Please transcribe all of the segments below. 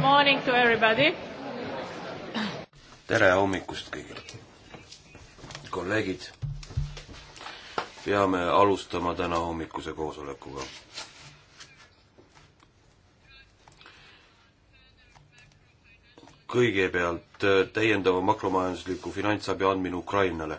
morning to everybody. tere hommikust kõigile. kolleegid, peame alustama täna hommikuse koosolekuga. kõigepealt äh, täiendava makromajandusliku finantsabi andmine Ukrainale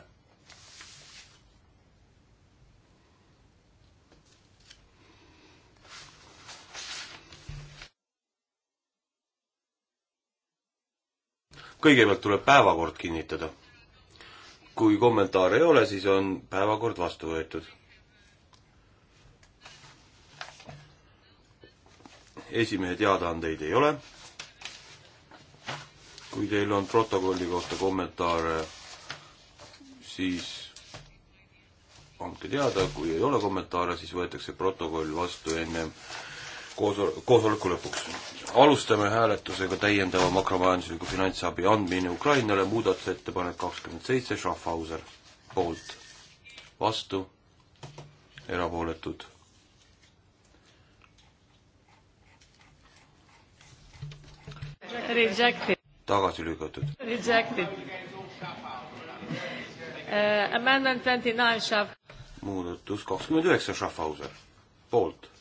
kõigepealt tuleb päevakord kinnitada. kui kommentaare ei ole, siis on päevakord vastu võetud. esimehe teadaandeid ei ole. kui teil on protokolli kohta kommentaare, siis andke teada, kui ei ole kommentaare, siis võetakse protokoll vastu ennem koosol-, koosoleku lõpuks. alustame hääletusega täiendava makromajandusliku finantsabi andmine Ukrainale, muudatusettepanek kakskümmend seitse, Schaffhauser poolt, vastu, erapooletud Rejected. tagasi lükatud. Rejected uh,. Amendment twenty nine, Schaff. muudatus kakskümmend üheksa, Schaffhauser. poolt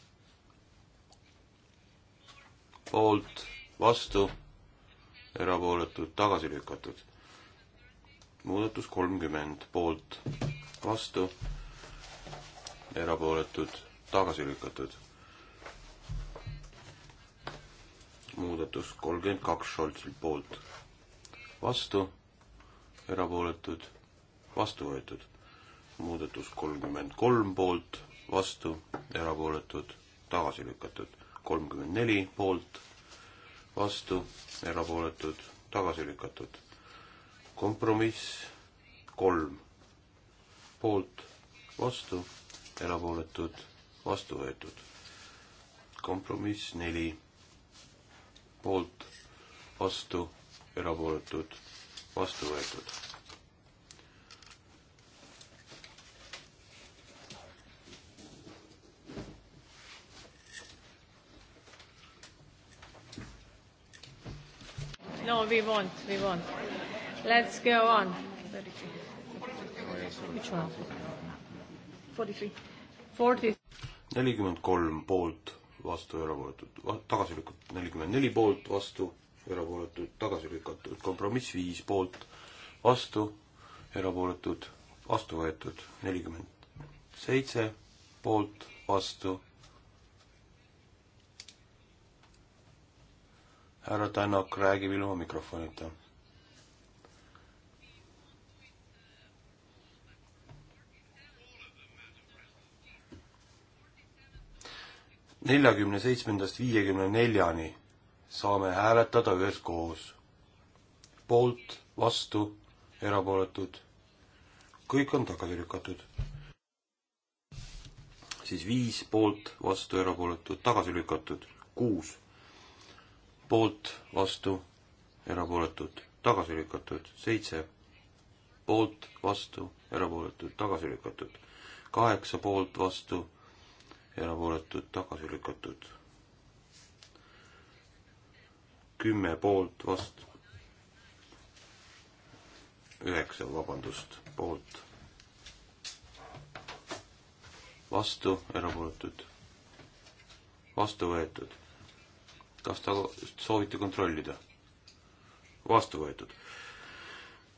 poolt, vastu, erapooletud, tagasi lükatud. muudatus kolmkümmend poolt, vastu, erapooletud, tagasi lükatud. muudatus kolmkümmend kaks Scholzilt poolt, vastu, erapooletud, vastu võetud. muudatus kolmkümmend kolm poolt, vastu, erapooletud, tagasi lükatud kolmkümmend neli poolt, vastu, erapooletud, tagasi lükatud. kompromiss kolm poolt, vastu, erapooletud, vastu võetud. kompromiss neli poolt, vastu, erapooletud, vastu võetud. No, we won't. We won't. Let's go on. Which one? 43. 40. 43 poolt, vastu, erapooletud, tagasi lükatud. 44 poolt, vastu, erapooletud, tagasi lükatud. Kompromiss 5 poolt, vastu, erapooletud, vastu võetud. 47 poolt, vastu härra Tannak räägib ilma mikrofonita. neljakümne seitsmendast viiekümne neljani saame hääletada üheskoos. poolt, vastu, erapooletud. kõik on tagasi lükatud siis viis poolt, vastu erapooletud, tagasi lükatud, kuus poolt, vastu, erapooletud, tagasi lükatud, seitse poolt, vastu, erapooletud, tagasi lükatud, kaheksa poolt, vastu, erapooletud, tagasi lükatud, kümme poolt, vastu, üheksa, vabandust, poolt, vastu, erapooletud, vastu võetud kas ta soovite kontrollida? vastu võetud.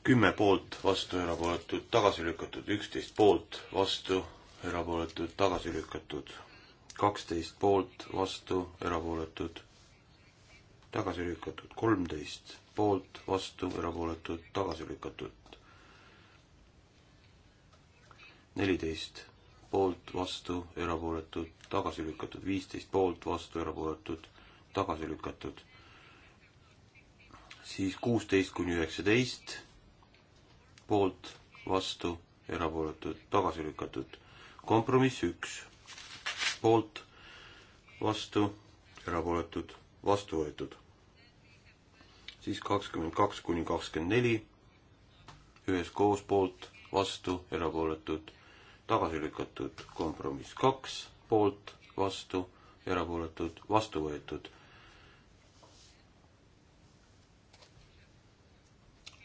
kümme poolt, vastu, erapooletud, tagasi lükatud, üksteist poolt, vastu, erapooletud, tagasi lükatud, kaksteist poolt, vastu, erapooletud, tagasi lükatud, kolmteist poolt, vastu, erapooletud, tagasi lükatud, neliteist poolt, vastu, erapooletud, tagasi lükatud, viisteist poolt, vastu, erapooletud, tagasi lükatud. siis kuusteist kuni üheksateist poolt, vastu, erapooletud, tagasi lükatud. kompromiss üks, poolt, vastu, erapooletud, vastu võetud. siis kakskümmend kaks kuni kakskümmend neli üheskoos poolt, vastu, erapooletud, tagasi lükatud. kompromiss kaks, poolt, vastu, erapooletud, vastu võetud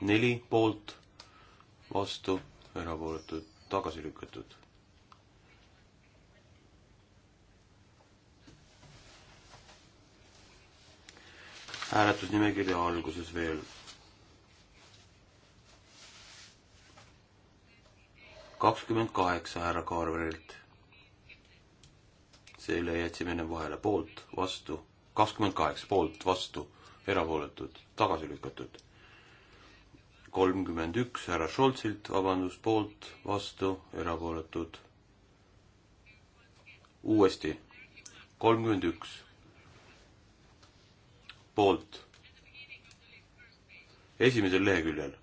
neli poolt, vastu, erapooletud, tagasi lükatud. hääletusnimekirja alguses veel. kakskümmend kaheksa härra Kaarverilt. selle jätsime enne vahele, poolt, vastu, kakskümmend kaheksa, poolt, vastu, erapooletud, tagasi lükatud kolmkümmend üks härra Scholzilt, vabandust, poolt, vastu, erapooletud. uuesti, kolmkümmend üks, poolt, esimesel leheküljel,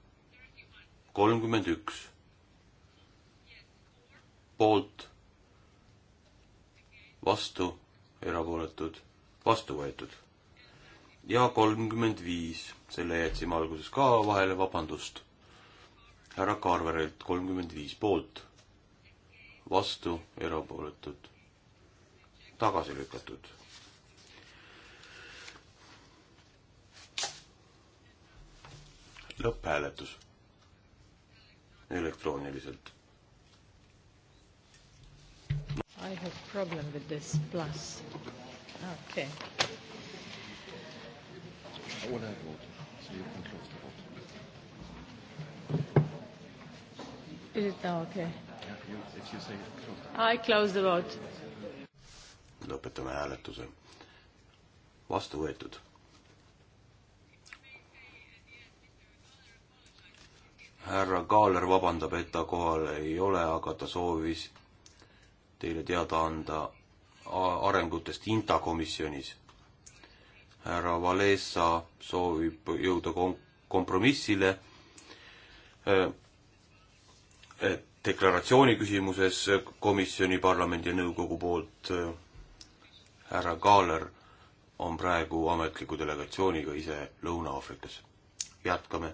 kolmkümmend üks, poolt, vastu, erapooletud, vastu võetud ja kolmkümmend viis, selle jätsime alguses ka vahele, vabandust. härra Carverilt kolmkümmend viis poolt, vastu, erapooletud, tagasi lükatud. lõpphääletus elektrooniliselt. I have problem with this plus. Okay. Is it now okay? Yeah, you, if you say close the vote. I close the vote. lõpetame hääletuse. vastu võetud. härra Kaaler vabandab, et ta kohal ei ole, aga ta soovis teile teada anda arengutest Inta komisjonis härra Valesa soovib jõuda kom-, kompromissile äh, deklaratsiooni küsimuses komisjoni, parlamendi ja nõukogu poolt. Äh, härra Kaaler on praegu ametliku delegatsiooniga ise Lõuna-Aafrikas. jätkame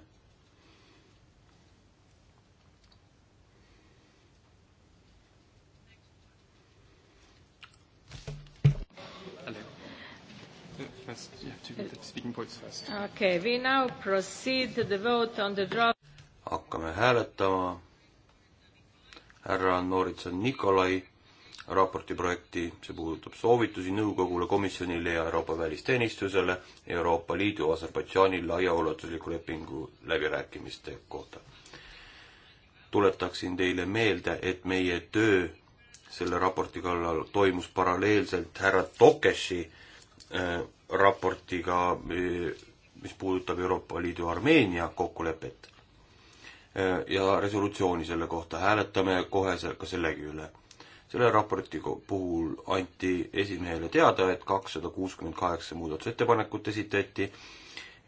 first. You have to read the speaking points first. Okay, we now proceed to the vote on the draft. hakkame hääletama härra Noritson Nikolai raporti projekti, see puudutab soovitusi nõukogule, komisjonile ja Euroopa välisteenistusele Euroopa Liidu Aserbaidžaani laiaulatusliku lepingu läbirääkimiste kohta. tuletaksin teile meelde, et meie töö selle raporti kallal toimus paralleelselt härra Tokeshi äh, raportiga, mis puudutab Euroopa Liidu Armeenia kokkulepet ja resolutsiooni selle kohta, hääletame kohe ka sellegi üle. selle raporti puhul anti esimehele teada, et kakssada kuuskümmend kaheksa muudatusettepanekut esitati,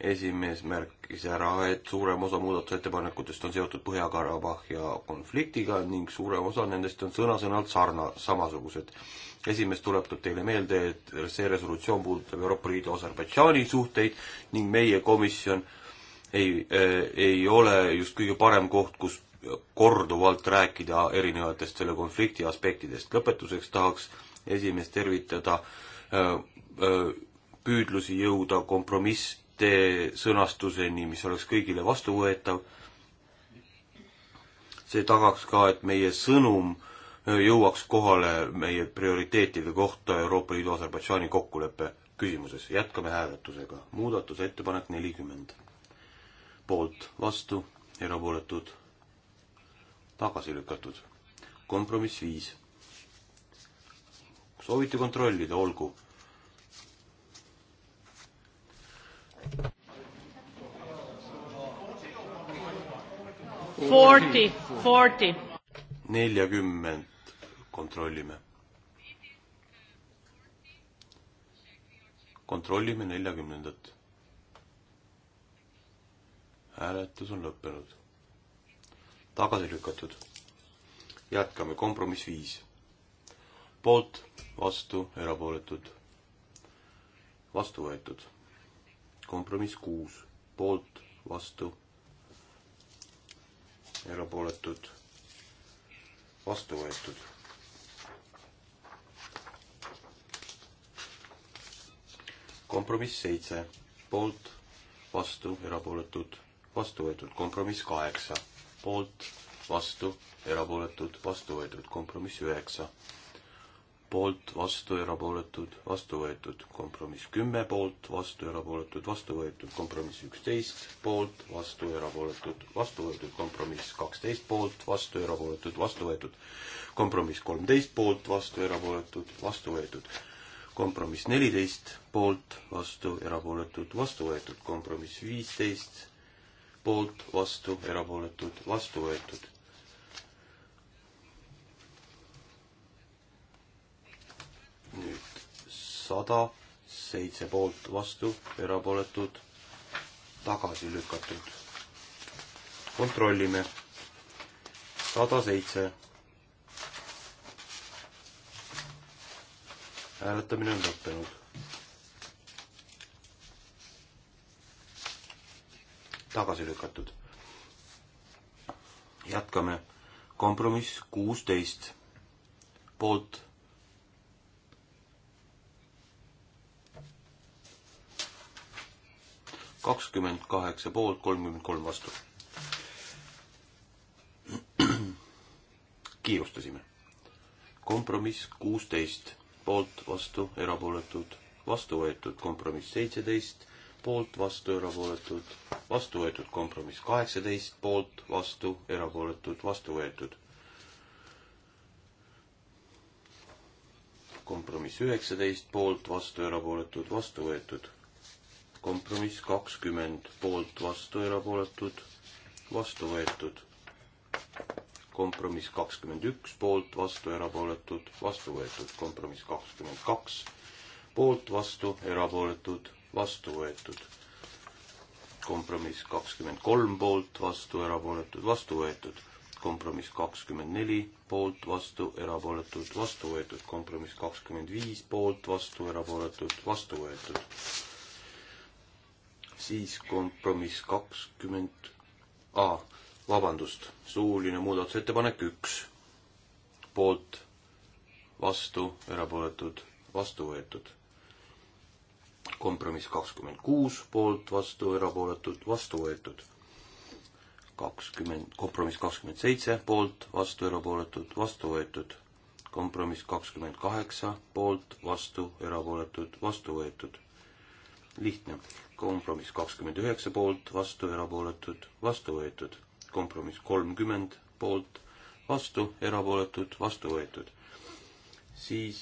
esimees märkis ära, et suurem osa muudatusettepanekutest on seotud Põhja-Karabahhi konfliktiga ning suurem osa nendest on sõna-sõnalt sarna-, samasugused esimees tuletab teile meelde, et see resolutsioon puudutab Euroopa Liidu Aserbaidžaani suhteid ning meie komisjon ei äh,, ei ole just kõige parem koht, kus korduvalt rääkida erinevatest selle konflikti aspektidest. lõpetuseks tahaks esimeest tervitada äh, äh, püüdlusi jõuda kompromisstee sõnastuseni, mis oleks kõigile vastuvõetav. see tagaks ka, et meie sõnum äh, jõuaks kohale meie prioriteetide kohta Euroopa Liidu Aserbaidžaani kokkuleppe küsimuses. jätkame hääletusega. muudatusettepanek nelikümmend. poolt, vastu, erapooletud, tagasi lükatud. kompromiss viis. soovite kontrollida, olgu. Forty, forty. neljakümmend kontrollime. kontrollime neljakümnendat. hääletus on lõppenud. tagasi lükatud. jätkame, kompromiss viis. poolt, vastu, erapooletud. vastu võetud. kompromiss kuus, poolt, vastu, erapooletud vastu võetud kompromiss seitse, poolt, vastu, erapooletud, vastu võetud, kompromiss kaheksa, poolt, vastu, erapooletud, vastu võetud, kompromiss üheksa, poolt, vastu, erapooletud, vastu võetud, kompromiss kümme, poolt, vastu, erapooletud, vastu võetud, kompromiss üksteist, poolt, vastu, erapooletud, vastu võetud, kompromiss kaksteist, poolt, vastu, erapooletud, vastu võetud, kompromiss kolmteist, poolt, vastu, erapooletud, vastu võetud kompromiss neliteist, poolt, vastu, erapooletud, vastu võetud. kompromiss viisteist, poolt, vastu, erapooletud, vastu võetud. nüüd sada, seitse poolt, vastu, erapooletud, tagasi lükatud. kontrollime. sada seitse hääletamine on lõppenud. tagasi lükatud. jätkame. kompromiss kuusteist. poolt. kakskümmend kaheksa poolt, kolmkümmend kolm vastu. kiirustasime. kompromiss kuusteist poolt, vastu, erapooletud, vastu võetud, kompromiss seitseteist, poolt, vastu, erapooletud, vastu võetud, kompromiss kaheksateist, poolt, vastu, erapooletud, vastu võetud. kompromiss üheksateist, poolt, vastu, erapooletud, vastu võetud. kompromiss kakskümmend, poolt, vastu, erapooletud, vastu võetud kompromiss kakskümmend üks, poolt, vastu, erapooletud, vastu võetud. kompromiss kakskümmend kaks, poolt, vastu, erapooletud, vastu võetud. kompromiss kakskümmend kolm, poolt, vastu, erapooletud, vastu võetud. kompromiss kakskümmend neli, poolt, vastu, erapooletud, vastu võetud. kompromiss kakskümmend viis, poolt, vastu, erapooletud, vastu võetud. siis kompromiss kakskümmend 20... A vabandust, suuline muudatusettepanek üks, poolt, vastu, erapooletud, vastu võetud. kompromiss kakskümmend kuus, poolt, vastu, erapooletud, vastu võetud. kakskümmend, kompromiss kakskümmend seitse, poolt, vastu, erapooletud, vastu võetud. kompromiss kakskümmend kaheksa, poolt, vastu, erapooletud, vastu võetud lihtne. kompromiss kakskümmend üheksa poolt, vastu erapooletud, vastu võetud kompromiss kolmkümmend poolt, vastu, erapooletud, vastu võetud. siis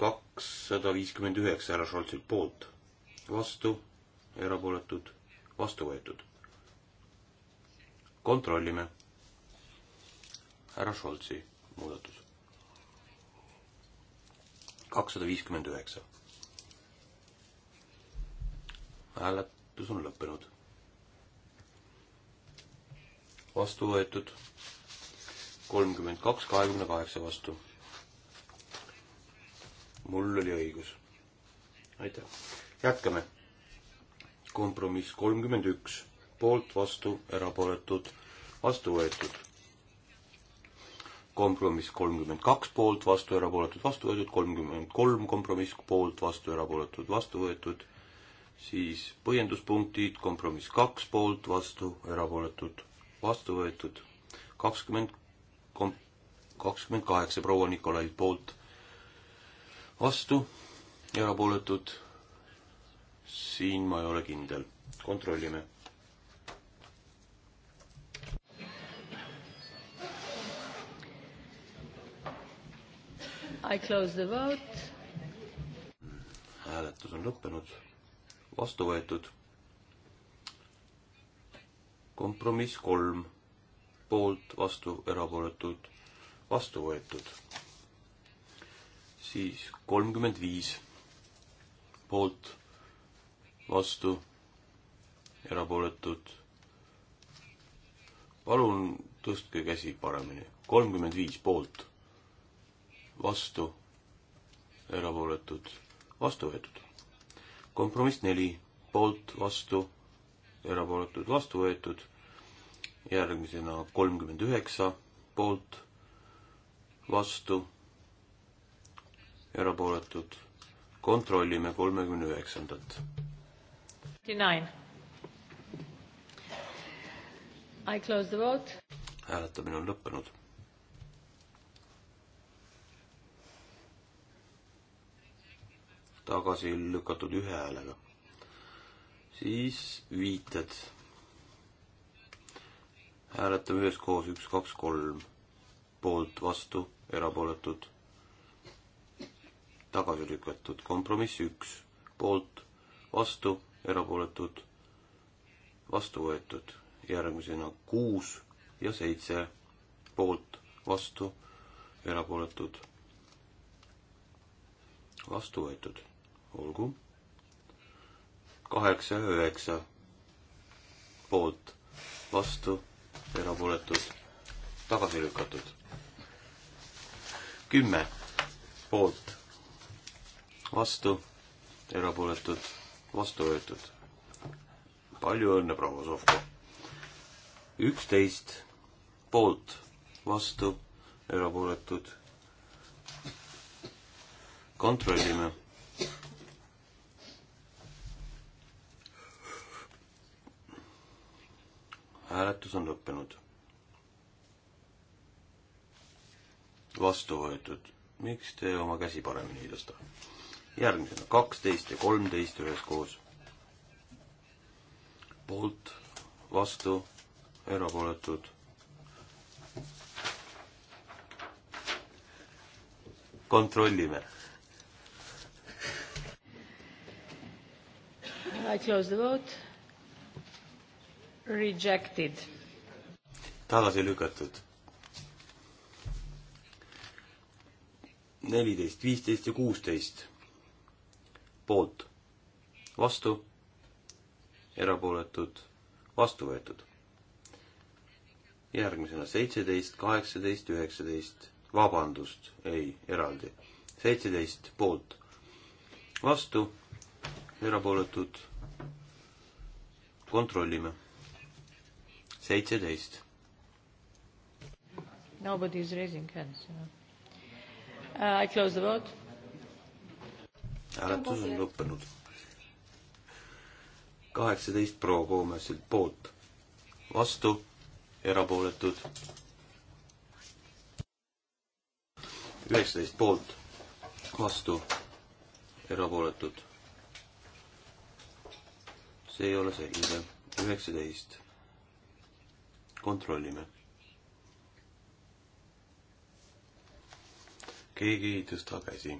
kakssada viiskümmend üheksa härra Šoltsilt poolt, vastu, erapooletud, vastu võetud. kontrollime. härra Šoltsi muudatus. kakssada viiskümmend üheksa. hääletus on lõppenud vastu võetud kolmkümmend kaks kahekümne kaheksa vastu. mul oli õigus. aitäh. jätkame. kompromiss kolmkümmend üks, poolt, vastu, erapooletud, vastu võetud. kompromiss kolmkümmend kaks, poolt, vastu, erapooletud, vastu võetud, kolmkümmend kolm, kompromiss poolt, vastu, erapooletud, vastu võetud, siis põhjenduspunktid, kompromiss kaks poolt, vastu, erapooletud vastu võetud kakskümmend kom-, kakskümmend kaheksa proua Nikolailt poolt vastu, erapooletud, siin ma ei ole kindel, kontrollime. I close the vote. hääletus on lõppenud, vastu võetud kompromiss kolm, poolt, vastu, erapooletud, vastu võetud. siis kolmkümmend viis, poolt, vastu, erapooletud. palun tõstke käsi paremini, kolmkümmend viis poolt, vastu, erapooletud, vastu võetud. kompromiss neli, poolt, vastu erapooletud vastu võetud. järgmisena kolmkümmend üheksa poolt, vastu, erapooletud. kontrollime kolmekümne üheksandat. I close the vote. hääletamine on lõppenud. tagasi lükatud ühe häälega siis viited. hääletame üheskoos üks, kaks, kolm poolt, vastu, erapooletud, tagasi lükatud, kompromiss üks, poolt, vastu, erapooletud, vastu võetud, järgmisena kuus ja seitse, poolt, vastu, erapooletud, vastu võetud, olgu kaheksa ja üheksa poolt, vastu, erapooletud, tagasi lükatud. kümme poolt, vastu, erapooletud, vastu võetud. palju õnne, proua Sovko! üksteist poolt, vastu, erapooletud. kontrollime hääletus on lõppenud. vastu võetud. miks te oma käsi paremini ei tõsta? järgmisena kaksteist ja kolmteist üheskoos. poolt, vastu, erapooletud. kontrollime. I close the vote Rejected. tagasi lükatud. neliteist, viisteist ja kuusteist. poolt, vastu, erapooletud, vastu võetud. järgmisena seitseteist, kaheksateist, üheksateist, vabandust, ei, eraldi. seitseteist poolt, vastu, erapooletud, kontrollime seitseteist. Nobody is raising hands, you know uh,. I close the vote. hääletus on lõppenud. kaheksateist proua Koomeselt poolt, vastu, erapooletud. üheksateist poolt, vastu, erapooletud. see ei ole selge, üheksateist kontrollime. keegi ei tõsta käsi.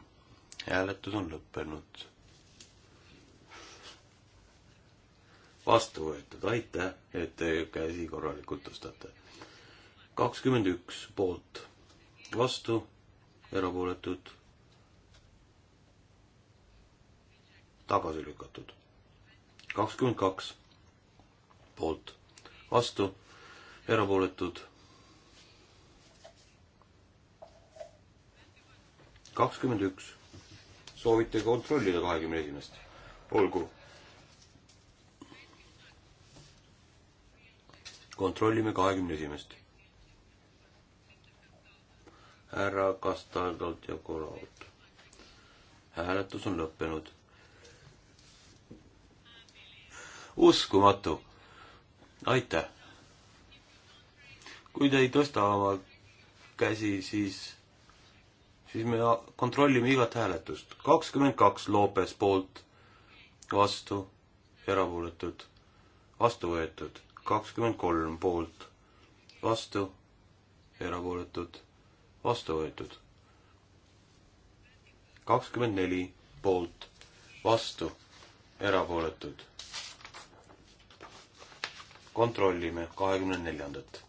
hääletus on lõppenud. vastu võetud, aitäh, et te käsi korralikult tõstate. kakskümmend üks poolt, vastu, erapooletud, tagasi lükatud. kakskümmend kaks poolt, vastu erapooletud. kakskümmend üks. soovite kontrollida kahekümne esimest? olgu. kontrollime kahekümne esimest. härra Kastardalt ja Koralt. hääletus on lõppenud. uskumatu. aitäh kui te ei tõsta oma käsi, siis, siis me kontrollime igat hääletust. kakskümmend kaks Loopes poolt, vastu, erapooletud, vastu võetud. kakskümmend kolm poolt, vastu, erapooletud, vastu võetud. kakskümmend neli poolt, vastu, erapooletud. kontrollime kahekümne neljandat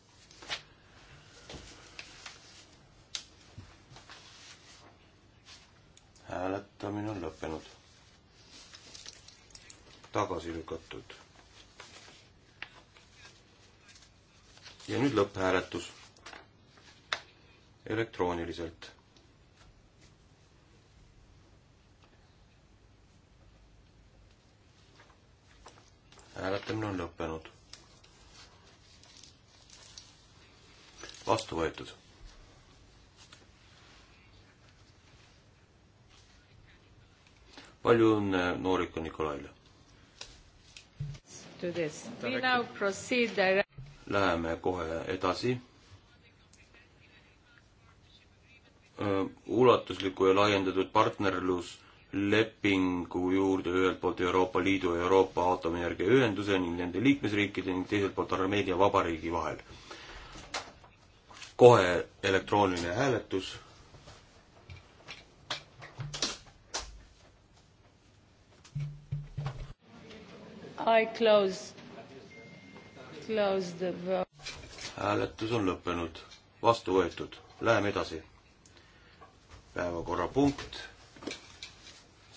hääletamine on lõppenud. tagasi lükatud. ja nüüd lõpphääletus. elektrooniliselt. hääletamine on lõppenud. vastu võetud palju õnne Noorika Nikolaile! Läheme kohe edasi. ulatusliku ja laiendatud partnerluslepingu juurde ühelt poolt Euroopa Liidu ja Euroopa Aatomienergia Ühenduse ning nende liikmesriikide ning teiselt poolt Armeenia Vabariigi vahel. kohe elektrooniline hääletus I close, close the vote. hääletus on lõppenud, vastu võetud, läheme edasi. päevakorrapunkt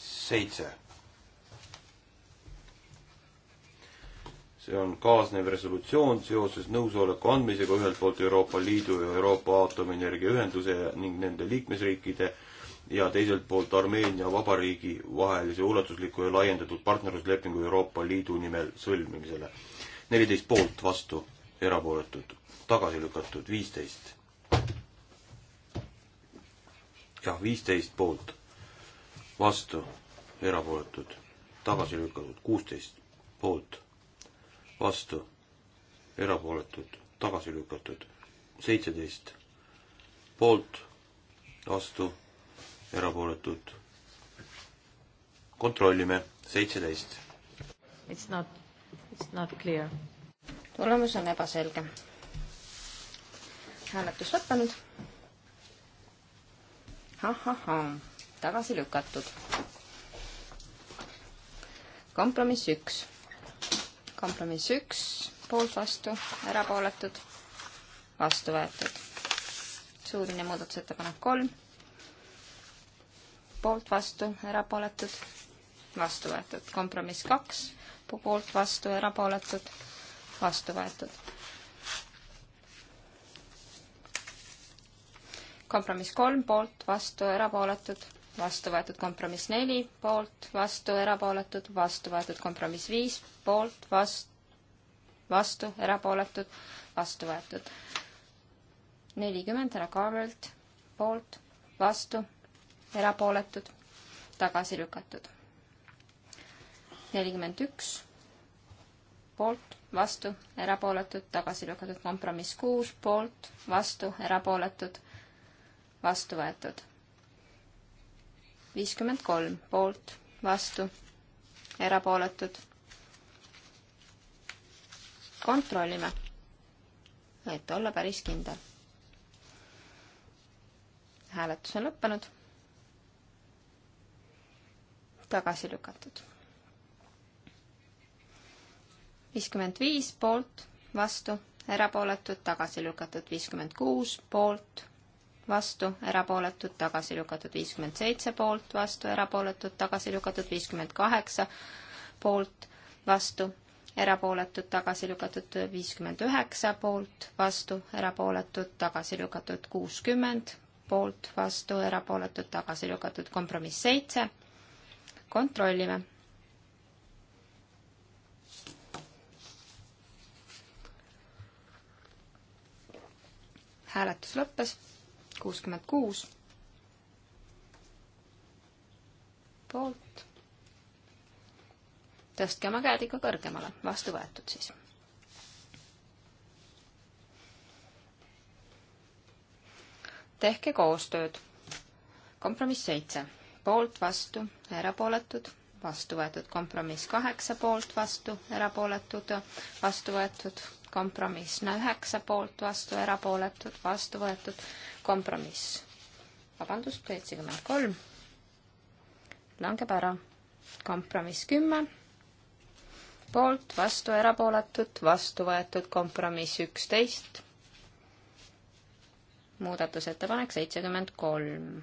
seitse. see on kaasnev resolutsioon seoses nõusoleku andmisega ühelt poolt Euroopa Liidu ja Euroopa Aatomienergia Ühenduse ning nende liikmesriikide ja teiselt poolt Armeenia Vabariigi vahelise ulatusliku ja laiendatud partnerluslepingu Euroopa Liidu nimel sõlmimisele. neliteist poolt vastu, erapooletud, tagasi lükatud viisteist. jah, viisteist poolt vastu, erapooletud, tagasi lükatud kuusteist poolt vastu, erapooletud, tagasi lükatud seitseteist poolt vastu erapooletud. kontrollime, seitseteist. It's not, it's not clear. tulemus on ebaselge. hääletus lõppenud ha,. ahahah, tagasi lükatud. kompromiss üks. kompromiss üks, poolt vastu, erapooletud, vastu võetud. suuline muudatusettepanek kolm poolt, vastu, erapooletud, vastu võetud. kompromiss kaks, poolt, vastu, erapooletud, vastu võetud. kompromiss kolm, poolt, vastu, erapooletud, vastu võetud. kompromiss neli, poolt, vastu, erapooletud, vastu võetud. kompromiss viis, poolt, vastu, vastu, erapooletud, vastu võetud. nelikümmend härra Kaarelt, poolt, vastu, erapooletud, tagasi lükatud. nelikümmend üks poolt, vastu, erapooletud, tagasi lükatud, kompromiss kuus, poolt, vastu, erapooletud, vastu võetud. viiskümmend kolm, poolt, vastu, erapooletud. kontrollime, et olla päris kindel. hääletus on lõppenud tagasi lükatud. viiskümmend viis poolt, vastu, erapooletud, tagasi lükatud, viiskümmend kuus poolt, vastu, erapooletud, tagasi lükatud, viiskümmend seitse poolt, vastu, erapooletud, tagasi lükatud, viiskümmend kaheksa poolt, vastu, erapooletud, tagasi lükatud, viiskümmend üheksa poolt, vastu, erapooletud, tagasi lükatud, kuuskümmend poolt, vastu, erapooletud, tagasi lükatud, kompromiss seitse kontrollime. hääletus lõppes, kuuskümmend kuus. poolt. tõstke oma käed ikka kõrgemale, vastu võetud siis tehke koostööd. kompromiss seitse, poolt, vastu, erapooletud, vastu võetud kompromiss kaheksa poolt, vastu, erapooletud, vastu võetud kompromiss üheksa poolt, vastu, erapooletud, vastu võetud kompromiss. vabandust, seitsekümmend kolm langeb ära. kompromiss kümme poolt, vastu, erapooletud, vastu võetud kompromiss üksteist. muudatusettepanek seitsekümmend kolm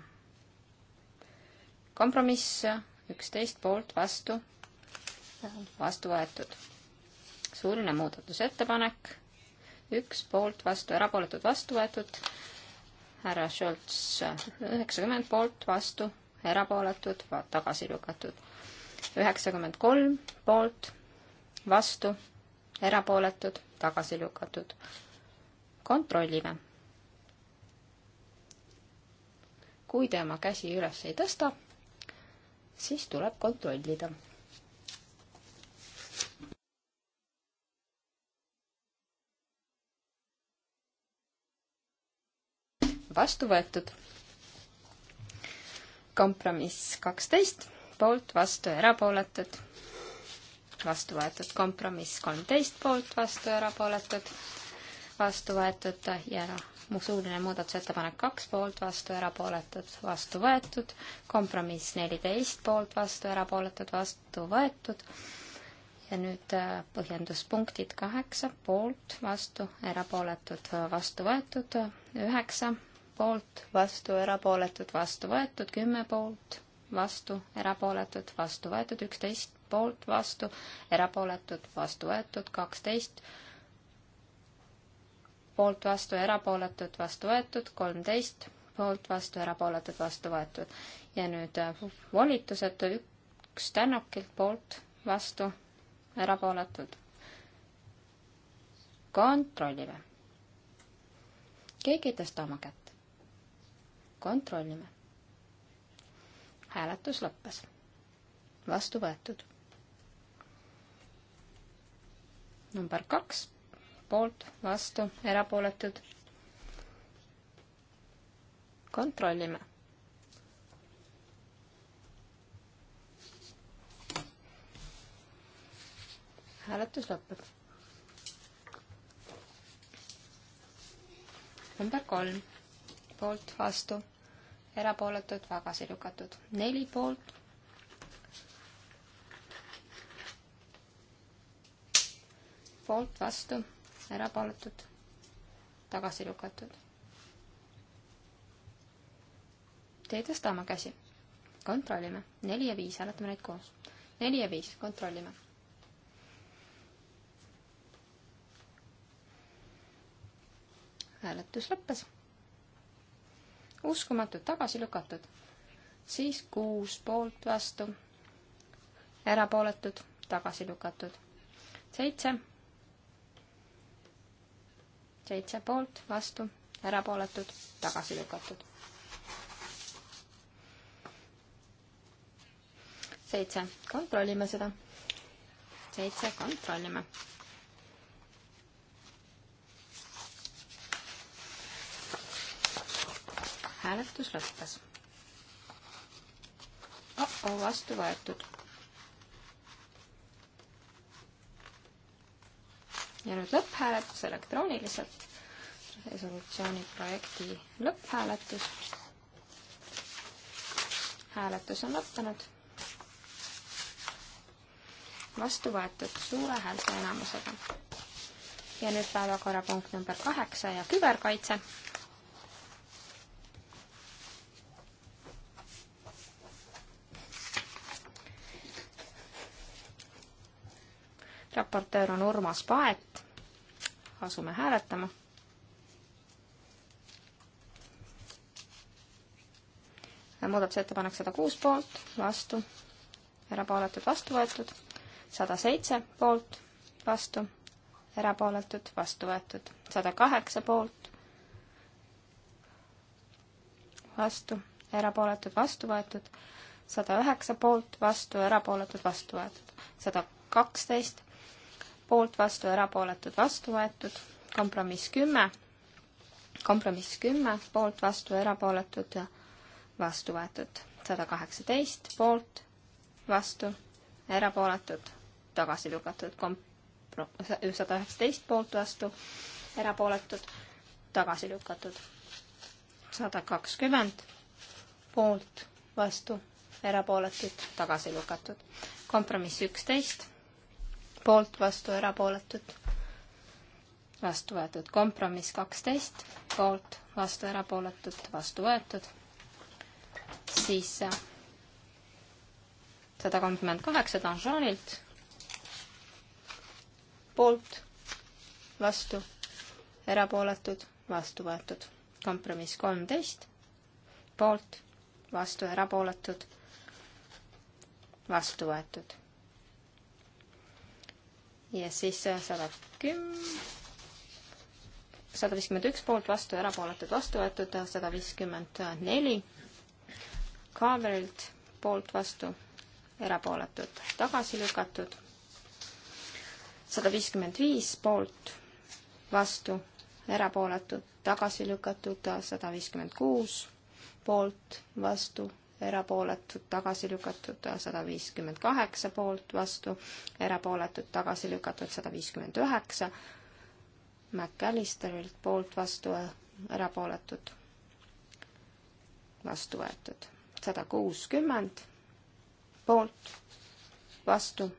kompromiss üksteist poolt vastu, vastu võetud. suuline muudatusettepanek, üks poolt vastu, erapooletud vastu võetud, härra Scholz üheksakümmend poolt vastu, erapooletud, tagasi lükatud. üheksakümmend kolm poolt vastu, erapooletud, tagasi lükatud. kontrollime. kui te oma käsi üles ei tõsta, siis tuleb kontrollida. vastu võetud. kompromiss kaksteist, poolt, vastu, erapooletud. vastu võetud kompromiss kolmteist, poolt, vastu, erapooletud vastu võetud ja noh, suuline muudatusettepanek kaks poolt vastu, erapooletud, vastu võetud, kompromiss neliteist poolt vastu, erapooletud, vastu võetud ja nüüd äh, põhjenduspunktid kaheksa poolt, vastu, erapooletud, vastu võetud, üheksa poolt, vastu, erapooletud, vastu võetud, kümme poolt, vastu, erapooletud, vastu võetud, üksteist poolt, vastu, erapooletud, vastu võetud, kaksteist 12 poolt, vastu, erapooletud, vastu võetud, kolmteist poolt, vastu, erapooletud, vastu võetud. ja nüüd äh, volitused, üks Tänakilt poolt, vastu, erapooletud. kontrollime. keegi ei tõsta oma kätt. kontrollime. hääletus lõppes. vastu võetud number kaks, poolt, vastu, erapooletud. kontrollime. hääletus lõpeb. number kolm, poolt, vastu, erapooletud, tagasi lükatud, neli poolt poolt, vastu, erapooletud, tagasi lükatud. Te ei tõsta oma käsi. kontrollime. neli ja viis, hääletame neid koos. neli ja viis, kontrollime. hääletus lõppes. uskumatud, tagasi lükatud. siis kuus poolt vastu, erapooletud, tagasi lükatud. seitse seitse poolt, vastu, erapooletud, tagasi lükatud. seitse, kontrollime seda. seitse, kontrollime. hääletus lõppes oh,. Oh, vastu võetud ja nüüd lõpphääletus elektrooniliselt. resolutsiooni projekti lõpphääletus. hääletus on lõppenud. vastu võetud suure häälteenamusega. ja nüüd päevakorrapunkt number kaheksa ja küberkaitse. raportöör on Urmas Paet asume hääletama. muudatusettepanek sada kuus poolt, vastu, erapooletud, vastu võetud, sada seitse poolt, vastu, erapooletud, vastu võetud, sada kaheksa poolt, vastu, erapooletud, vastu võetud, sada üheksa poolt, vastu, erapooletud, vastu võetud, sada kaksteist poolt, vastu, erapooletud, vastu võetud, kompromiss kümme, kompromiss kümme, poolt, vastu, erapooletud ja vastu võetud, sada kaheksateist, poolt, vastu, erapooletud, tagasi lükatud, kompro-, sada üheksateist poolt, vastu, erapooletud, tagasi lükatud, sada kakskümmend, poolt, vastu, erapooletud, tagasi lükatud, kompromiss üksteist poolt, vastu, erapooletud, vastu võetud. kompromiss kaksteist, poolt, vastu, erapooletud, vastu võetud. siis äh, sada kolmkümmend kaheksa Danjonilt, poolt, vastu, erapooletud, vastu võetud. kompromiss kolmteist, poolt, vastu, erapooletud, vastu võetud ja siis äh, sada kümme, sada viiskümmend üks poolt vastu, erapooletud vastu võetud, sada viiskümmend neli kaamerilt poolt vastu, erapooletud tagasi lükatud, sada viiskümmend viis poolt vastu, erapooletud tagasi lükatud, sada viiskümmend kuus poolt vastu erapooletud, tagasi lükatud sada viiskümmend kaheksa poolt vastu, erapooletud, tagasi lükatud sada viiskümmend üheksa, McAllisterilt poolt vastu, erapooletud, vastu võetud sada kuuskümmend poolt, vastu,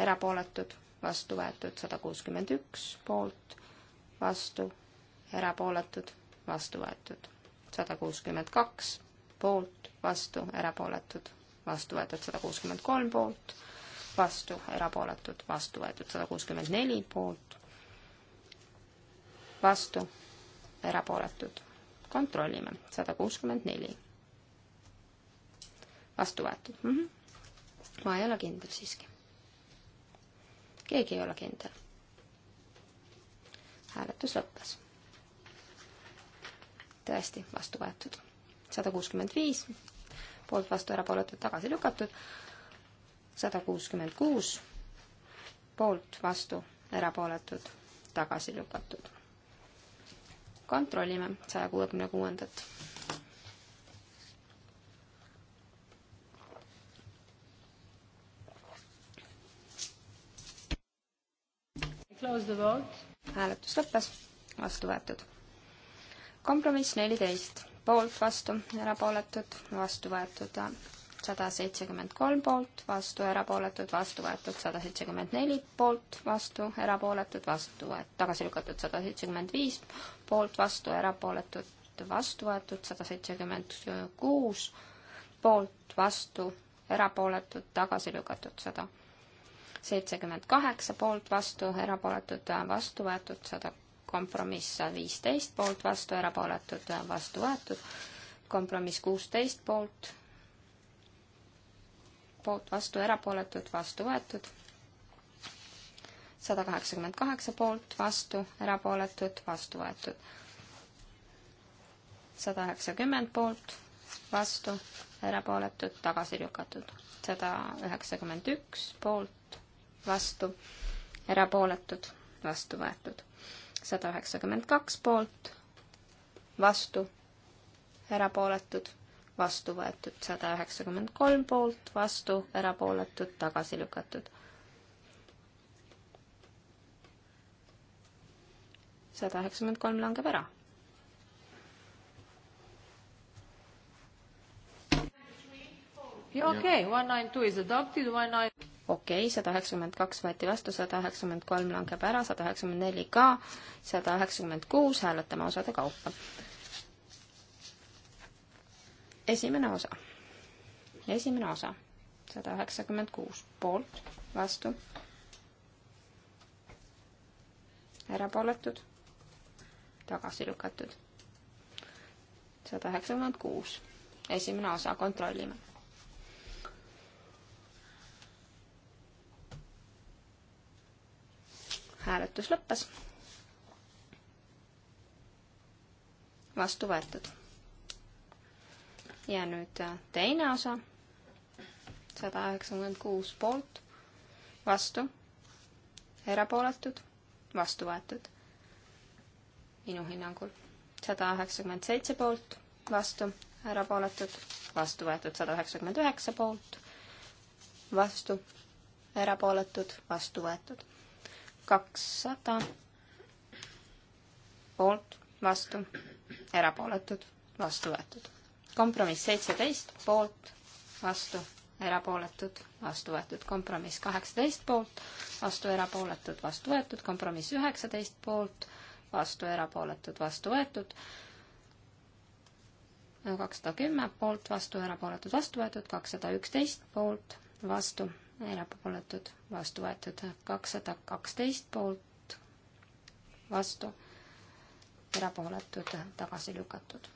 erapooletud, vastu võetud sada kuuskümmend üks poolt, vastu, erapooletud, vastu võetud sada kuuskümmend kaks poolt, vastu, erapooletud, vastu võetud sada kuuskümmend kolm poolt, vastu, erapooletud, vastu võetud sada kuuskümmend neli poolt, vastu, erapooletud. kontrollime, sada kuuskümmend neli. vastu võetud mm. -hmm. ma ei ole kindel siiski. keegi ei ole kindel. hääletus lõppes. tõesti, vastu võetud. sada kuuskümmend viis poolt vastu erapooletud tagasi lükatud, sada kuuskümmend kuus poolt vastu erapooletud tagasi lükatud. kontrollime saja kuuekümne kuuendat. hääletus lõppes, vastu võetud. kompromiss neliteist poolt, vastu, erapooletud, vastu võetud sada seitsekümmend kolm poolt, vastu erapooletud, vastu võetud sada seitsekümmend neli poolt, vastu erapooletud, vastu võetud, tagasi lükatud sada seitsekümmend viis poolt, vastu erapooletud, vastu võetud sada seitsekümmend kuus poolt, vastu erapooletud, tagasi lükatud sada seitsekümmend kaheksa poolt, vastu erapooletud, vastu võetud sada kompromiss viisteist poolt vastu, erapooletud vastu võetud, kompromiss kuusteist poolt, poolt vastu, erapooletud vastu võetud, sada kaheksakümmend kaheksa poolt vastu, erapooletud vastu võetud, sada üheksakümmend poolt vastu, erapooletud tagasi lükatud, sada üheksakümmend üks poolt vastu, erapooletud vastu võetud sada üheksakümmend kaks poolt, vastu, erapooletud, vastu võetud, sada üheksakümmend kolm poolt, vastu, erapooletud, tagasi lükatud. sada üheksakümmend kolm langeb ära Yeah, okay, 192 is adopted, 19 okei okay,, sada üheksakümmend kaks võeti vastu, sada üheksakümmend kolm langeb ära, sada üheksakümmend neli ka, sada üheksakümmend kuus hääletame osade kaupa. esimene osa, esimene osa, sada üheksakümmend kuus, poolt, vastu, erapooletud, tagasi lükatud, sada üheksakümmend kuus, esimene osa, kontrollime hääletus lõppes. vastu võetud. ja nüüd äh, teine osa. sada üheksakümmend kuus poolt, vastu, erapooletud, vastu võetud. minu hinnangul sada üheksakümmend seitse poolt, vastu, erapooletud, vastu võetud sada üheksakümmend üheksa poolt, vastu, erapooletud, vastu võetud kakssada poolt, vastu, erapooletud, vastu võetud. kompromiss seitseteist poolt, vastu, erapooletud, vastu võetud. kompromiss kaheksateist poolt, vastu, erapooletud, vastu võetud. kompromiss üheksateist poolt, vastu, erapooletud, vastu võetud kakssada kümme poolt, vastu, erapooletud, vastu võetud, kakssada üksteist poolt, vastu, erapooletud, vastu võetud kakssada kaksteist poolt, vastu, erapooletud, tagasi lükatud.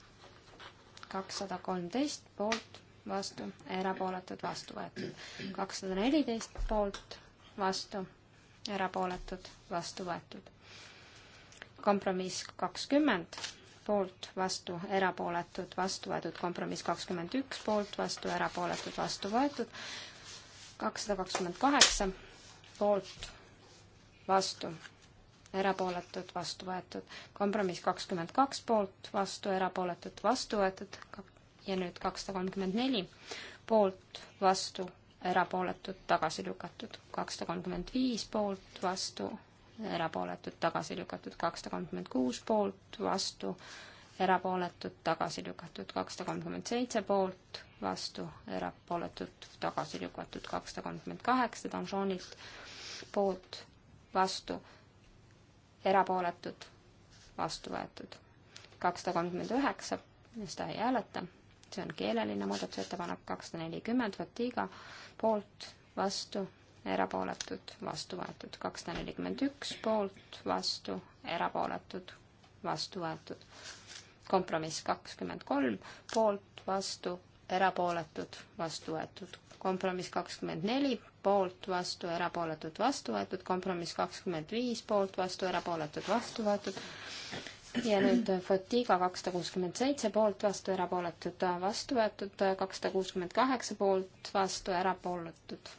kakssada kolmteist poolt, vastu, erapooletud, vastu võetud. kakssada neliteist poolt, vastu, erapooletud, vastu võetud. kompromiss kakskümmend poolt, vastu, erapooletud, vastu võetud, kompromiss kakskümmend üks, poolt, vastu, erapooletud, vastu võetud, kakssada kakskümmend kaheksa poolt, vastu, erapooletud, vastu võetud. kompromiss kakskümmend kaks poolt, vastu, erapooletud, vastu võetud ja nüüd kakssada kolmkümmend neli poolt, vastu, erapooletud, tagasi lükatud. kakssada kolmkümmend viis poolt, vastu, erapooletud, tagasi lükatud. kakssada kolmkümmend kuus poolt, vastu, erapooletud, tagasi lükatud kakssada kolmkümmend seitse poolt, vastu erapooletud, tagasi lükatud kakssada kolmkümmend kaheksa Donžonilt, poolt, vastu, erapooletud, vastu võetud. kakssada kolmkümmend üheksa, seda ei hääleta, see on keeleline muudatusettepanek, kakssada nelikümmend, Fatiga, poolt, vastu, erapooletud, vastu võetud. kakssada nelikümmend üks, poolt, vastu, erapooletud, vastu võetud kompromiss kakskümmend kolm, poolt, vastu, erapooletud, vastu võetud. kompromiss kakskümmend neli, poolt, vastu, erapooletud, vastu võetud, kompromiss kakskümmend viis, poolt, vastu, erapooletud, vastu võetud. ja nüüd Fotiga kakssada kuuskümmend seitse, poolt, vastu, erapooletud, vastu võetud, kakssada kuuskümmend kaheksa, poolt, vastu, erapooletud,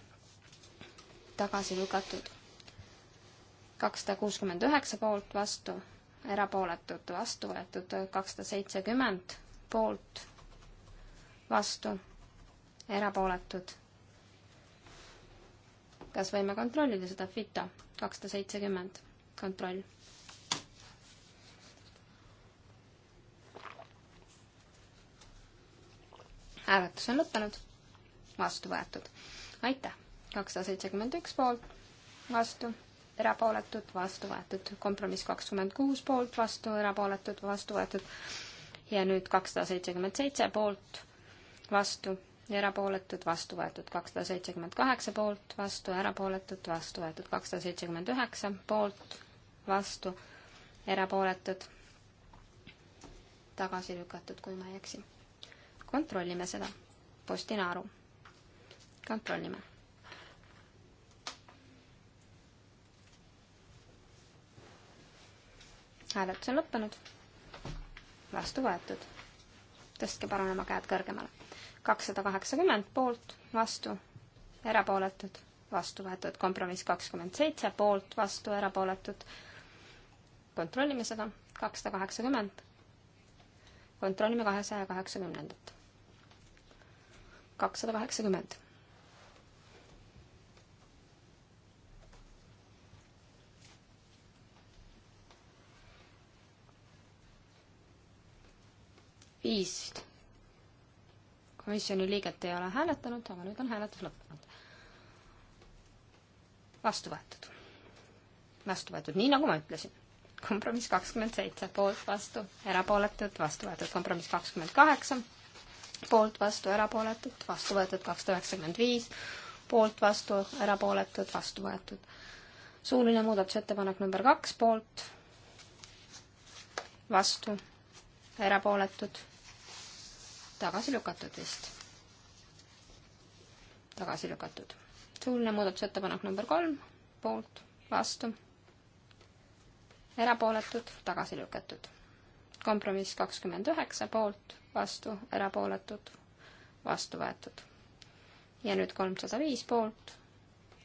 tagasi lükatud. kakssada kuuskümmend üheksa poolt, vastu erapooletud, vastu võetud kakssada seitsekümmend, poolt, vastu, erapooletud. kas võime kontrollida seda FITO? kakssada seitsekümmend, kontroll. hääletus on lõppenud, vastu võetud. aitäh, kakssada seitsekümmend üks poolt, vastu erapooletud, vastu võetud. kompromiss kakskümmend kuus poolt, vastu, erapooletud, vastu võetud. ja nüüd kakssada seitsekümmend seitse poolt, vastu, erapooletud, vastu võetud. kakssada seitsekümmend kaheksa poolt, vastu, erapooletud, vastu võetud. kakssada seitsekümmend üheksa poolt, vastu, erapooletud, tagasi lükatud, kui ma ei eksi. kontrollime seda. postinaaru. kontrollime hääletus on lõppenud. vastu võetud. tõstke palun oma käed kõrgemale. kakssada kaheksakümmend poolt, vastu, erapooletud, vastu võetud. kompromiss kakskümmend seitse poolt, vastu, erapooletud. kontrollime seda. kakssada kaheksakümmend. kontrollime kahesaja kaheksakümnendat. kakssada kaheksakümmend viis komisjoni liiget ei ole hääletanud, aga nüüd on hääletus lõppenud. vastu võetud. vastu võetud, nii nagu ma ütlesin. kompromiss kakskümmend seitse, poolt, vastu, erapooletult, vastu võetud. kompromiss kakskümmend kaheksa, poolt, vastu, erapooletult, vastu võetud kakssada üheksakümmend viis, poolt, vastu, erapooletult, vastu võetud. suuline muudatusettepanek number kaks, poolt, vastu, erapooletud tagasi lükatud vist. tagasi lükatud. suuline muudatusettepanek number kolm, poolt, vastu, erapooletud, tagasi lükatud. kompromiss kakskümmend üheksa, poolt, vastu, erapooletud, vastu võetud. ja nüüd kolmsada viis poolt,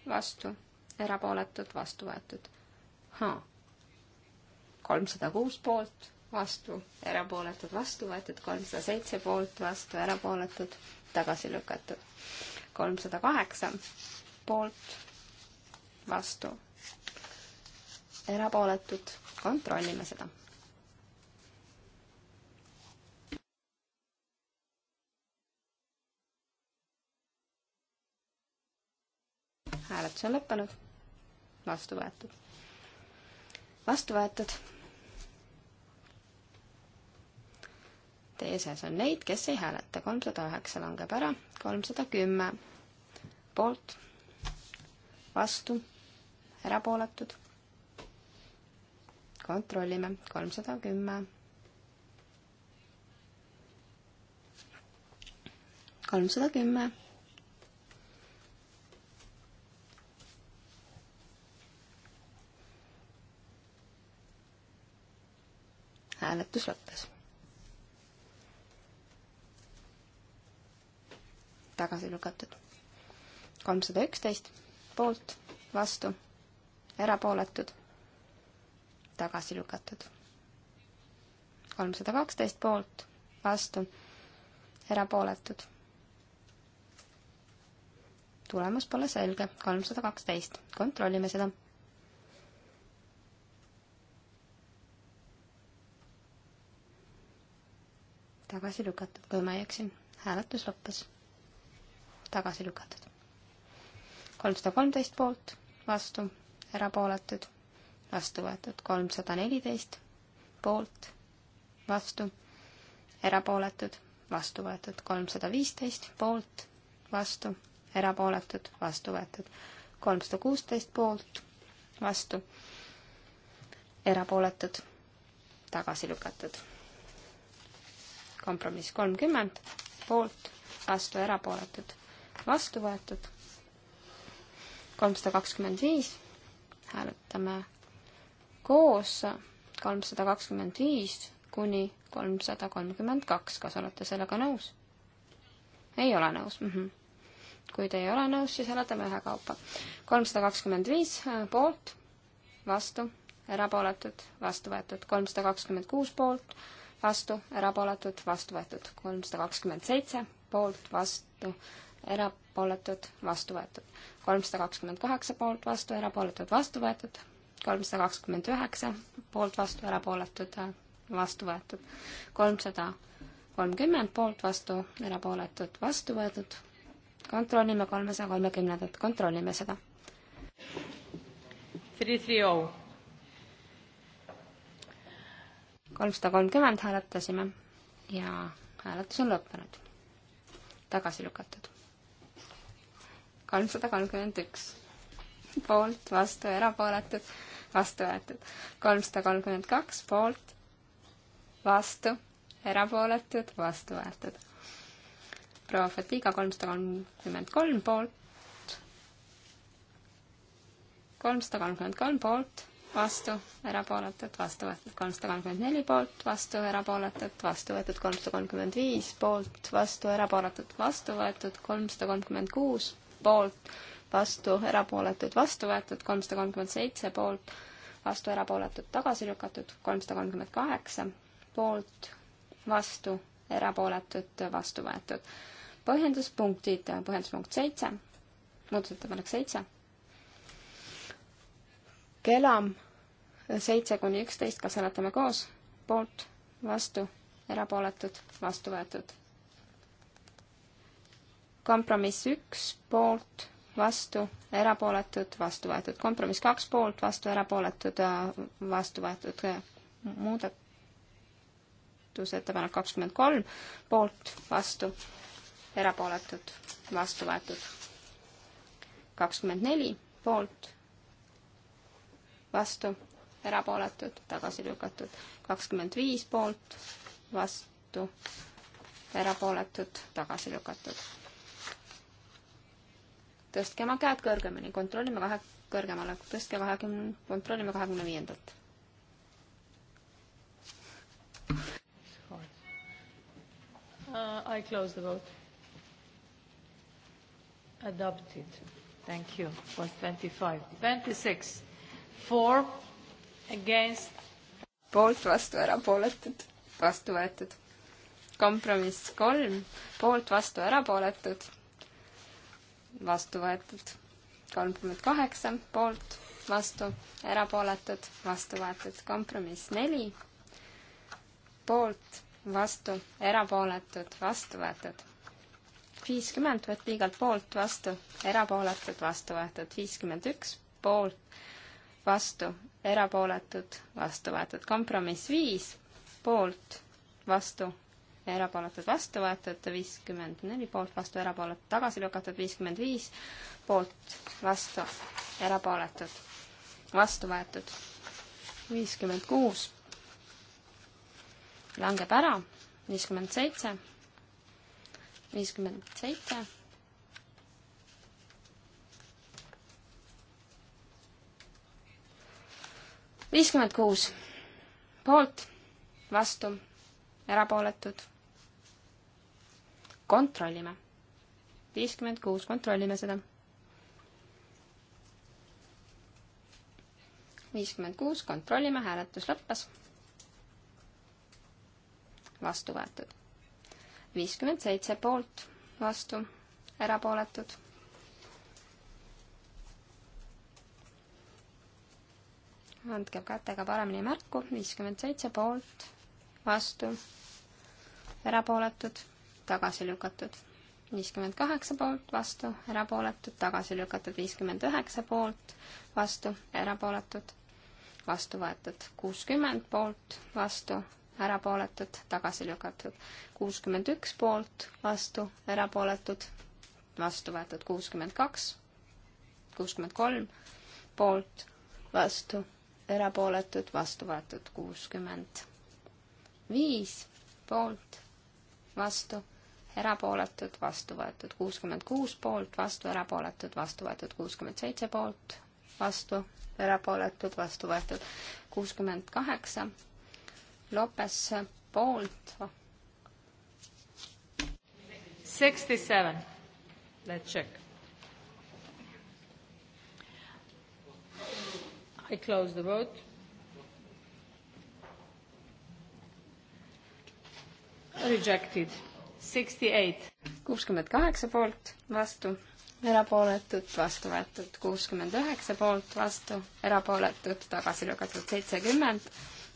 vastu, erapooletud, vastu võetud. kolmsada kuus poolt vastu, erapooletud, vastu võetud, kolmsada seitse poolt, vastu, erapooletud, tagasi lükatud. kolmsada kaheksa poolt, vastu, erapooletud, kontrollime seda. hääletus on lõppenud, vastu võetud. vastu võetud teie seas on neid, kes ei hääleta. kolmsada üheksa langeb ära, kolmsada kümme poolt, vastu, erapooletud. kontrollime, kolmsada kümme. kolmsada kümme. hääletus lõppes tagasi lükatud. kolmsada üksteist poolt, vastu, erapooletud, tagasi lükatud. kolmsada kaksteist poolt, vastu, erapooletud. tulemus pole selge, kolmsada kaksteist, kontrollime seda tagasi lükatud, kui ma ei eksi. hääletus lõppes tagasi lükatud. kolmsada kolmteist poolt, vastu, erapooletud, vastu võetud. kolmsada neliteist poolt, vastu, erapooletud, vastu võetud. kolmsada viisteist poolt, vastu, erapooletud, vastu võetud. kolmsada kuusteist poolt, vastu, erapooletud, tagasi lükatud kompromiss kolmkümmend, poolt, vastu, erapooletud, vastu võetud. kolmsada kakskümmend viis, hääletame koos kolmsada kakskümmend viis kuni kolmsada kolmkümmend kaks, kas olete sellega nõus? ei ole nõus mm? -hmm. kui te ei ole nõus, siis hääletame ühekaupa. kolmsada kakskümmend viis äh, poolt, vastu, erapooletud, vastu võetud. kolmsada kakskümmend kuus poolt, vastu, erapooletud, vastu võetud. kolmsada kakskümmend seitse poolt, vastu, erapooletud, vastu võetud. kolmsada kakskümmend kaheksa poolt vastu, erapooletud, vastu võetud. kolmsada kakskümmend üheksa poolt vastu, erapooletud, vastu võetud. kolmsada kolmkümmend poolt vastu, erapooletud, vastu võetud. kontrollime kolmesaja kolmekümnendat, kontrollime seda. Oh. kolmsada kolmkümmend hääletasime ja hääletus on lõppenud. tagasi lükatud kolmsada kolmkümmend üks poolt, vastu, erapooletud, vastu võetud. kolmsada kolmkümmend kaks poolt, vastu, erapooletud, vastu võetud. proua Fatiga kolmsada kolmkümmend kolm poolt, kolmsada kolmkümmend kolm poolt, vastu, erapooletud, vastu võetud. kolmsada kolmkümmend neli poolt, vastu, erapooletud, vastu võetud. kolmsada kolmkümmend viis poolt, vastu, erapooletud, vastu võetud. kolmsada kolmkümmend kuus poolt, vastu, erapooletud, vastu võetud, kolmsada kolmkümmend seitse poolt, vastu, erapooletud, tagasi lükatud, kolmsada kolmkümmend kaheksa poolt, vastu, erapooletud, vastu võetud. põhjenduspunktid, põhjenduspunkt seitse, muudatusettepanek seitse. Kelam seitse kuni üksteist, kas hääletame koos? poolt, vastu, erapooletud, vastu võetud kompromiss üks, poolt, vastu, erapooletud, vastu võetud. kompromiss kaks, poolt, vastu, erapooletud, vastu võetud. muudatusettepanek kakskümmend kolm, poolt, vastu, erapooletud, vastu võetud. kakskümmend neli, poolt, vastu, erapooletud, tagasi lükatud. kakskümmend viis poolt, vastu, erapooletud, tagasi lükatud tõstke oma käed kõrgemini, kontrollime kahe, kõrgemale, tõstke kahekümne, kontrollime kahekümne viiendat. Uh, I close the vote. Adopted. Thank you. Was 25. 26. For, against. Poolt vastu erapooletud. Vastu võetud. Kompromiss kolm. Poolt vastu erapooletud vastu võetud. kolmkümmend kaheksa poolt, vastu, erapooletud, vastu võetud. kompromiss neli poolt, vastu, erapooletud, vastu võetud. viiskümmend võeti igalt poolt vastu, erapooletud, vastu võetud. viiskümmend üks poolt, vastu, erapooletud, vastu võetud. kompromiss viis poolt, vastu, erapooletud vastu võetud viiskümmend neli, poolt vastu erapooletud tagasi lükatud viiskümmend viis, poolt vastu erapooletud vastu võetud viiskümmend kuus langeb ära, viiskümmend seitse, viiskümmend seitse, viiskümmend kuus poolt, vastu, erapooletud kontrollime. viiskümmend kuus, kontrollime seda. viiskümmend kuus, kontrollime, hääletus lõppes. vastu võetud. viiskümmend seitse poolt, vastu, erapooletud. andke kätega paremini märku, viiskümmend seitse poolt, vastu, erapooletud tagasi lükatud. viiskümmend kaheksa poolt, vastu, erapooletud, tagasi lükatud. viiskümmend üheksa poolt, vastu, erapooletud, vastu võetud. kuuskümmend poolt, vastu, erapooletud, tagasi lükatud. kuuskümmend üks poolt, vastu, erapooletud, vastu võetud. kuuskümmend kaks, kuuskümmend kolm poolt, vastu, erapooletud, vastu võetud. kuuskümmend viis poolt, vastu erapooletud, vastu võetud kuuskümmend kuus poolt, vastu erapooletud, vastu võetud kuuskümmend seitse poolt, vastu erapooletud, vastu võetud kuuskümmend kaheksa, Lopes poolt. Sixty seven, let's check. I close the vote. Rejected kuuskümmend kaheksa poolt, vastu, erapooletud, vastu võetud kuuskümmend üheksa poolt, vastu, erapooletud, tagasi lükatud seitsekümmend,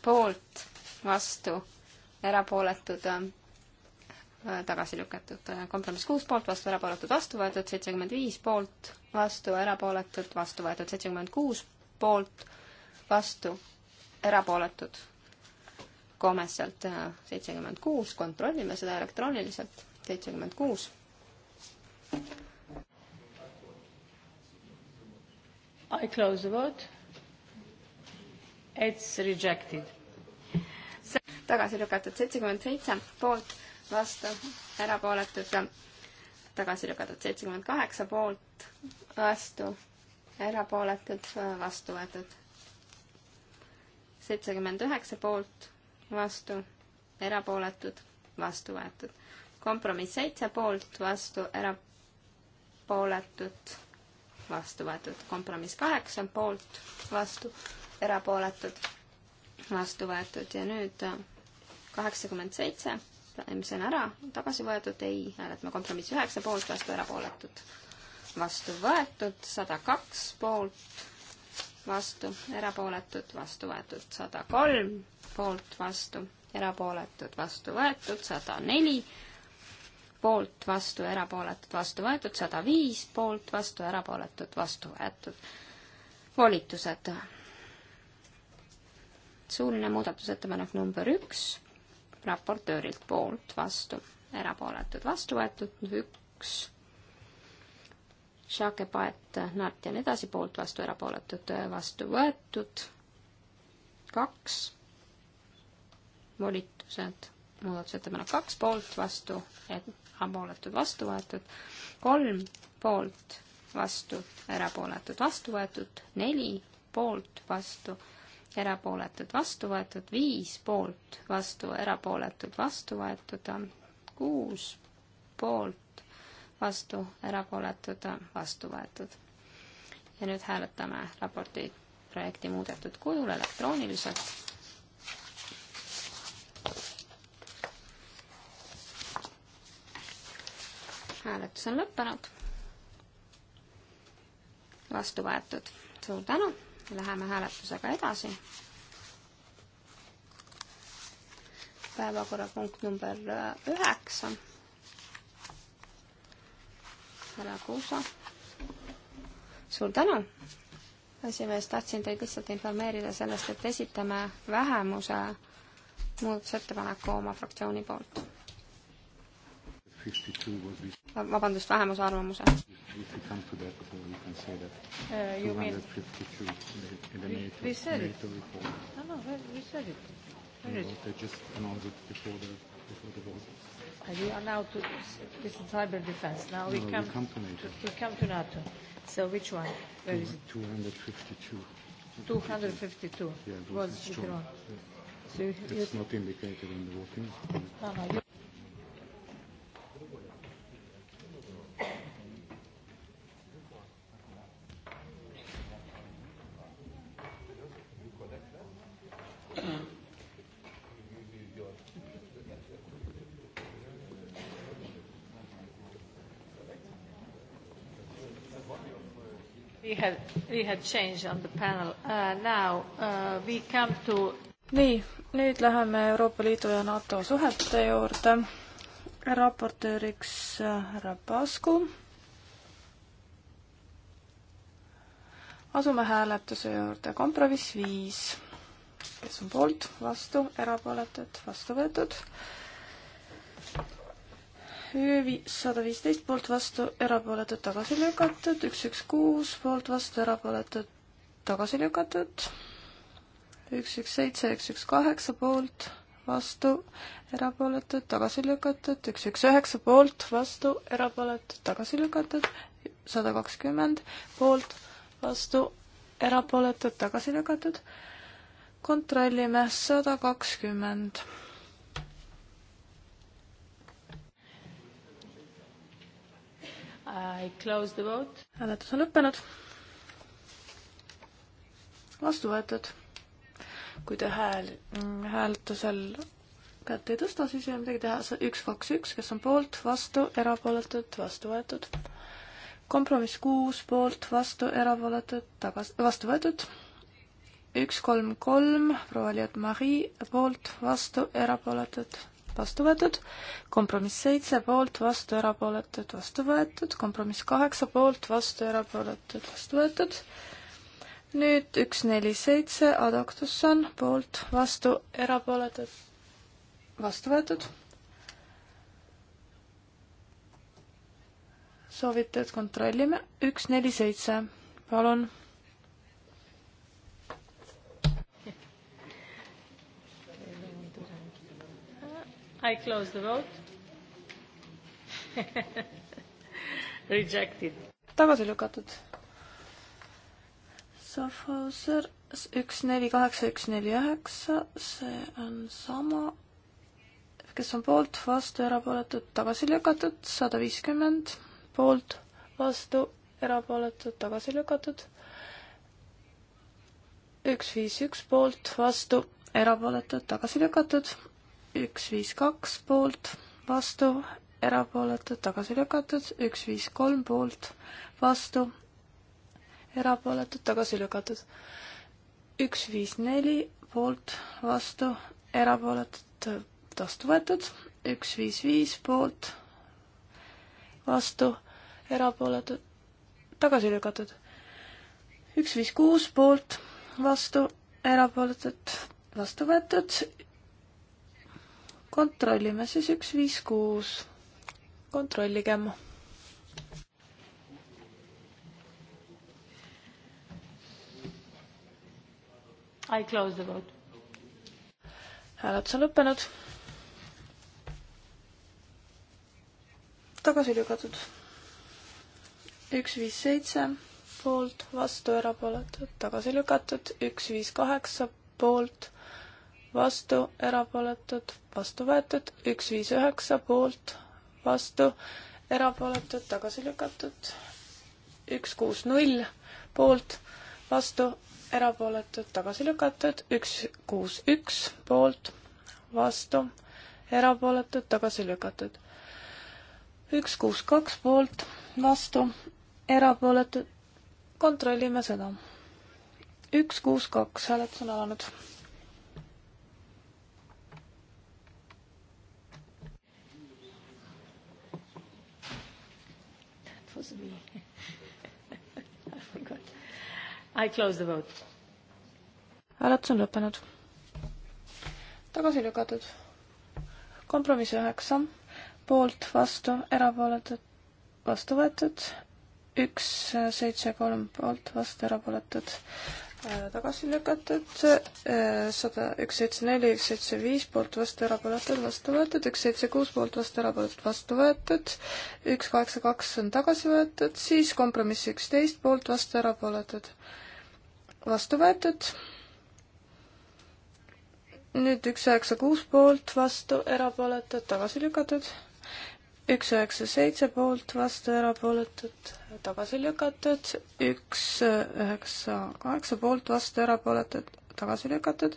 poolt, vastu, erapooletud, ähm, äh, tagasi lükatud, kompromiss kuus poolt, vastu, erapooletud, vastu võetud seitsekümmend viis poolt, vastu, erapooletud, vastu võetud seitsekümmend kuus poolt, vastu, erapooletud Komeselt äh, seitsekümmend kuus, kontrollime seda elektrooniliselt, seitsekümmend kuus. I close the vote. It's rejected. tagasi lükatud seitsekümmend seitse, poolt, vastu, erapooletud, tagasi lükatud seitsekümmend kaheksa, poolt, vastu, erapooletud, vastu võetud seitsekümmend üheksa poolt, vastu, erapooletud, vastu võetud. kompromiss seitse poolt, vastu, erapooletud, vastu võetud. kompromiss kaheksa poolt, vastu, erapooletud, vastu võetud ja nüüd äh, kaheksakümmend seitse, mis on ära tagasi võetud, ei, hääletame kompromissi üheksa poolt, vastu erapooletud. vastu võetud sada kaks poolt vastu, erapooletud, vastu võetud sada kolm, poolt, vastu, erapooletud, vastu võetud sada neli, poolt, vastu, erapooletud, vastu võetud sada viis, poolt, vastu, erapooletud, vastu võetud. volitused. suuline muudatusettepanek number üks, raportöörilt poolt, vastu, erapooletud, vastu võetud, üks Šake, Paet, Nart ja nii edasi, poolt, vastu, erapooletud, vastu võetud. kaks. volitused, muudatusettepanek kaks, poolt, vastu, erapooletud, vastu võetud. kolm, poolt, vastu, erapooletud, vastu võetud. neli, poolt, vastu, erapooletud, vastu võetud. viis, poolt, vastu, erapooletud, vastu võetud. kuus, poolt, vastu, erapooletud, vastu võetud. ja nüüd hääletame raporti projekti muudetud kujul elektrooniliselt. hääletus on lõppenud. vastu võetud, suur tänu, läheme hääletusega edasi. päevakorrapunkt number üheksa härra Kuusa. suur tänu, esimees, tahtsin teid lihtsalt informeerida sellest, et esitame vähemuse muudatusettepaneku oma fraktsiooni poolt. vabandust, vähemuse arvamuse. Uh, you mean? We, we said it. No, no, we said it. Where is it? They just announced it before the, before the vote. We are now to this is cyber defense. Now we no, come, we come to NATO. To, we come to NATO. So which one? Where Two, is it? 252. 252. Yeah, it was, was withdrawn. Yeah. So you, it's you, not indicated in the voting. No, no, you had, we had change on the panel uh,. Now uh, we come to. nii, nüüd läheme Euroopa Liidu ja NATO suhete juurde. raportööriks äh, härra Pasku. asume hääletuse juurde. kompromiss viis. kes on poolt, vastu, erapooletud, vastu võetud Höövi sada viisteist poolt vastu, erapooletud tagasi lükatud, üks, üks, kuus poolt vastu, erapooletud tagasi lükatud, üks, üks, seitse, üks, üks, kaheksa poolt vastu, erapooletud tagasi lükatud, üks, üks, üheksa poolt vastu, erapooletud tagasi lükatud, sada kakskümmend poolt vastu, erapooletud tagasi lükatud. kontrollime sada kakskümmend I close the vote. hääletus on lõppenud. vastu võetud. kui te hääl, mm, hääletusel kätt ei tõsta, siis ei ole midagi teha. üks, kaks, üks, kes on poolt, vastu, erapooletud, vastu võetud. kompromiss kuus, poolt, vastu, erapooletud, tagasi, vastu võetud. üks, kolm, kolm, proua Liet Marie, poolt, vastu, erapooletud vastu võetud, kompromiss seitse poolt, vastu erapooletud, vastu võetud, kompromiss kaheksa poolt, vastu erapooletud, vastu võetud, nüüd üks, neli, seitse, Adaktusson poolt, vastu erapooletud, vastu võetud. soovite, et kontrollime, üks, neli, seitse, palun I close the vote. Rejected. tagasi lükatud. Schaffhauser üks, neli, kaheksa, üks, neli, üheksa, see on sama. kes on poolt, vastu, erapooletud, tagasi lükatud, sada viiskümmend, poolt, vastu, erapooletud, tagasi lükatud. üks, viis, üks poolt, vastu, erapooletud, tagasi lükatud üks, viis, kaks poolt, vastu, erapooletud, tagasi lükatud, üks, viis, kolm poolt, vastu, erapooletud, tagasi lükatud. üks, viis, neli poolt, vastu, erapooletud, vastu võetud, üks, viis, viis poolt, vastu, erapooletud, tagasi lükatud. üks, viis, kuus poolt, vastu, erapooletud, vastu võetud, kontrollime siis üks, viis, kuus. kontrolligem. I close the vote. hääletus on lõppenud. tagasi lükatud. üks, viis, seitse poolt, vastu, erapooletud, tagasi lükatud, üks, viis, kaheksa poolt vastu, erapooletud, vastu võetud, üks, viis, üheksa poolt, vastu, erapooletud, tagasi lükatud, üks, kuus, null poolt, vastu, erapooletud, tagasi lükatud, üks, kuus, üks poolt, vastu, erapooletud, tagasi lükatud, üks, kuus, kaks poolt, vastu, erapooletud, kontrollime seda. üks, kuus, kaks, hääletus on alanud was me. I forgot. I close the vote. hääletus on lõppenud. tagasi lükatud. kompromiss üheksa, poolt, vastu, erapooletud, vastu võetud, üks, seitse, kolm poolt, vastu, erapooletud, Äh, tagasi lükatud, äh, sada, üks seitse neli, üks seitse viis poolt vastu erapooletud, vastu võetud, üks seitse kuus poolt vastu erapooletud, vastu võetud, üks kaheksa kaks on tagasi võetud, siis kompromiss üksteist poolt vastu erapooletud, vastu võetud, nüüd üks üheksa kuus poolt vastu erapooletud, tagasi lükatud üks üheksa seitse poolt, vastu erapooletud, tagasi lükatud, üks üheksa kaheksa poolt, vastu erapooletud, tagasi lükatud.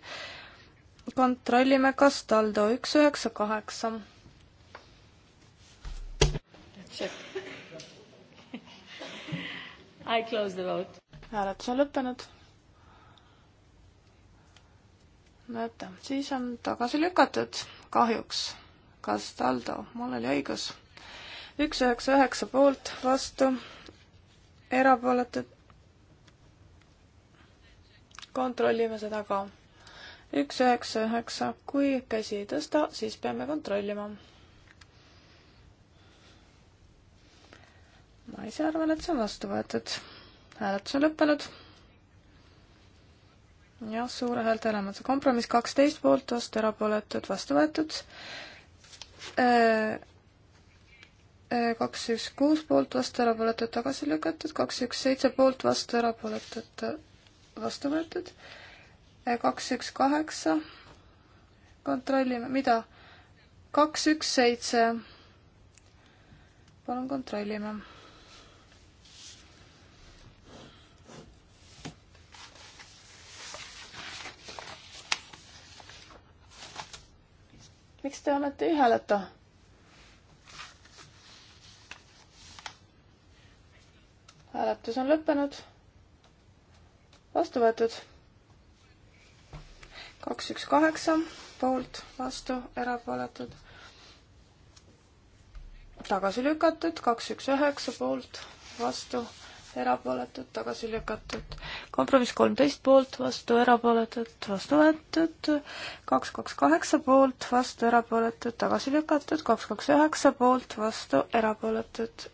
kontrollime Castaldo üks üheksa kaheksa. I close the vote. hääletus on lõppenud. näete, siis on tagasi lükatud, kahjuks Castaldo, mul oli õigus. üks üheksa üheksa poolt, vastu, erapooletud. kontrollime seda ka. üks üheksa üheksa, kui käsi ei tõsta, siis peame kontrollima. ma ise arvan, et see on vastu võetud. hääletus on lõppenud jah, suure häälteenamuse kompromiss kaksteist poolt vastu, erapooletud vastu võetud. Äh, äh, kaks, üks, kuus poolt, vastu, erapooletud, tagasi lükatud, kaks, üks, seitse poolt, vastu, erapooletud, vastu võetud, äh, kaks, üks, kaheksa, kontrollime, mida? kaks, üks, seitse, palun kontrollime miks te ometi ei hääleta? hääletus on lõppenud. vastu võetud. kaks, üks, kaheksa poolt, vastu, erapooletud. tagasi lükatud, kaks, üks, üheksa poolt, vastu erapooletud, tagasi lükatud. kompromiss kolmteist poolt, vastu erapooletud, vastu võetud, kaks, kaks, kaheksa poolt, vastu erapooletud, tagasi lükatud, kaks, kaks, üheksa poolt, vastu erapooletud,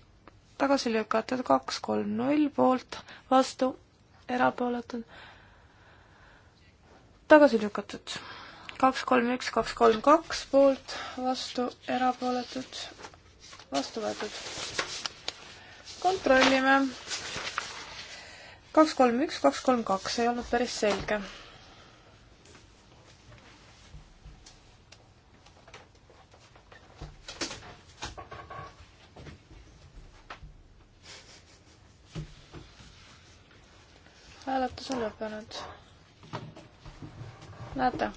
tagasi lükatud, kaks, kolm, null poolt, vastu erapooletud, tagasi lükatud kaks, kolm, üks, kaks, kolm, kaks poolt, vastu, erapooletud, vastu võetud. kontrollime kaks, kolm, üks, kaks, kolm, kaks, ei olnud päris selge. hääletus on lõppenud. näete,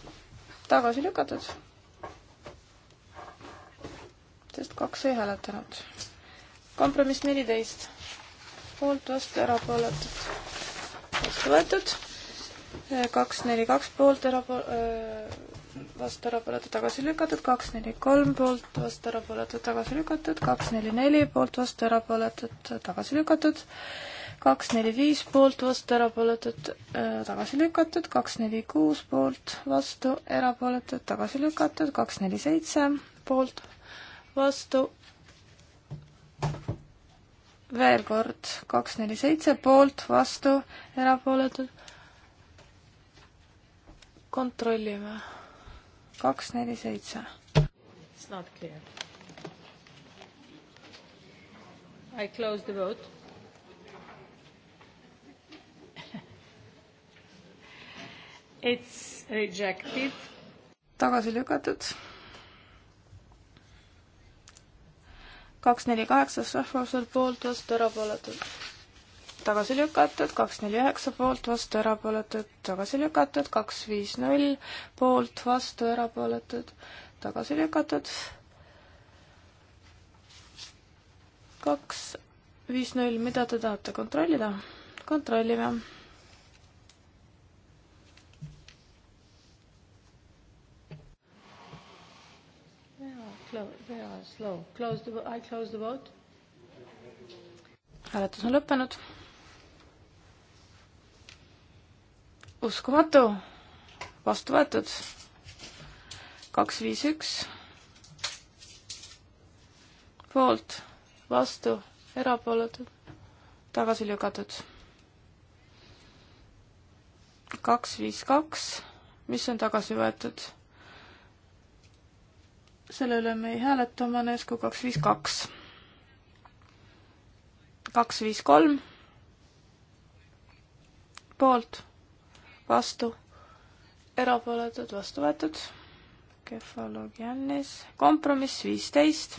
tagasi lükatud. sest kaks ei hääletanud. kompromiss neliteist, poolt, vastu, erapooletud vastu võetud. kaks, neli, kaks poolt ära, äh, vastu erapooletud tagasi lükatud, kaks, neli, kolm poolt vastu erapooletud tagasi lükatud, kaks, neli, neli poolt vastu erapooletud tagasi lükatud, kaks, neli, viis poolt vastu erapooletud äh, tagasi lükatud, kaks, neli, kuus poolt vastu erapooletud tagasi lükatud, kaks, neli, seitse poolt vastu veel kord kaks, neli, seitse poolt, vastu, erapooletud. kontrollime. kaks, neli, seitse. It's not clear. I close the vote. It's rejected. tagasi lükatud kaks, neli, kaheksas rahvusel poolt, vastu, erapooletud. tagasi lükatud, kaks, neli, üheksa poolt, vastu, erapooletud, tagasi lükatud, kaks, viis, null poolt, vastu, erapooletud, tagasi lükatud. kaks, viis, null, mida te tahate kontrollida? kontrollime slow. Close the, I close the vote. hääletus on lõppenud. uskumatu, vastu võetud. kaks, viis, üks. poolt, vastu, erapooletud, tagasi lükatud. kaks, viis, kaks, mis on tagasi võetud selle üle me ei hääleta, Manescu kaks viis kaks. kaks viis kolm. poolt, vastu, erapooletud, vastu võetud. kefalogiannis, kompromiss viisteist,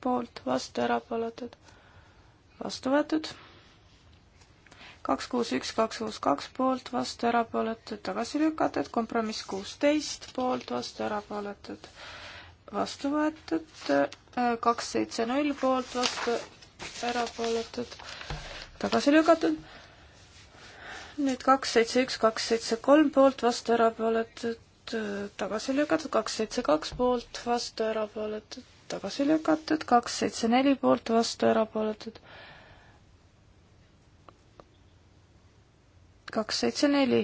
poolt, vastu, erapooletud, vastu võetud. kaks kuus üks, kaks kuus kaks, poolt, vastu, erapooletud, tagasi lükatud, kompromiss kuusteist, poolt, vastu, erapooletud vastu võetud, kaks, seitse, null poolt vastu, erapooletud, tagasi lükatud. nüüd kaks, seitse, üks, kaks, seitse, kolm poolt vastu, erapooletud, tagasi lükatud, kaks, seitse, kaks poolt vastu, erapooletud, tagasi lükatud, kaks, seitse, neli poolt vastu, erapooletud. kaks, seitse, neli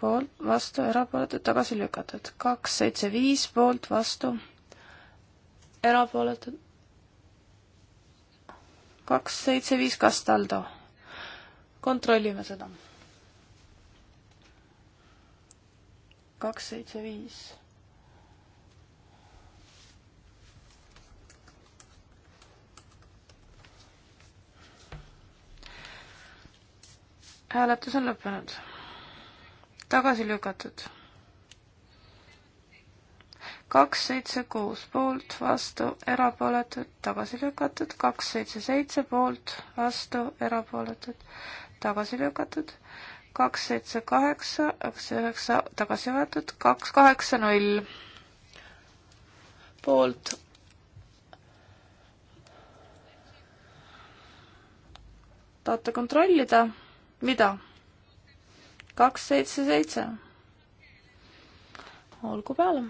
poolt, vastu, erapooletud, tagasi lükatud. kaks, seitse, viis poolt, vastu, erapooletud. kaks, seitse, viis, Castaldo. kontrollime seda. kaks, seitse, viis. hääletus on lõppenud. tagasi lükatud kaks, seitse, kuus poolt, vastu, erapooletud, tagasi lükatud, kaks, seitse, seitse poolt, vastu, erapooletud, tagasi lükatud, kaks, seitse, kaheksa, kaks, üheksa, tagasi võetud, kaks, kaheksa, null poolt. tahate kontrollida, mida? kaks, seitse, seitse. olgu peale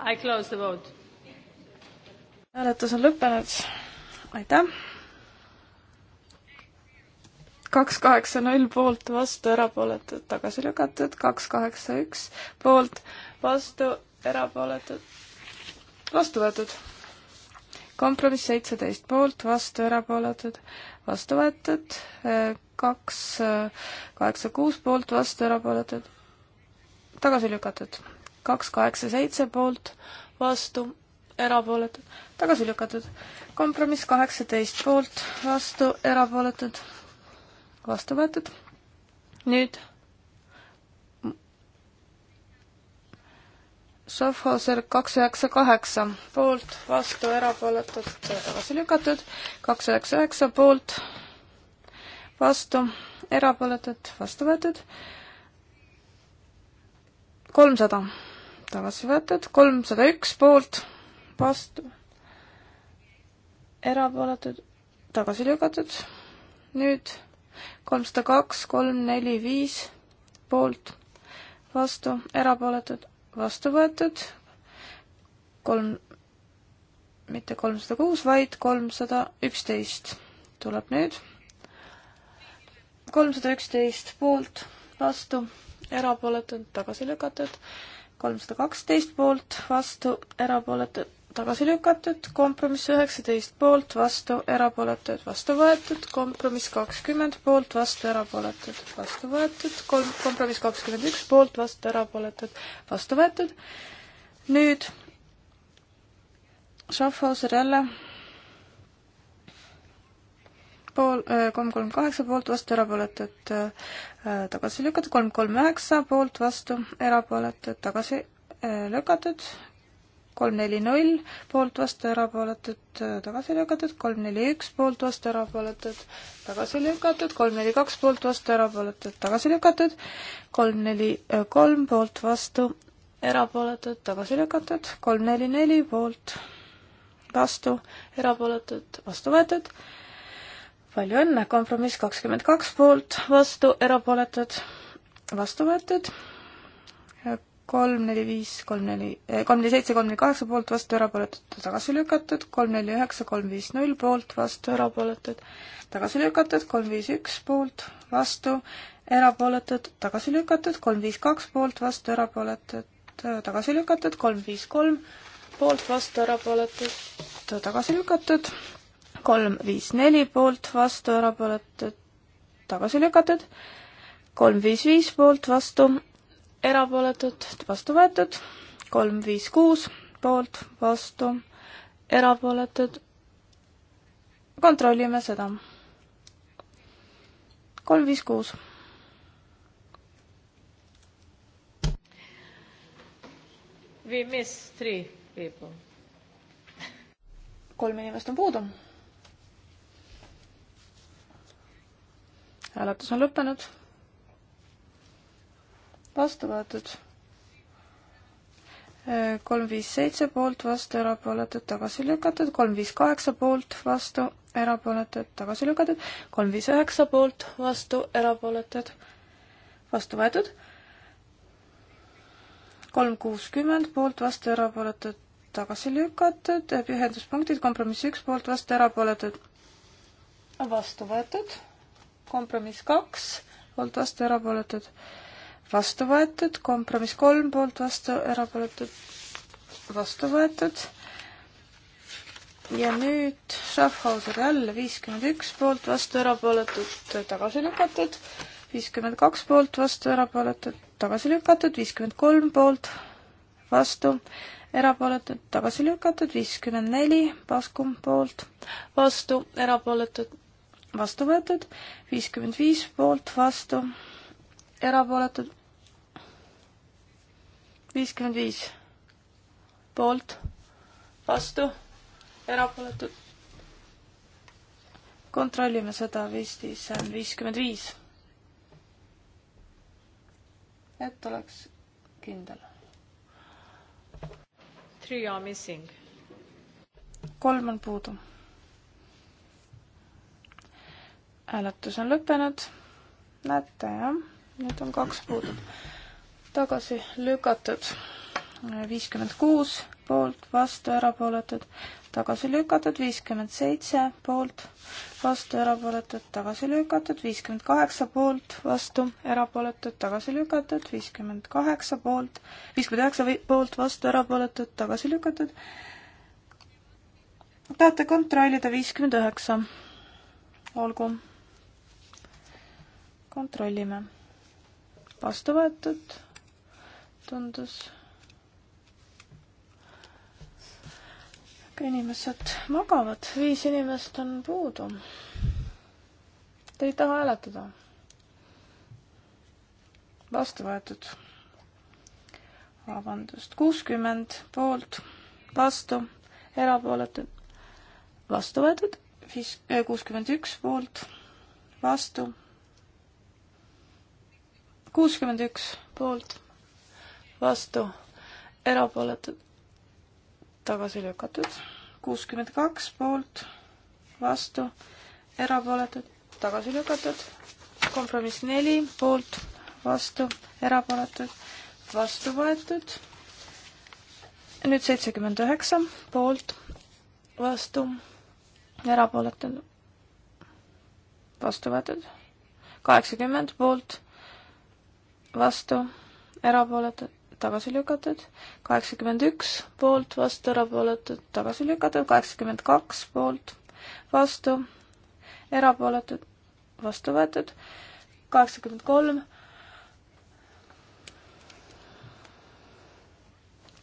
I close the vote. hääletus on lõppenud. aitäh. kaks kaheksa null poolt, vastu, erapooletud, tagasi lükatud, kaks kaheksa üks poolt, vastu, erapooletud, vastu võetud. kompromiss seitseteist poolt, vastu, erapooletud, vastu võetud, kaks kaheksa kuus poolt, vastu, erapooletud, tagasi lükatud kaks kaheksa seitse poolt, vastu, erapooletud, tagasi lükatud. kompromiss kaheksateist poolt, vastu, erapooletud, vastu võetud. nüüd Schaffhauser kaks üheksa kaheksa poolt, vastu, erapooletud, tagasi lükatud, kaks üheksa üheksa poolt, vastu, erapooletud, vastu võetud, kolmsada tagasi võetud, kolmsada üks poolt, vastu, erapooletud, tagasi lükatud, nüüd kolmsada kaks, kolm, neli, viis poolt, vastu, erapooletud, vastu võetud, kolm, mitte kolmsada kuus, vaid kolmsada üksteist tuleb nüüd. kolmsada üksteist poolt, vastu, erapooletud, tagasi lükatud kolmsada kaksteist poolt, vastu, erapooletud, tagasi lükatud, kompromiss üheksateist poolt, vastu, erapooletud, vastu võetud, kompromiss kakskümmend poolt, vastu, erapooletud, vastu võetud, kolm, kompromiss kakskümmend üks poolt, vastu, erapooletud, vastu võetud. nüüd Schaffhauser jälle pool, äh, kolm, kolm, kaheksa poolt, vastu, erapooletud, äh, tagasi lükatud, kolm, kolm, üheksa poolt, vastu, erapooletud, tagasi äh, lükatud, kolm, neli, null poolt, vastu, erapooletud, tagasi lükatud, kolm, neli, üks poolt, vastu, erapooletud, tagasi lükatud, kolm, neli, kaks poolt, vastu, erapooletud, tagasi lükatud, kolm, neli, kolm poolt, vastu, erapooletud, tagasi lükatud, kolm, neli, neli poolt, vastu, erapooletud, vastu võetud, palju õnne, kompromiss kakskümmend kaks poolt, vastu, erapooletud, vastu võetud. kolm, neli, viis, kolm, neli, eh, kolm, neli, seitse, kolm, neli, kaheksa poolt, vastu, erapooletud, tagasi lükatud. kolm, neli, üheksa, kolm, viis, null poolt, vastu, erapooletud, tagasi lükatud. kolm, viis, üks poolt, vastu, erapooletud, tagasi lükatud. kolm, viis, kaks poolt, vastu, erapooletud, tagasi lükatud. kolm, viis, kolm poolt, vastu, erapooletud, tagasi lükatud kolm, viis, neli poolt, vastu, erapooletud, tagasi lükatud. kolm, viis, viis poolt, vastu, erapooletud, vastu võetud. kolm, viis, kuus poolt, vastu, erapooletud. kontrollime seda. kolm, viis, kuus We missed three people. kolm inimest on puudu hääletus on lõppenud. vastu võetud. kolm, viis, seitse poolt, vastu, erapooletud, tagasi lükatud, kolm, viis, kaheksa poolt, vastu, erapooletud, tagasi lükatud, kolm, viis, üheksa poolt, vastu, erapooletud, vastu võetud, kolm, kuuskümmend poolt, vastu, erapooletud, tagasi lükatud, ühenduspunktid, kompromiss üks poolt, vastu, erapooletud, vastu võetud kompromiss kaks, poolt vastu, erapooletud, vastu võetud, kompromiss kolm, poolt vastu, erapooletud, vastu võetud. ja nüüd Schaffhauser jälle viiskümmend üks poolt vastu, erapooletud, tagasi lükatud, viiskümmend kaks poolt vastu, erapooletud, tagasi lükatud, viiskümmend kolm poolt vastu, erapooletud, tagasi lükatud, viiskümmend neli, Baskum poolt, vastu, erapooletud, vastu võetud, viiskümmend viis poolt, vastu, erapooletud, viiskümmend viis poolt, vastu, erapooletud. kontrollime seda vist, see on viiskümmend viis. et oleks kindel. Three are missing. kolm on puudu hääletus on lõppenud. näete jah, nüüd on kaks puudu. tagasi lükatud viiskümmend kuus poolt, vastu, erapooletud, tagasi lükatud, viiskümmend seitse poolt, vastu, erapooletud, tagasi lükatud, viiskümmend kaheksa poolt, vastu, erapooletud, tagasi lükatud, viiskümmend kaheksa poolt, viiskümmend üheksa poolt, vastu, erapooletud, tagasi lükatud. tahate kontrollida viiskümmend üheksa? olgu kontrollime. vastu võetud, tundus. inimesed magavad, viis inimest on puudu. Te ei taha hääletada? vastu võetud. vabandust, kuuskümmend poolt, vastu, erapooletud, vastu võetud, viis, äh, kuuskümmend üks poolt, vastu kuuskümmend üks poolt, vastu, erapooletud, tagasi lükatud. kuuskümmend kaks poolt, vastu, erapooletud, tagasi lükatud. kompromiss neli poolt, vastu, erapooletud, vastu võetud. nüüd seitsekümmend üheksa poolt, vastu, erapooletud, vastu võetud. kaheksakümmend poolt vastu, erapooletud, tagasi lükatud, kaheksakümmend üks poolt, vastu, erapooletud, tagasi lükatud, kaheksakümmend kaks poolt, vastu, erapooletud, vastu võetud, kaheksakümmend kolm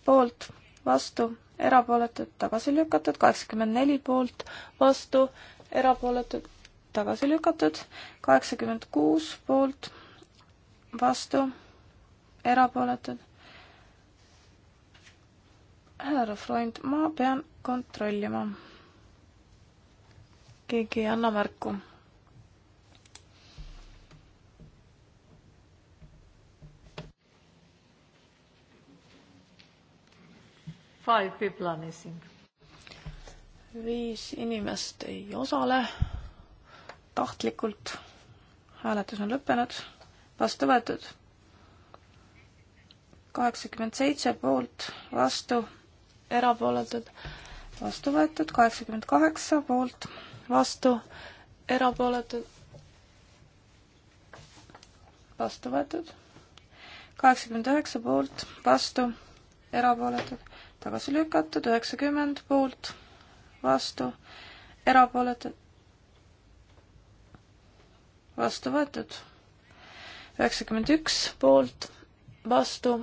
poolt, vastu, erapooletud, tagasi lükatud, kaheksakümmend neli poolt, vastu, erapooletud, tagasi lükatud, kaheksakümmend kuus poolt vastu, erapooletud. härra Freund, ma pean kontrollima. keegi ei anna märku. Five people are missing. viis inimest ei osale tahtlikult. hääletus on lõppenud vastu võetud. kaheksakümmend seitse poolt, vastu, erapooletud, vastu võetud, kaheksakümmend kaheksa poolt, vastu, erapooletud, vastu võetud, kaheksakümmend üheksa poolt, vastu, erapooletud, tagasi lükatud, üheksakümmend poolt, vastu, erapooletud, vastu võetud üheksakümmend üks poolt, vastu,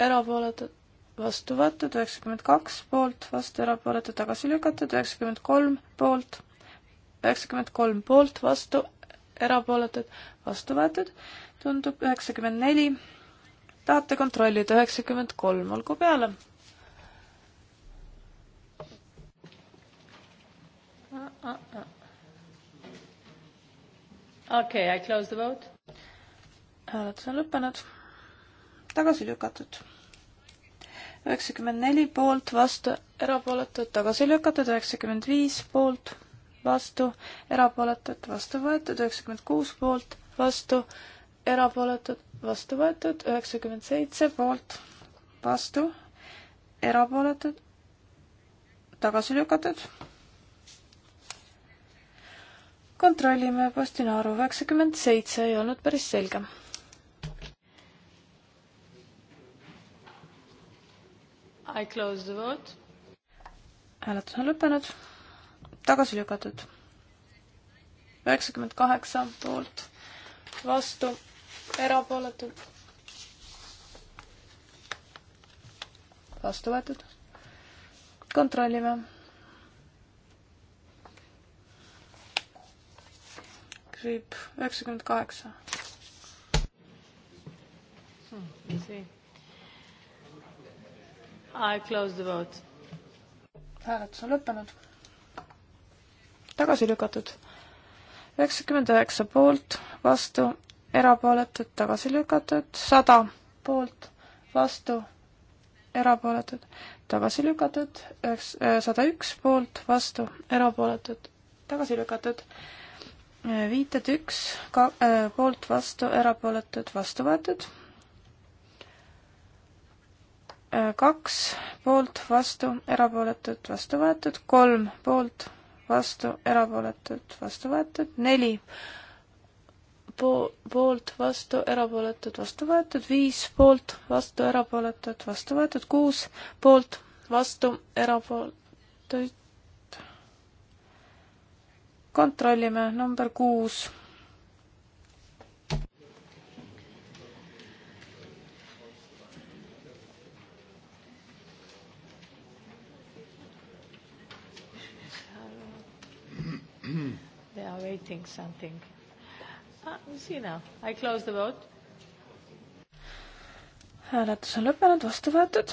erapooletud, vastu võetud, üheksakümmend kaks poolt, vastu, erapooletud, tagasi lükatud, üheksakümmend kolm poolt, üheksakümmend kolm poolt, vastu, erapooletud, vastu võetud, tundub üheksakümmend neli. tahate kontrollida, üheksakümmend kolm, olgu peale. okei uh, uh, uh. okay,, I close the vote hääletus on lõppenud, tagasi lükatud. üheksakümmend neli poolt, vastu, erapooletud, tagasi lükatud, üheksakümmend viis poolt, vastu, erapooletud, vastu võetud, üheksakümmend kuus poolt, vastu, erapooletud, vastu võetud, üheksakümmend seitse poolt, vastu, erapooletud, tagasi lükatud kontrollime postinaru üheksakümmend seitse ei olnud päris selge. I close the vote. hääletus on lõppenud, tagasi lükatud. üheksakümmend kaheksa poolt, vastu, erapooletud. vastu võetud. kontrollime kriip üheksakümmend kaheksa. ei hmm, see. I close the vote. hääletus on lõppenud. tagasi lükatud. üheksakümmend üheksa poolt, vastu, erapooletud, tagasi lükatud, sada poolt, vastu, erapooletud, tagasi lükatud, üheks, äh, sada üks poolt, vastu, erapooletud, tagasi lükatud, viited üks, ka- äh,, poolt, vastu, erapooletud, vastu võetud kaks poolt, vastu, erapooletud, vastu võetud, kolm poolt, vastu, erapooletud, vastu võetud, neli po-, poolt, vastu, erapooletud, vastu võetud, viis poolt, vastu, erapooletud, vastu võetud, kuus poolt, vastu, erapooletuid. kontrollime, number kuus are waiting something. Ah, you see now. I close the vote. hääletus on lõppenud, vastu võetud.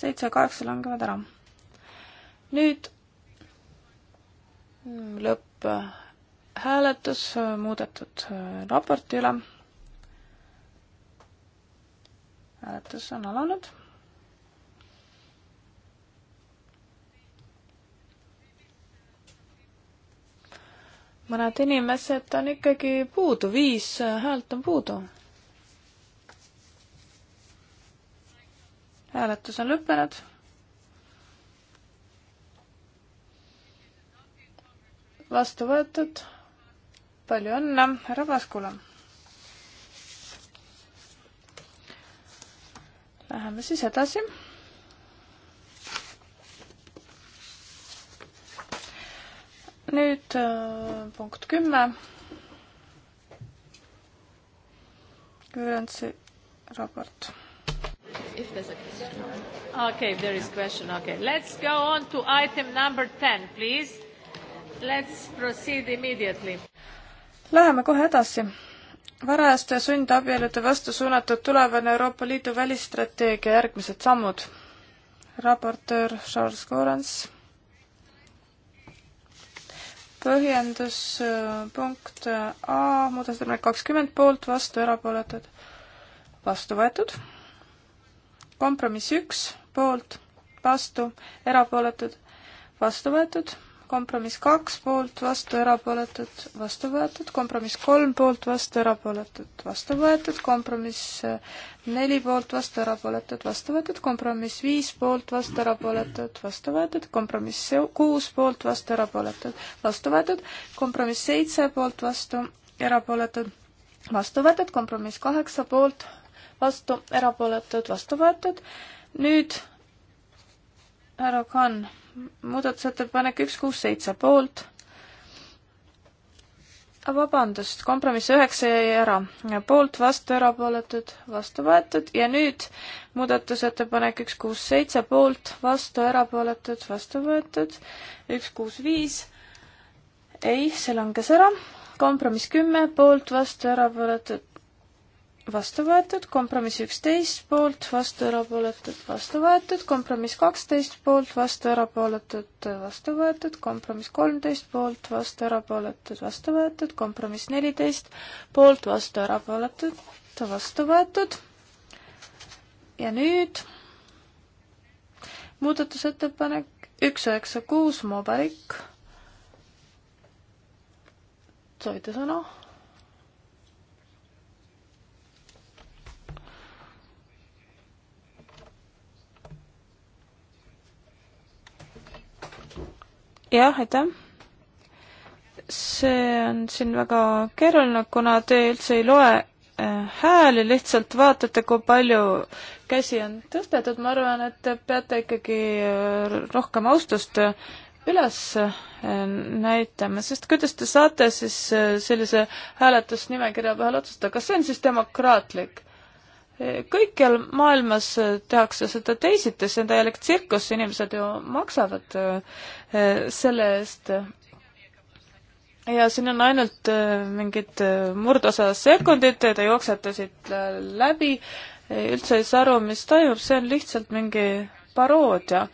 seitse ja kaheksa langevad ära. nüüd lõpphääletus muudetud raporti üle. hääletus on alanud mõned inimesed on ikkagi puudu, viis häält on puudu. hääletus on lõppenud. vastu võetud. palju õnne, härra Paskula. Läheme siis edasi nüüd äh, punkt kümme. Küürantsi raport. If there's a question. Okay, there is question. Okay, let's go on to item number ten, please. Let's proceed immediately. Läheme kohe edasi. varajaste ja sundabielude vastu suunatud tulevane Euroopa Liidu välisstrateegia järgmised sammud. raportöör Charles Gorans põhjendus äh, punkt äh, A, muudatusettepanek kakskümmend poolt, vastu erapooletud, vastu võetud. kompromiss üks, poolt, vastu, erapooletud, vastu võetud kompromiss kaks poolt, vastu, erapooletud, vastu võetud, kompromiss kolm poolt, vastu, erapooletud, vastu võetud, kompromiss eh, neli poolt, vastu, erapooletud, vastu võetud, kompromiss viis poolt, vastu, erapooletud, vastu võetud, kompromiss kuus poolt, vastu, erapooletud, vastu võetud, kompromiss seitse poolt, vastu, erapooletud, vastu võetud, kompromiss kaheksa poolt, vastu, erapooletud, vastu võetud, nüüd härra Kann muudatusettepanek üks kuus seitse poolt. vabandust, kompromiss üheksa jäi ära. poolt, vastu, erapooletud, vastu võetud ja nüüd muudatusettepanek üks kuus seitse poolt, vastu, erapooletud, vastu võetud, üks kuus viis. ei, see langes ära. kompromiss kümme poolt, vastu, erapooletud, vastu võetud, kompromiss üksteist poolt, vastu erapooletud, vastu võetud, kompromiss kaksteist poolt, vastu erapooletud, vastu võetud, kompromiss kolmteist poolt, vastu erapooletud, vastu võetud, kompromiss neliteist poolt, vastu erapooletud, vastu võetud. ja nüüd muudatusettepanek üks üheksa kuus, Mobarik. soovite sõna? jah, aitäh. see on siin väga keeruline, kuna te üldse ei loe äh, hääli, lihtsalt vaatate, kui palju käsi on tõstetud, ma arvan, et te peate ikkagi äh, rohkem austust äh, üles näitama, sest kuidas te saate siis sellise hääletusnimekirja peale otsustada, kas see on siis demokraatlik? kõikjal maailmas tehakse seda teisiti, see on täielik tsirkus, inimesed ju maksavad äh, selle eest. ja siin on ainult äh, mingid äh, murdosa sekundid, te jooksete siit läbi, üldse ei saa aru, mis toimub, see on lihtsalt mingi paroodia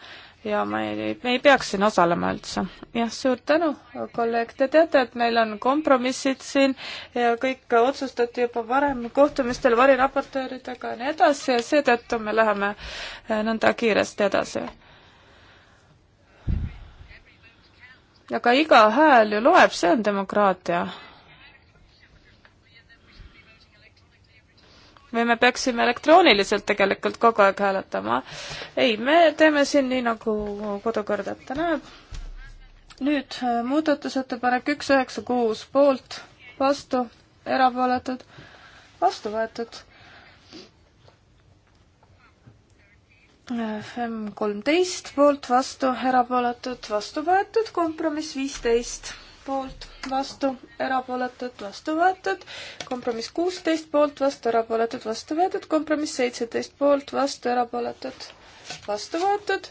ja me ei, me ei peaks siin osalema üldse. jah, suur tänu, kolleeg, te teate, et meil on kompromissid siin ja kõik otsustati juba varem kohtumistel variraportööridega ja nii edasi ja seetõttu me läheme eh, nõnda kiiresti edasi. aga iga hääl ju loeb, see on demokraatia või me peaksime elektrooniliselt tegelikult kogu aeg hääletama? ei, me teeme siin nii, nagu kodukord ette näeb. nüüd äh, muudatusettepanek üks üheksa kuus poolt, vastu, erapooletud, vastu võetud. Äh, FM kolmteist poolt, vastu, erapooletud, vastu võetud, kompromiss viisteist poolt, vastu, erapooletud, vastu võetud, kompromiss kuusteist poolt, vastu, erapooletud, vastu võetud, kompromiss seitseteist poolt, vastu, erapooletud, vastu võetud.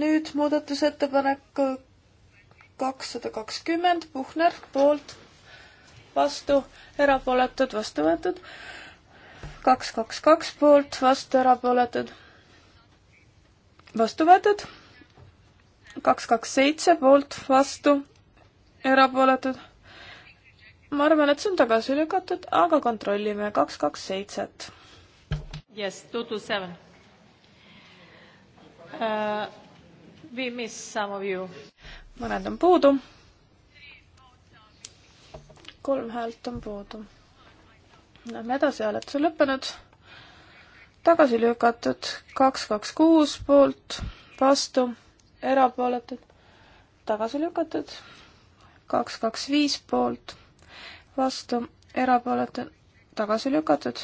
nüüd muudatusettepanek kakssada kakskümmend, Puhner poolt, vastu, erapooletud, vastu võetud, kaks, kaks, kaks poolt, vastu, erapooletud, vastu võetud kaks, kaks, seitse poolt, vastu, erapooletud. ma arvan, et see on tagasi lükatud, aga kontrollime kaks, kaks, seitset. Yes, two to seven uh,. We miss some of you. mõned on puudu. kolm häält on puudu. Lähme edasi, hääletus on lõppenud. tagasi lükatud kaks, kaks, kuus poolt, vastu erapooletud, tagasi lükatud, kaks, kaks, viis poolt, vastu, erapooletud, tagasi lükatud,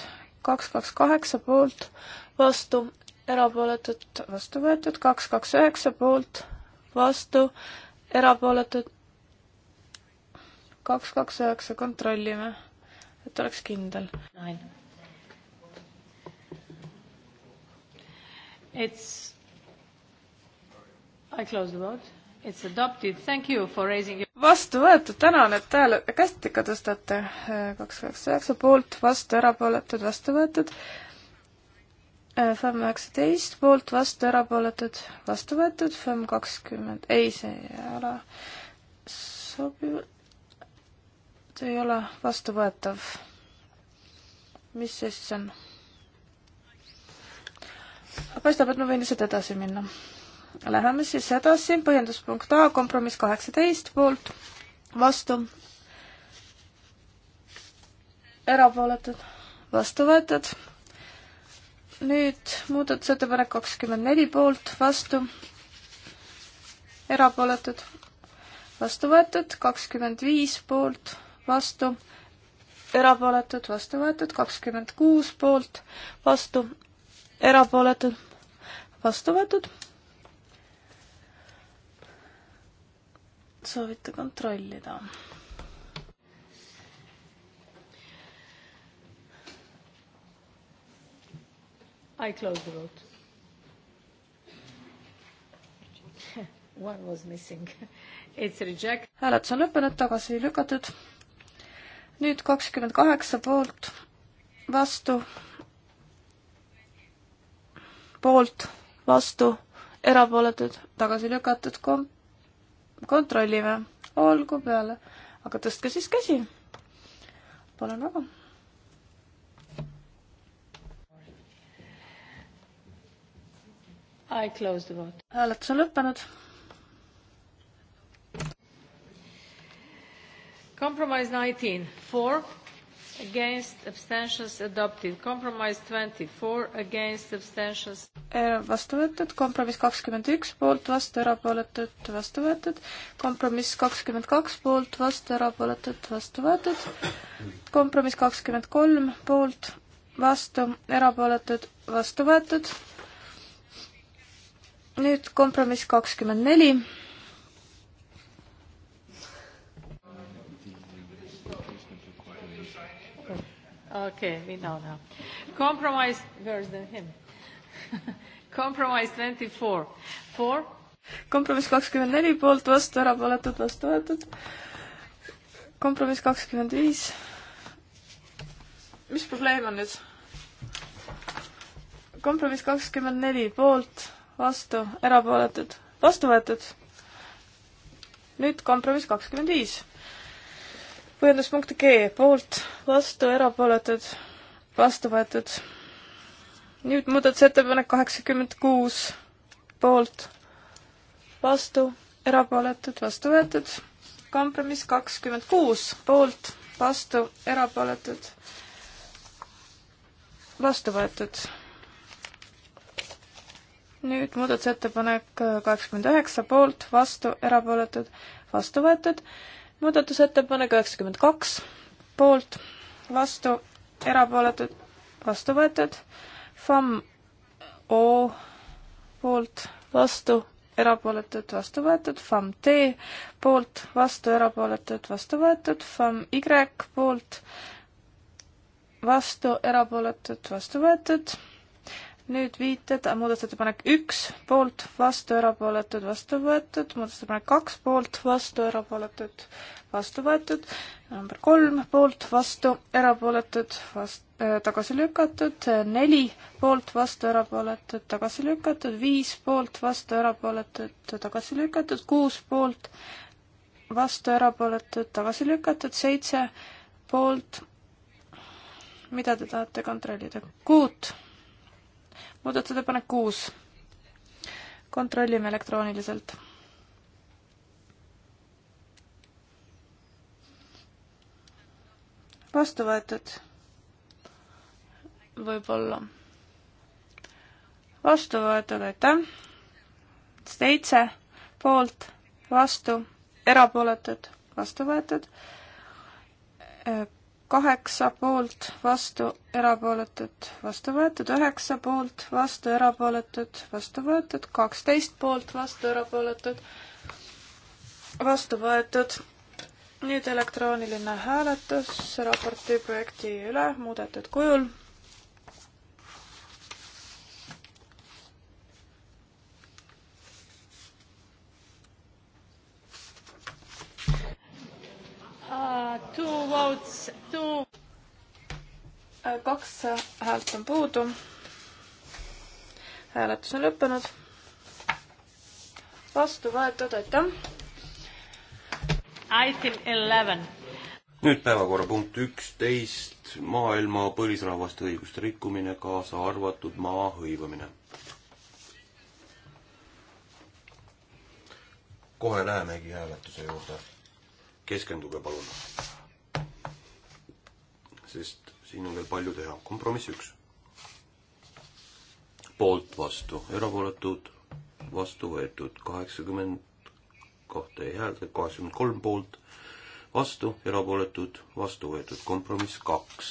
kaks, kaks, kaheksa poolt, vastu, erapooletud, vastu võetud, kaks, kaks, üheksa poolt, vastu, erapooletud, kaks, kaks, üheksa, kontrollime, et oleks kindel. It's vastu võetud, tänan, et hääle, kätt ikka tõstate. Äh, kaks, üheksa, üheksa poolt, vastu, erapooletud, vastu võetud. Äh, FEM üheksateist poolt, vastu, erapooletud, vastu võetud. FEM kakskümmend, ei, see ei ole sobiv. see ei ole vastuvõetav. mis siis on? paistab, et ma võin lihtsalt edasi minna Läheme siis edasi, põhjenduspunkt A, kompromiss kaheksateist poolt, vastu, erapooletud, vastu võetud. nüüd muudatusettepanek kakskümmend neli poolt, vastu, erapooletud, vastu võetud, kakskümmend viis poolt, vastu, erapooletud, vastu võetud, kakskümmend kuus poolt, vastu, erapooletud, vastu võetud soovite kontrollida? I close the vote. One was missing. It's reject. hääletus on lõppenud, tagasi lükatud. nüüd kakskümmend kaheksa poolt, vastu, poolt, vastu, erapooletud, tagasi lükatud, komp-, kontrollime, olgu peale, aga tõstke siis käsi. palun väga. hääletus on lõppenud. Compromise nineteen, four against abstentions adopted compromise 24 against abstentions äh, vastu võetud kompromiss 21 poolt vastu erapooletud vastu võetud kompromiss 22 poolt vastu erapooletud vastu võetud kompromiss 23 poolt vastu erapooletud vastu võetud nüüd kompromiss 24 Okay, we know now. Compromise worse than him. Compromise twenty four. Four. kompromiss kakskümmend neli poolt, vastu, erapooletud, vastu võetud. kompromiss kakskümmend viis. mis probleem on nüüd? kompromiss kakskümmend neli poolt, vastu, erapooletud, vastu võetud. nüüd kompromiss kakskümmend viis põhjenduspunkt G poolt, vastu, erapooletud, vastu võetud. nüüd muudatusettepanek kaheksakümmend kuus poolt, vastu, erapooletud, vastu võetud. kompromiss kakskümmend kuus poolt, vastu, erapooletud, vastu võetud. nüüd muudatusettepanek kaheksakümmend üheksa poolt, vastu, erapooletud, vastu võetud muudatusettepanek üheksakümmend kaks, poolt, vastu, erapooletud, vastu võetud. FAM O poolt, vastu, erapooletud, vastu võetud. FAM T poolt, vastu, erapooletud, vastu võetud. FAM Y poolt, vastu, erapooletud, vastu võetud nüüd viited, muudatusettepanek üks, poolt, vastu, erapooletud, vastu võetud, muudatusettepanek kaks, poolt, vastu, erapooletud, vastu võetud, number kolm, poolt, vastu, erapooletud, vast- äh,, tagasi lükatud, neli, poolt, vastu, erapooletud, tagasi lükatud, viis, poolt, vastu, erapooletud, tagasi lükatud, kuus, poolt, vastu, erapooletud, tagasi lükatud, seitse, poolt, mida te tahate kontrollida? kuut muudatusettepanek kuus. kontrollime elektrooniliselt. vastu võetud. võib-olla. vastu võetud, aitäh. seitse poolt, vastu, erapooletud, vastu võetud kaheksa poolt, vastu, erapooletud, vastu võetud, üheksa poolt, vastu, erapooletud, vastu võetud, kaksteist poolt, vastu, erapooletud, vastu võetud. nüüd elektrooniline hääletus raporti projekti üle muudetud kujul kaks häält on puudu. hääletus on lõppenud. vastu võetud, aitäh. Item eleven. nüüd päevakorrapunkt üksteist, maailma põlisrahvaste õiguste rikkumine, kaasa arvatud maa hõivamine. kohe lähemegi hääletuse juurde. keskenduge palun sest siin on veel palju teha. kompromiss üks. poolt, vastu, erapooletud, vastu võetud, kaheksakümmend kahte ei häälda, kaheksakümmend kolm poolt, vastu, erapooletud, vastu võetud, kompromiss kaks.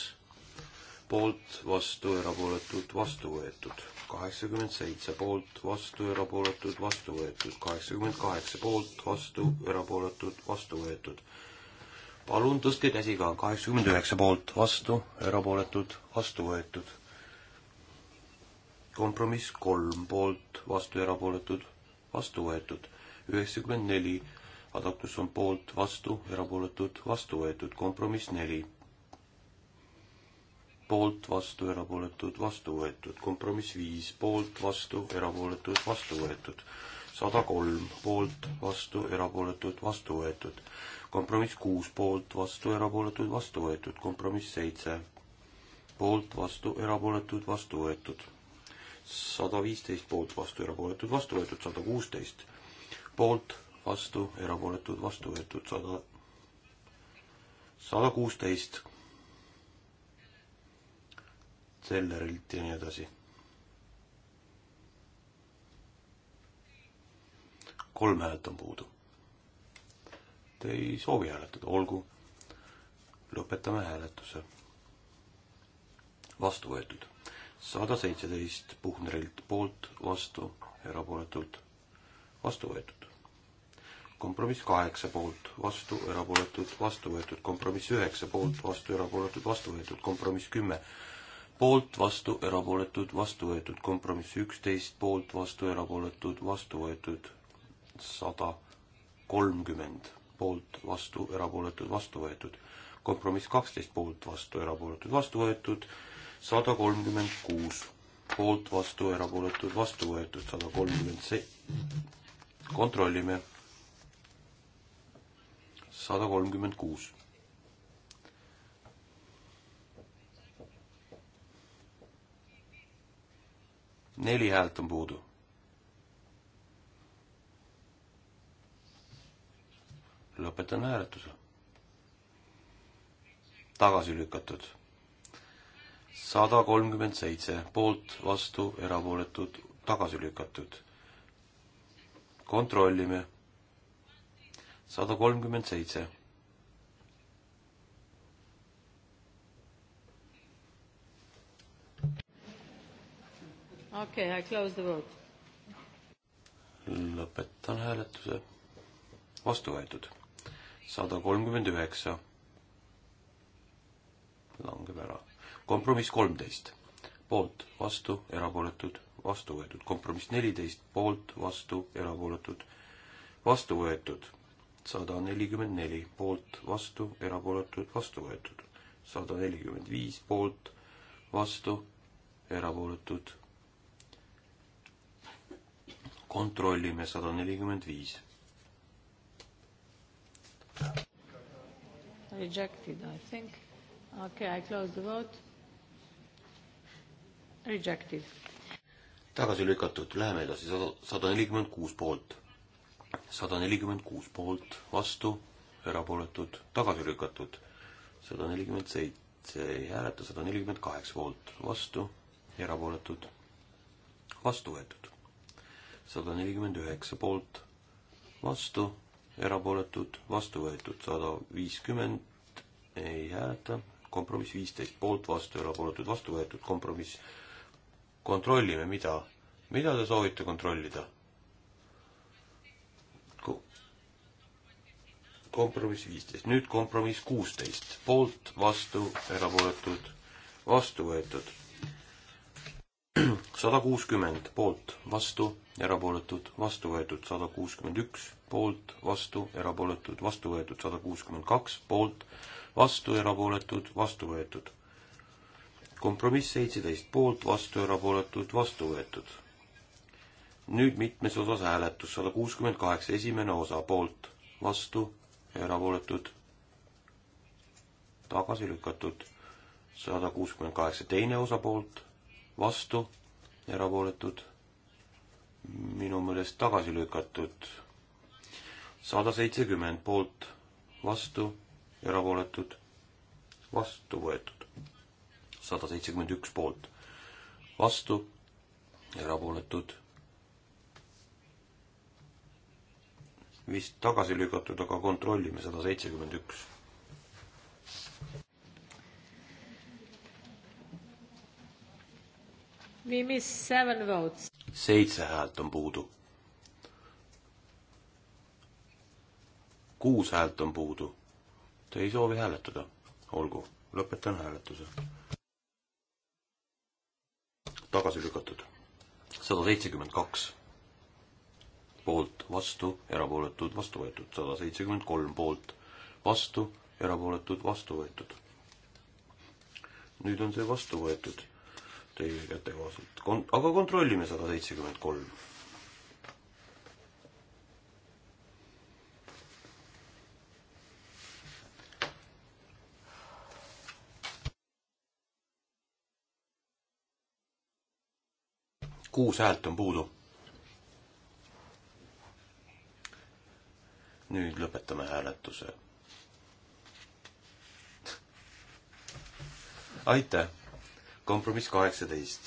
poolt, vastu, erapooletud, vastu võetud, kaheksakümmend seitse poolt, vastu, erapooletud, vastu võetud, kaheksakümmend kaheksa poolt, vastu, erapooletud, vastu võetud palun tõstke käsiga, kaheksakümmend üheksa poolt, vastu, erapooletud, vastu võetud. kompromiss kolm poolt, vastu, erapooletud, vastu võetud. üheksakümmend neli, adaptus on poolt, vastu, erapooletud, vastu võetud, kompromiss neli poolt, vastu, erapooletud, vastu võetud. kompromiss viis, poolt, vastu, erapooletud, vastu võetud. sada kolm, poolt, vastu, erapooletud, vastu võetud kompromiss kuus poolt, vastu, erapooletud, vastu võetud, kompromiss seitse poolt, vastu, erapooletud, vastu võetud, sada viisteist poolt, vastu, erapooletud, vastu võetud, sada kuusteist poolt, vastu, erapooletud, vastu võetud, sada, sada kuusteist Sellerilt ja nii edasi. kolm häält on puudu et ei soovi hääletada, olgu. lõpetame hääletuse. vastu võetud. sada seitseteist Puhnerilt poolt, vastu, erapooletult, vastu võetud. kompromiss kaheksa poolt, vastu, erapooletult, vastu võetud. kompromiss üheksa poolt, vastu, erapooletult, vastu võetud. kompromiss kümme poolt, vastu, erapooletud, vastu võetud, kompromiss üksteist, poolt, vastu, erapooletud, vastu võetud sada kolmkümmend poolt, vastu, erapooletud, vastu võetud. kompromiss kaksteist poolt, vastu, erapooletud, vastu võetud, sada kolmkümmend kuus poolt, vastu, erapooletud, vastu võetud, sada kolmkümmend se-, kontrollime. sada kolmkümmend kuus. neli häält on puudu lõpetan hääletuse. tagasi lükatud. sada kolmkümmend seitse poolt, vastu, erapooletud, tagasi lükatud. kontrollime. sada kolmkümmend seitse. okei okay,, I close the vote. lõpetan hääletuse. vastu võetud sada kolmkümmend üheksa langeb ära. kompromiss kolmteist, poolt, vastu, erapooletud, vastu võetud. kompromiss neliteist, poolt, vastu, erapooletud, vastu võetud. sada nelikümmend neli, poolt, vastu, erapooletud, vastu võetud. sada nelikümmend viis, poolt, vastu, erapooletud. kontrollime sada nelikümmend viis Rejected, I think. Okay, I close the vote. Rejected. tagasi lükatud, läheme edasi, sada, sada nelikümmend kuus poolt. sada nelikümmend kuus poolt, vastu, erapooletud, tagasi lükatud. sada nelikümmend seitse ei hääleta, sada nelikümmend kaheksa poolt, vastu, erapooletud, vastu võetud. sada nelikümmend üheksa poolt, vastu erapooletud, vastu võetud sada viiskümmend, ei hääleta, kompromiss viisteist poolt, vastu, erapooletud, vastu võetud, kompromiss. kontrollime, mida, mida te soovite kontrollida? kompromiss viisteist, nüüd kompromiss kuusteist, poolt, vastu, erapooletud, vastu võetud sada kuuskümmend poolt, vastu, erapooletud, vastu võetud sada kuuskümmend üks, poolt, vastu, erapooletud, vastu võetud sada kuuskümmend kaks, poolt, vastu, erapooletud, vastu võetud. kompromiss seitseteist poolt, vastu, erapooletud, vastu võetud. nüüd mitmes osas hääletus, sada kuuskümmend kaheksa, esimene osa poolt, vastu, erapooletud, tagasi lükatud, sada kuuskümmend kaheksa, teine osa poolt, vastu erapooletud, minu meelest tagasi lükatud. sada seitsekümmend poolt, vastu, erapooletud, vastu võetud. sada seitsekümmend üks poolt, vastu, erapooletud. vist tagasi lükatud, aga kontrollime sada seitsekümmend üks We missed seven votes. seitse häält on puudu. kuus häält on puudu. Te ei soovi hääletada. olgu, lõpetan hääletuse. tagasi lükatud. sada seitsekümmend kaks poolt, vastu, erapooletud, vastu võetud. sada seitsekümmend kolm poolt, vastu, erapooletud, vastu võetud. nüüd on see vastu võetud teie käte kohaselt Kon-, aga kontrollime sada seitsekümmend kolm. kuus häält on puudu. nüüd lõpetame hääletuse. aitäh! kompromiss kaheksateist,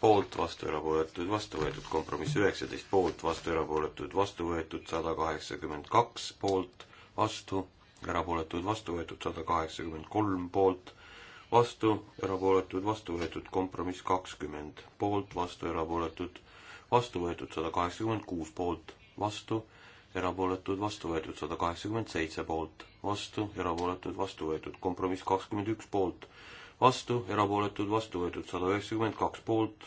poolt, vastu, erapooletud, vastu võetud, kompromiss üheksateist, poolt, vastu, erapooletud, vastu võetud, sada kaheksakümmend kaks, poolt, vastu, erapooletud, vastu võetud, sada kaheksakümmend kolm, poolt, vastu, erapooletud, vastu võetud, kompromiss kakskümmend, poolt, vastu, erapooletud, vastu võetud, sada kaheksakümmend kuus, poolt, vastu, erapooletud, vastu võetud, sada kaheksakümmend seitse, poolt, vastu, erapooletud, vastu võetud, kompromiss kakskümmend üks, poolt, vastu, erapooletud, vastu võetud sada üheksakümmend kaks poolt,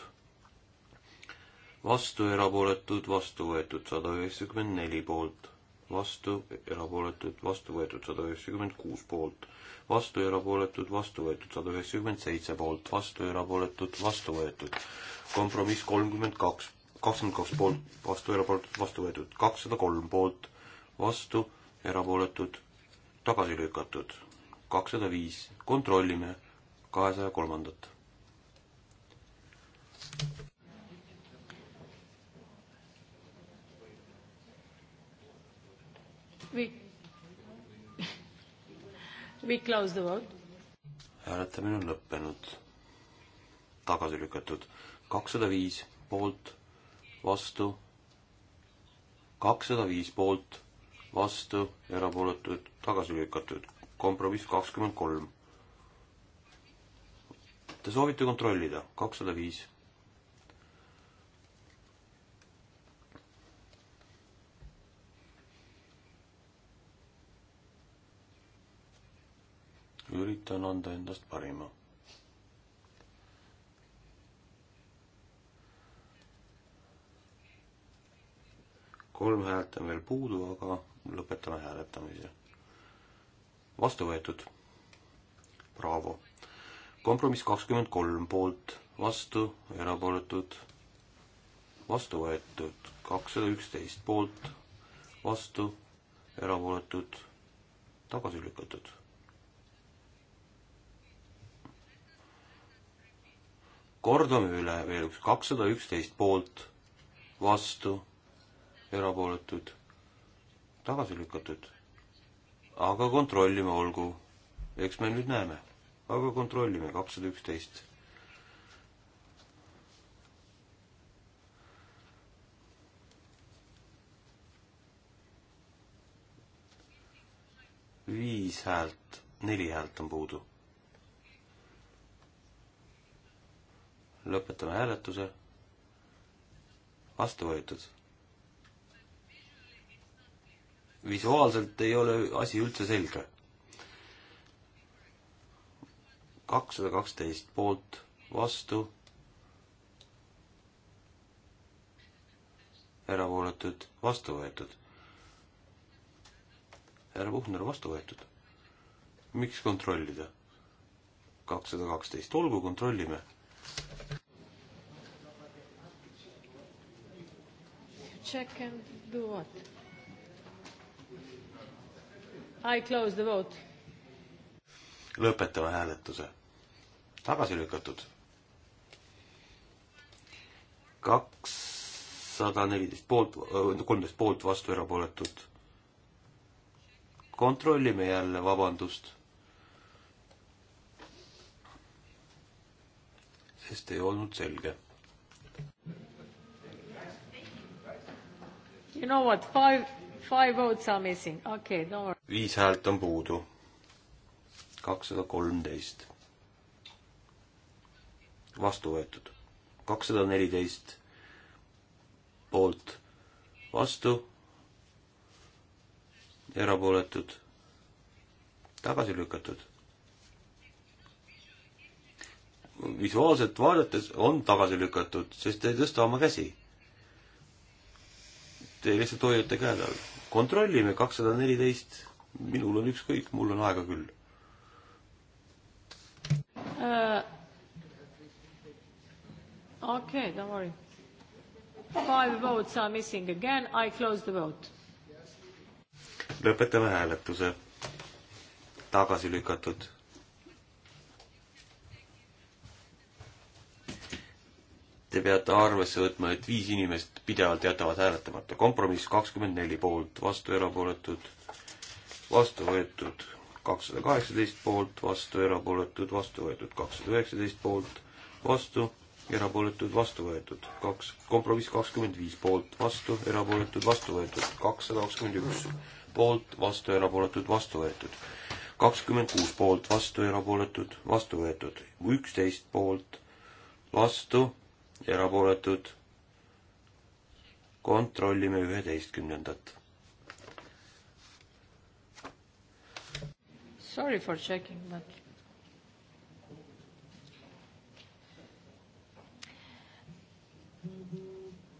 vastu, erapooletud, vastu võetud sada üheksakümmend neli poolt, vastu, erapooletud, vastu võetud sada üheksakümmend kuus poolt, vastu, erapooletud, vastu võetud sada üheksakümmend seitse poolt, vastu, erapooletud, vastu võetud. kompromiss kolmkümmend kaks, kakskümmend kaks poolt, vastu, erapooletud, vastu võetud, kakssada kolm poolt, vastu, erapooletud, tagasi lükatud, kakssada viis, kontrollime kahesaja kolmandat. We, we close the vote. hääletamine on lõppenud. tagasi lükatud kakssada viis poolt, vastu, kakssada viis poolt, vastu, erapooletud, tagasi lükatud. kompromiss kakskümmend kolm Te soovite kontrollida, kakssada viis. üritan anda endast parima. kolm häält on veel puudu, aga lõpetame hääletamise. vastu võetud. Bravo kompromiss kakskümmend kolm poolt, vastu, erapooletud, vastu võetud, kakssada üksteist poolt, vastu, erapooletud, tagasi lükatud. kordame üle veel üks, kakssada üksteist poolt, vastu, erapooletud, tagasi lükatud. aga kontrollime, olgu, eks me nüüd näeme aga kontrollime, kakssada üksteist. viis häält, neli häält on puudu. lõpetame hääletuse. vastu võetud visuaalselt ei ole asi üldse selge kakssada kaksteist poolt, vastu, erapooletud, vastu võetud. härra Puhner, vastu võetud. miks kontrollida? kakssada kaksteist, olgu, kontrollime. Check and do what? I close the vote lõpetame hääletuse. tagasi lükatud. kakssada neliteist poolt, kolmteist poolt, vastu erapooletud. kontrollime jälle, vabandust. sest ei olnud selge. You know what, five, five votes are missing, okei okay,, don't worry. viis häält on puudu kakssada kolmteist. vastu võetud. kakssada neliteist poolt, vastu, erapooletud, tagasi lükatud visuaalselt vaadates on tagasi lükatud, sest te ei tõsta oma käsi. Te lihtsalt hoiate käed all. kontrollime, kakssada neliteist, minul on ükskõik, mul on aega küll Uh, okay, don't worry. Five votes are missing again. I close the vote. lõpetame hääletuse. tagasi lükatud. Te peate arvesse võtma, et viis inimest pidevalt jätavad hääletamata. kompromiss kakskümmend neli poolt, vastu erapooletud, vastu võetud kakssada kaheksateist poolt, vastu, erapooletud, vastu võetud, kakssada üheksateist poolt, vastu, erapooletud, vastu võetud, kaks, kompromiss kakskümmend viis poolt, vastu, erapooletud, vastu võetud, kakssada kakskümmend üks poolt, vastu, erapooletud, vastu võetud, kakskümmend kuus poolt, vastu, erapooletud, vastu võetud, üksteist poolt, vastu, erapooletud, kontrollime üheteistkümnendat Sorry for checking, but.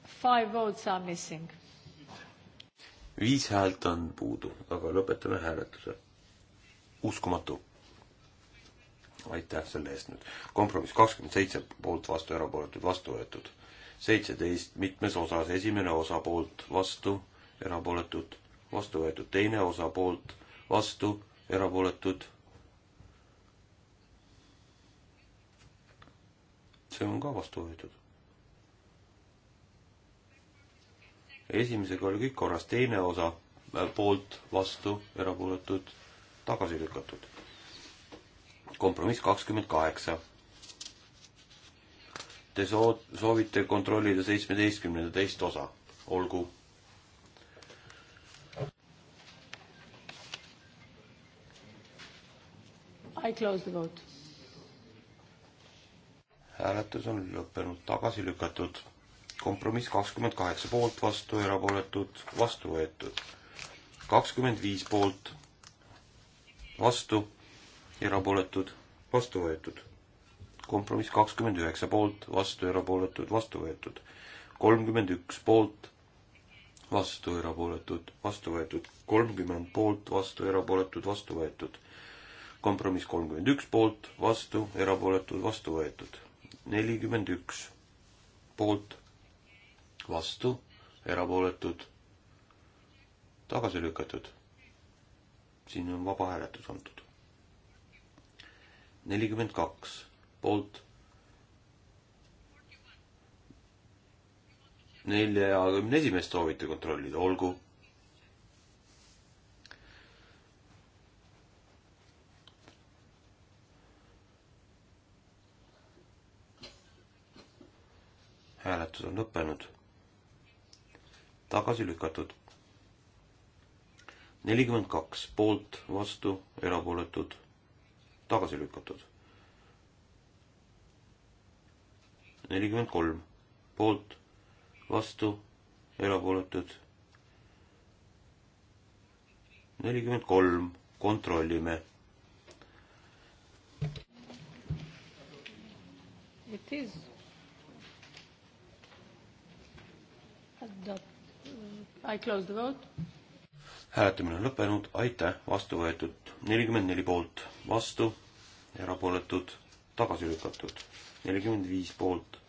Five votes are missing. viis häält on puudu, aga lõpetame hääletuse. uskumatu. aitäh selle eest nüüd. kompromiss kakskümmend seitse poolt vastu, erapooletud vastu võetud. seitseteist mitmes osas, esimene osa poolt vastu, erapooletud vastu võetud, teine osa poolt vastu erapooletud. see on ka vastu võetud. esimesega oli kõik korras, teine osa äh, poolt, vastu, erapooletud, tagasi lükatud. kompromiss kakskümmend kaheksa. Te soo-, soovite kontrollida seitsmeteistkümnenda teist osa, olgu I close the vote. hääletus on lõppenud, tagasi lükatud. kompromiss kakskümmend kaheksa poolt, vastu erapooletud, vastu võetud. kakskümmend viis poolt, vastu erapooletud, vastu võetud. kompromiss kakskümmend üheksa poolt, vastu erapooletud, vastu võetud. kolmkümmend üks poolt vastu, erapooletud, vastu võetud, kolmkümmend poolt, vastu, erapooletud, vastu võetud, kompromiss kolmkümmend üks poolt, vastu, erapooletud, vastu võetud. nelikümmend üks poolt, vastu, erapooletud, tagasi lükatud. siin on vaba hääletus antud. nelikümmend kaks poolt. neljakümne esimest soovite kontrollida, olgu hääletus on lõppenud. tagasi lükatud. nelikümmend kaks poolt, vastu, erapooletud, tagasi lükatud. nelikümmend kolm poolt, vastu, erapooletud. nelikümmend kolm, kontrollime It is. hääletamine on lõppenud, aitäh, vastu võetud nelikümmend neli poolt, vastu, erapooletud, tagasi lükatud, nelikümmend viis poolt,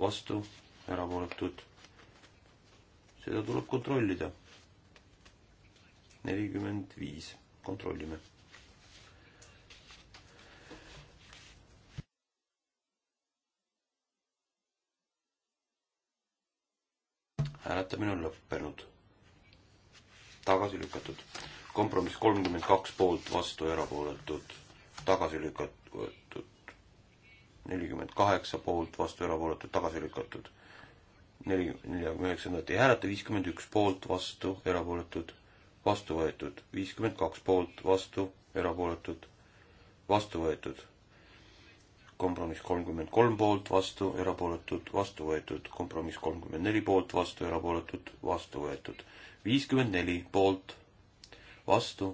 vastu, erapooletud. seda tuleb kontrollida. nelikümmend viis, kontrollime hääletamine on lõppenud. tagasi lükatud. kompromiss kolmkümmend kaks poolt, vastu erapooletud, tagasi lükatud. nelikümmend kaheksa poolt, vastu erapooletud, tagasi lükatud. neli, neljakümne üheksandat ei hääleta, viiskümmend üks poolt, vastu erapooletud, vastu võetud. viiskümmend kaks poolt, vastu erapooletud, vastu võetud kompromiss kolmkümmend kolm poolt, vastu, erapooletud, vastu võetud, kompromiss kolmkümmend neli poolt, vastu, erapooletud, vastu võetud, viiskümmend neli poolt, vastu,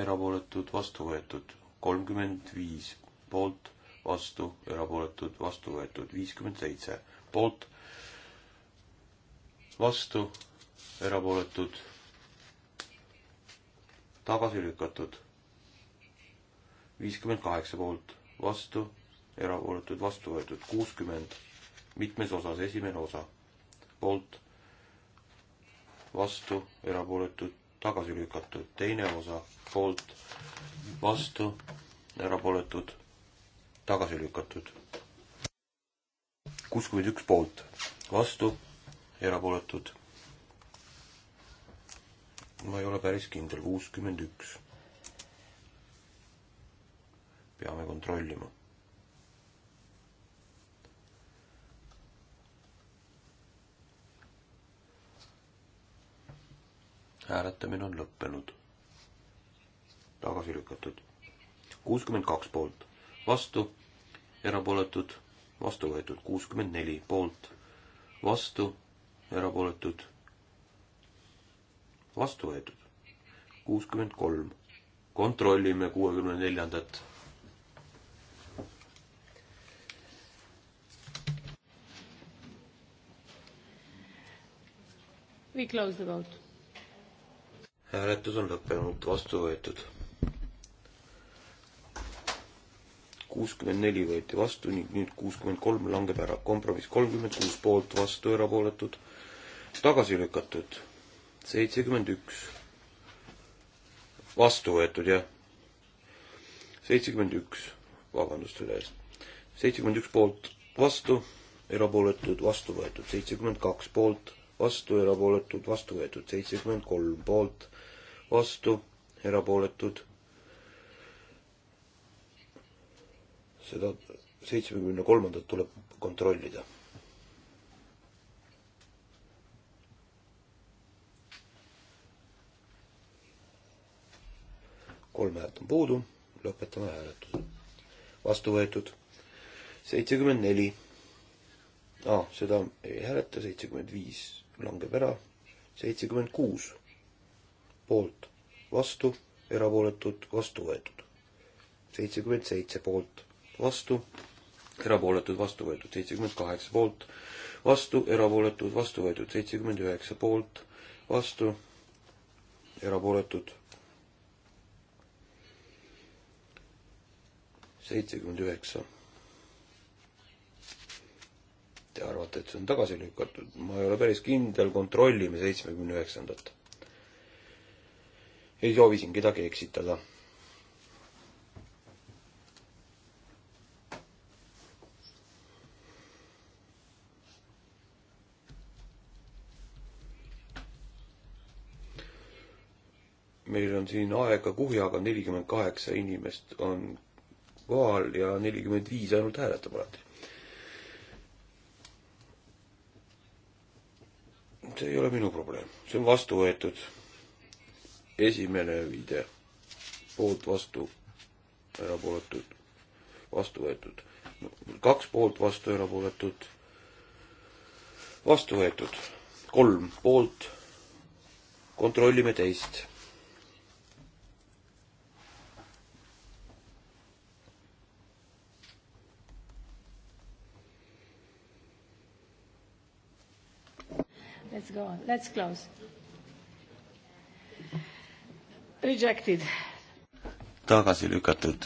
erapooletud, vastu võetud, kolmkümmend viis poolt, vastu, erapooletud, vastu võetud, viiskümmend seitse poolt, vastu, erapooletud, tagasi lükatud, viiskümmend kaheksa poolt, vastu erapooletud vastu võetud kuuskümmend mitmes osas, esimene osa poolt, vastu, erapooletud, tagasi lükatud, teine osa poolt, vastu, erapooletud, tagasi lükatud. kuuskümmend üks poolt, vastu, erapooletud. ma ei ole päris kindel, kuuskümmend üks. peame kontrollima hääletamine on lõppenud. tagasi lükatud. kuuskümmend kaks poolt, vastu, erapooletud, vastu võetud kuuskümmend neli poolt, vastu, erapooletud, vastu võetud kuuskümmend kolm. kontrollime kuuekümne neljandat We close the vote hääletus on lõppenud, vastu võetud. kuuskümmend neli võeti vastu ning nüüd kuuskümmend kolm langeb ära. kompromiss kolmkümmend kuus poolt, vastu, erapooletud, tagasi lükatud. seitsekümmend üks. vastu võetud, jah. seitsekümmend üks, vabandust selle eest. seitsekümmend üks poolt, vastu, erapooletud, vastu võetud. seitsekümmend kaks poolt vastu, erapooletud, vastu võetud seitsekümmend kolm poolt, vastu, erapooletud. seda seitsmekümne kolmandat tuleb kontrollida. kolm häält on puudu, lõpetame hääletuse. vastu võetud seitsekümmend neli. aa, seda ei hääleta, seitsekümmend viis langeb ära, seitsekümmend kuus poolt, vastu, erapooletud, vastu võetud. seitsekümmend seitse poolt, vastu, erapooletud, vastu võetud, seitsekümmend kaheksa poolt, vastu, erapooletud, vastu võetud, seitsekümmend üheksa poolt, vastu, erapooletud, seitsekümmend üheksa. Te arvate, et see on tagasi lükatud, ma ei ole päris kindel, kontrollime seitsmekümne üheksandat ei soovi siin kedagi eksitada. meil on siin aega kuhjaga nelikümmend kaheksa inimest on kohal ja nelikümmend viis ainult hääletab alati. see ei ole minu probleem, see on vastu võetud esimene viide poolt vastu, erapooletud, vastu võetud. kaks poolt vastu, erapooletud, vastu võetud. kolm poolt, kontrollime teist Let's go on. Let's close. Rejected. tagasi lükatud.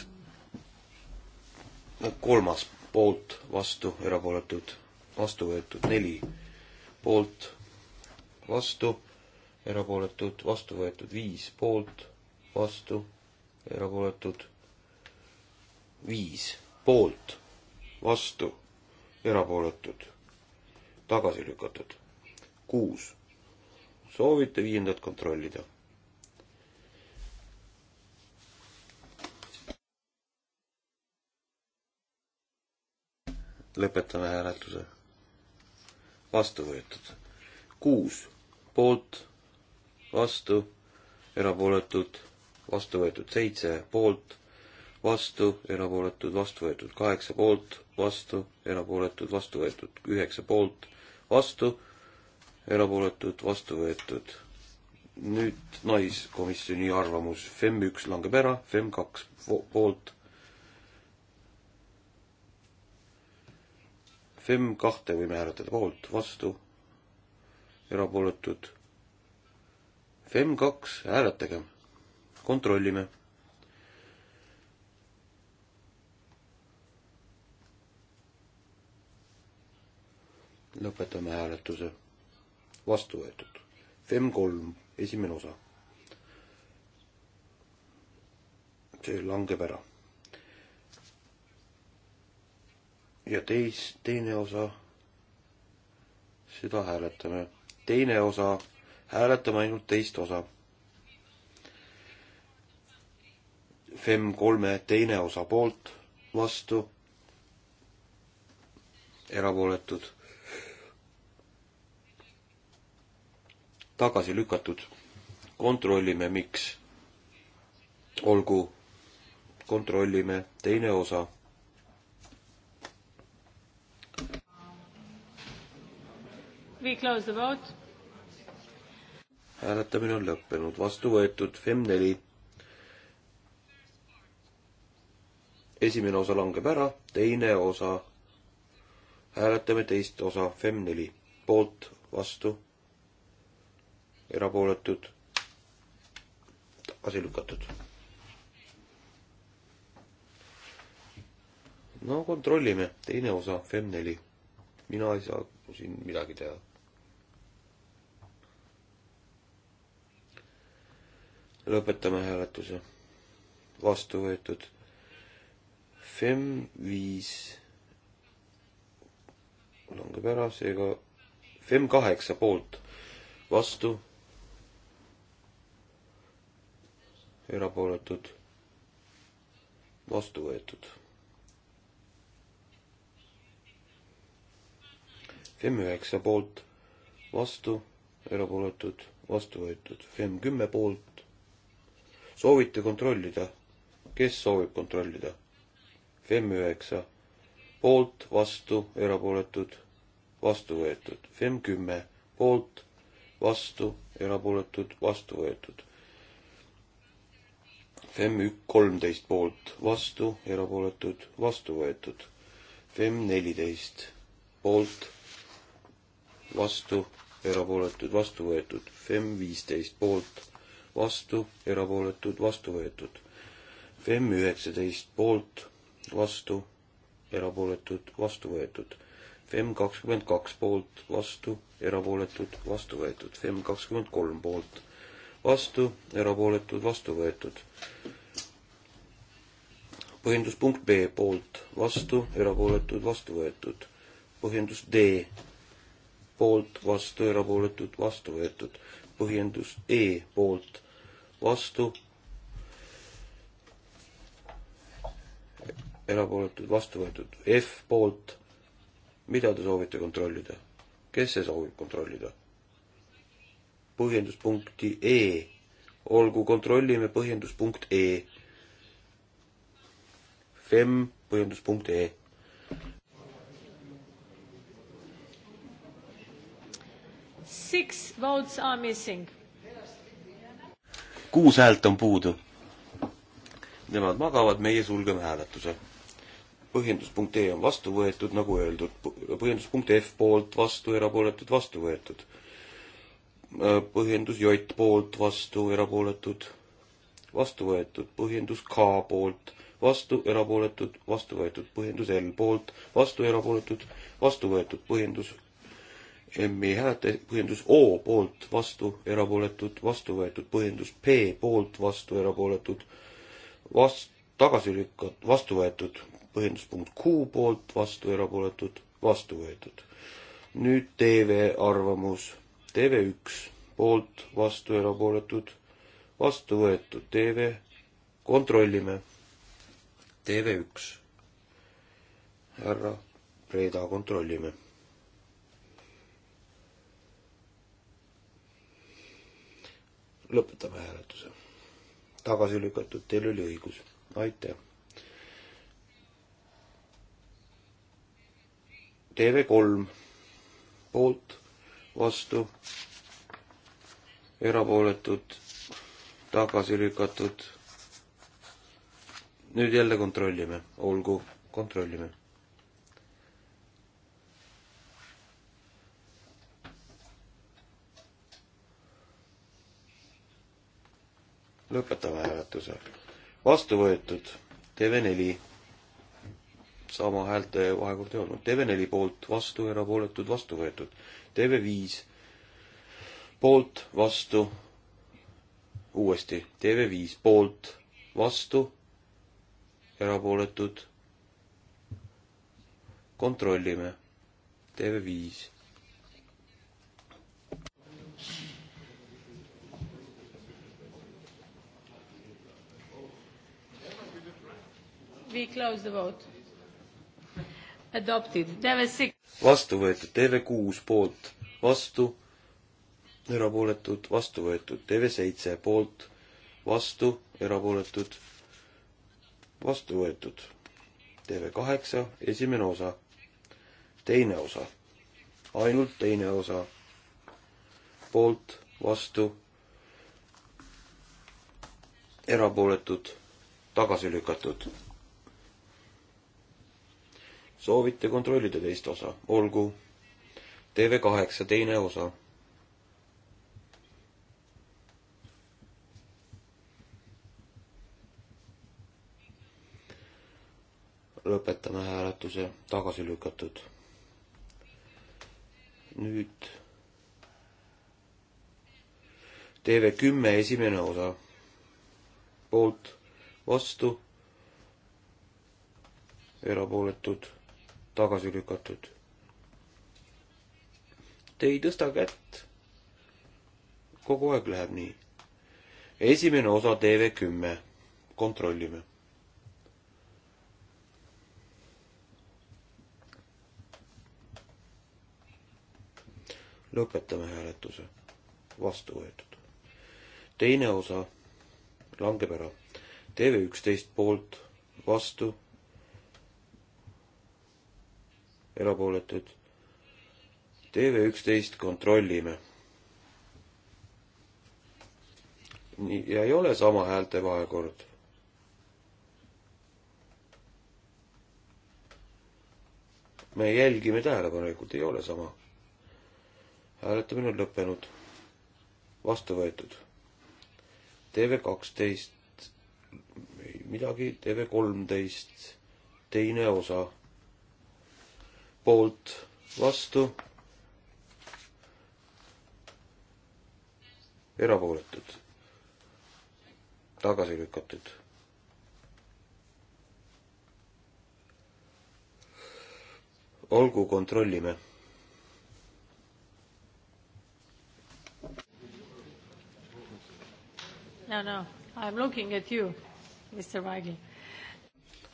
kolmas poolt, vastu, erapooletud, vastu võetud neli poolt, vastu, erapooletud, vastu võetud viis poolt, vastu, erapooletud viis poolt, vastu, erapooletud, tagasi lükatud kuus. soovite viiendat kontrollida lõpetame hääletuse. vastu võetud. kuus poolt, vastu, erapooletud, vastu võetud seitse poolt, vastu, erapooletud, vastu võetud kaheksa poolt, vastu, erapooletud, vastu võetud üheksa poolt, vastu, erapooletud, vastu võetud. nüüd naiskomisjoni arvamus, FEM üks langeb ära, FEM kaks poolt FEM kahte võime hääletada poolt, vastu, erapooletud. FEM kaks, hääletage, kontrollime. lõpetame hääletuse. vastu võetud. FEM kolm, esimene osa. see langeb ära ja teis, teine osa, seda hääletame. teine osa, hääletame ainult teist osa. FEM kolme teine osa poolt, vastu, erapooletud, tagasi lükatud. kontrollime, miks. olgu, kontrollime, teine osa We close the vote. hääletamine on lõppenud, vastu võetud FEM neli. esimene osa langeb ära, teine osa. hääletame teist osa FEM neli, poolt, vastu, erapooletud, tagasi lükatud no kontrollime, teine osa, FEM neli. mina ei saa siin midagi teha lõpetame hääletuse. vastu võetud. FEM viis langeb ära, seega FEM kaheksa poolt, vastu, erapooletud, vastu võetud. FEM üheksa poolt, vastu, erapooletud, vastu võetud. FEM kümme poolt, soovite kontrollida? kes soovib kontrollida? FEM üheksa, poolt, vastu, erapooletud, vastu võetud. FEM kümme, poolt, vastu, erapooletud, vastu võetud. FEM kolmteist poolt, vastu, erapooletud, vastu võetud. FEM neliteist poolt, vastu, erapooletud, vastu võetud. FEM viisteist poolt vastu, erapooletud, vastu võetud. FEM üheksateist poolt, vastu, erapooletud, vastu võetud. FEM kakskümmend kaks poolt, vastu, erapooletud, vastu võetud. FEM kakskümmend kolm poolt, vastu, erapooletud, vastu võetud. põhjenduspunkt B poolt, vastu, erapooletud, vastu võetud. põhjendus D poolt, vastu, erapooletud, vastu võetud. põhjendus E poolt vastu, erapooletud, vastu võetud, F poolt, mida te soovite kontrollida? kes see soovib kontrollida? põhjenduspunkti E. olgu, kontrollime põhjenduspunkt E. FEM põhjenduspunkt E. Six votes are missing kuus häält on puudu. Nemad magavad, meie sulgeme hääletuse. põhjenduspunkt E on vastu võetud, nagu öeldud, põhjenduspunkt F poolt vastu, erapooletud vastu võetud. põhjendus J poolt vastu, erapooletud vastu võetud, põhjendus K poolt vastu, erapooletud, vastu võetud, põhjendus L poolt, vastu, erapooletud, vastu võetud, põhjendus me ei hääleta, põhjendus O poolt vastu, erapooletud, vastu võetud, põhjendus P poolt vastu, erapooletud, vast-, tagasi lükkat-, vastu võetud, põhjenduspunkt Q poolt vastu, erapooletud, vastu võetud. nüüd TV arvamus, TV1 poolt vastu, erapooletud, vastu võetud, TV, kontrollime, TV1. härra Reeda, kontrollime lõpetame hääletuse. tagasi lükatud, teil oli õigus. aitäh. TV3 poolt, vastu, erapooletud, tagasi lükatud. nüüd jälle kontrollime, olgu, kontrollime lõpetame hääletuse. vastu võetud TV4. sama häälte vahekord ei olnud. TV4 poolt, vastu, erapooletud, vastu võetud. TV5 poolt, vastu, uuesti. TV5 poolt, vastu, erapooletud. kontrollime. TV5 We close the vote. Adopted. Deve six. vastu võetud, TV kuus poolt, vastu, erapooletud, vastu võetud, TV seitse poolt, vastu, erapooletud, vastu võetud. TV kaheksa, esimene osa, teine osa, ainult teine osa, poolt, vastu, erapooletud, tagasi lükatud soovite kontrollida teist osa, olgu. TV8 teine osa. lõpetame hääletuse, tagasi lükatud. nüüd TV10 esimene osa. poolt, vastu, erapooletud tagasi lükatud. Te ei tõsta kätt. kogu aeg läheb nii. esimene osa TV kümme, kontrollime. lõpetame hääletuse, vastu võetud. teine osa langeb ära. TV üksteist poolt, vastu erapooletud. TV11 kontrollime. nii, ja ei ole sama häälte vahekord. me jälgime tähelepanelikult, ei ole sama. hääletamine on lõppenud. vastu võetud. TV12, midagi, TV13, teine osa poolt, vastu, erapooletud, tagasi lükatud olgu, kontrollime. no no, I am looking at you, Mr Vaigel.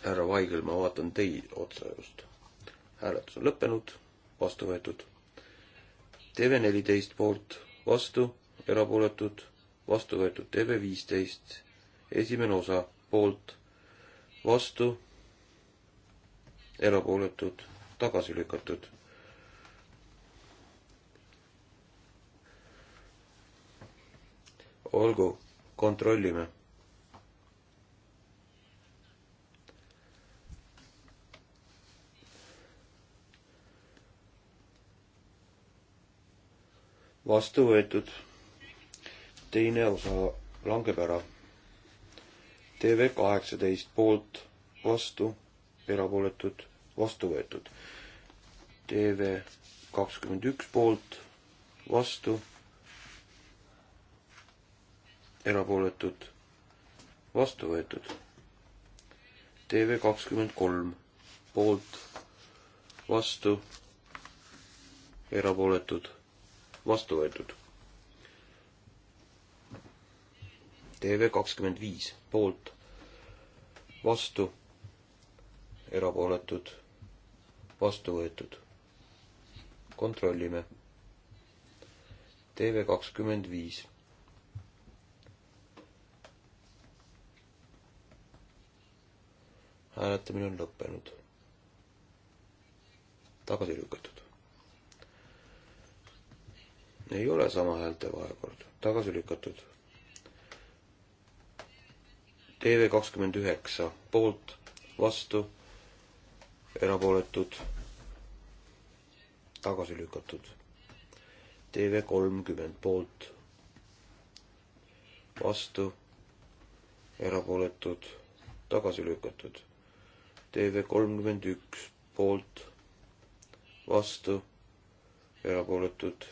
härra Vaigel, ma vaatan teid otsa just hääletus on lõppenud, vastu võetud. TV14 poolt, vastu, erapooletud, vastu võetud TV15, esimene osa, poolt, vastu, erapooletud, tagasi lükatud. olgu, kontrollime vastu võetud. teine osa langeb ära. TV kaheksateist poolt, vastu, erapooletud, vastu võetud. TV kakskümmend üks poolt, vastu, erapooletud, vastu võetud. TV kakskümmend kolm poolt, vastu, erapooletud vastu võetud. TV kakskümmend viis poolt, vastu, erapooletud, vastu võetud. kontrollime. TV kakskümmend viis. hääletamine on lõppenud. tagasi lükatud ei ole sama häälte vahekord, tagasi lükatud. TV kakskümmend üheksa poolt, vastu, erapooletud, tagasi lükatud. TV kolmkümmend poolt, vastu, erapooletud, tagasi lükatud. TV kolmkümmend üks poolt, vastu, erapooletud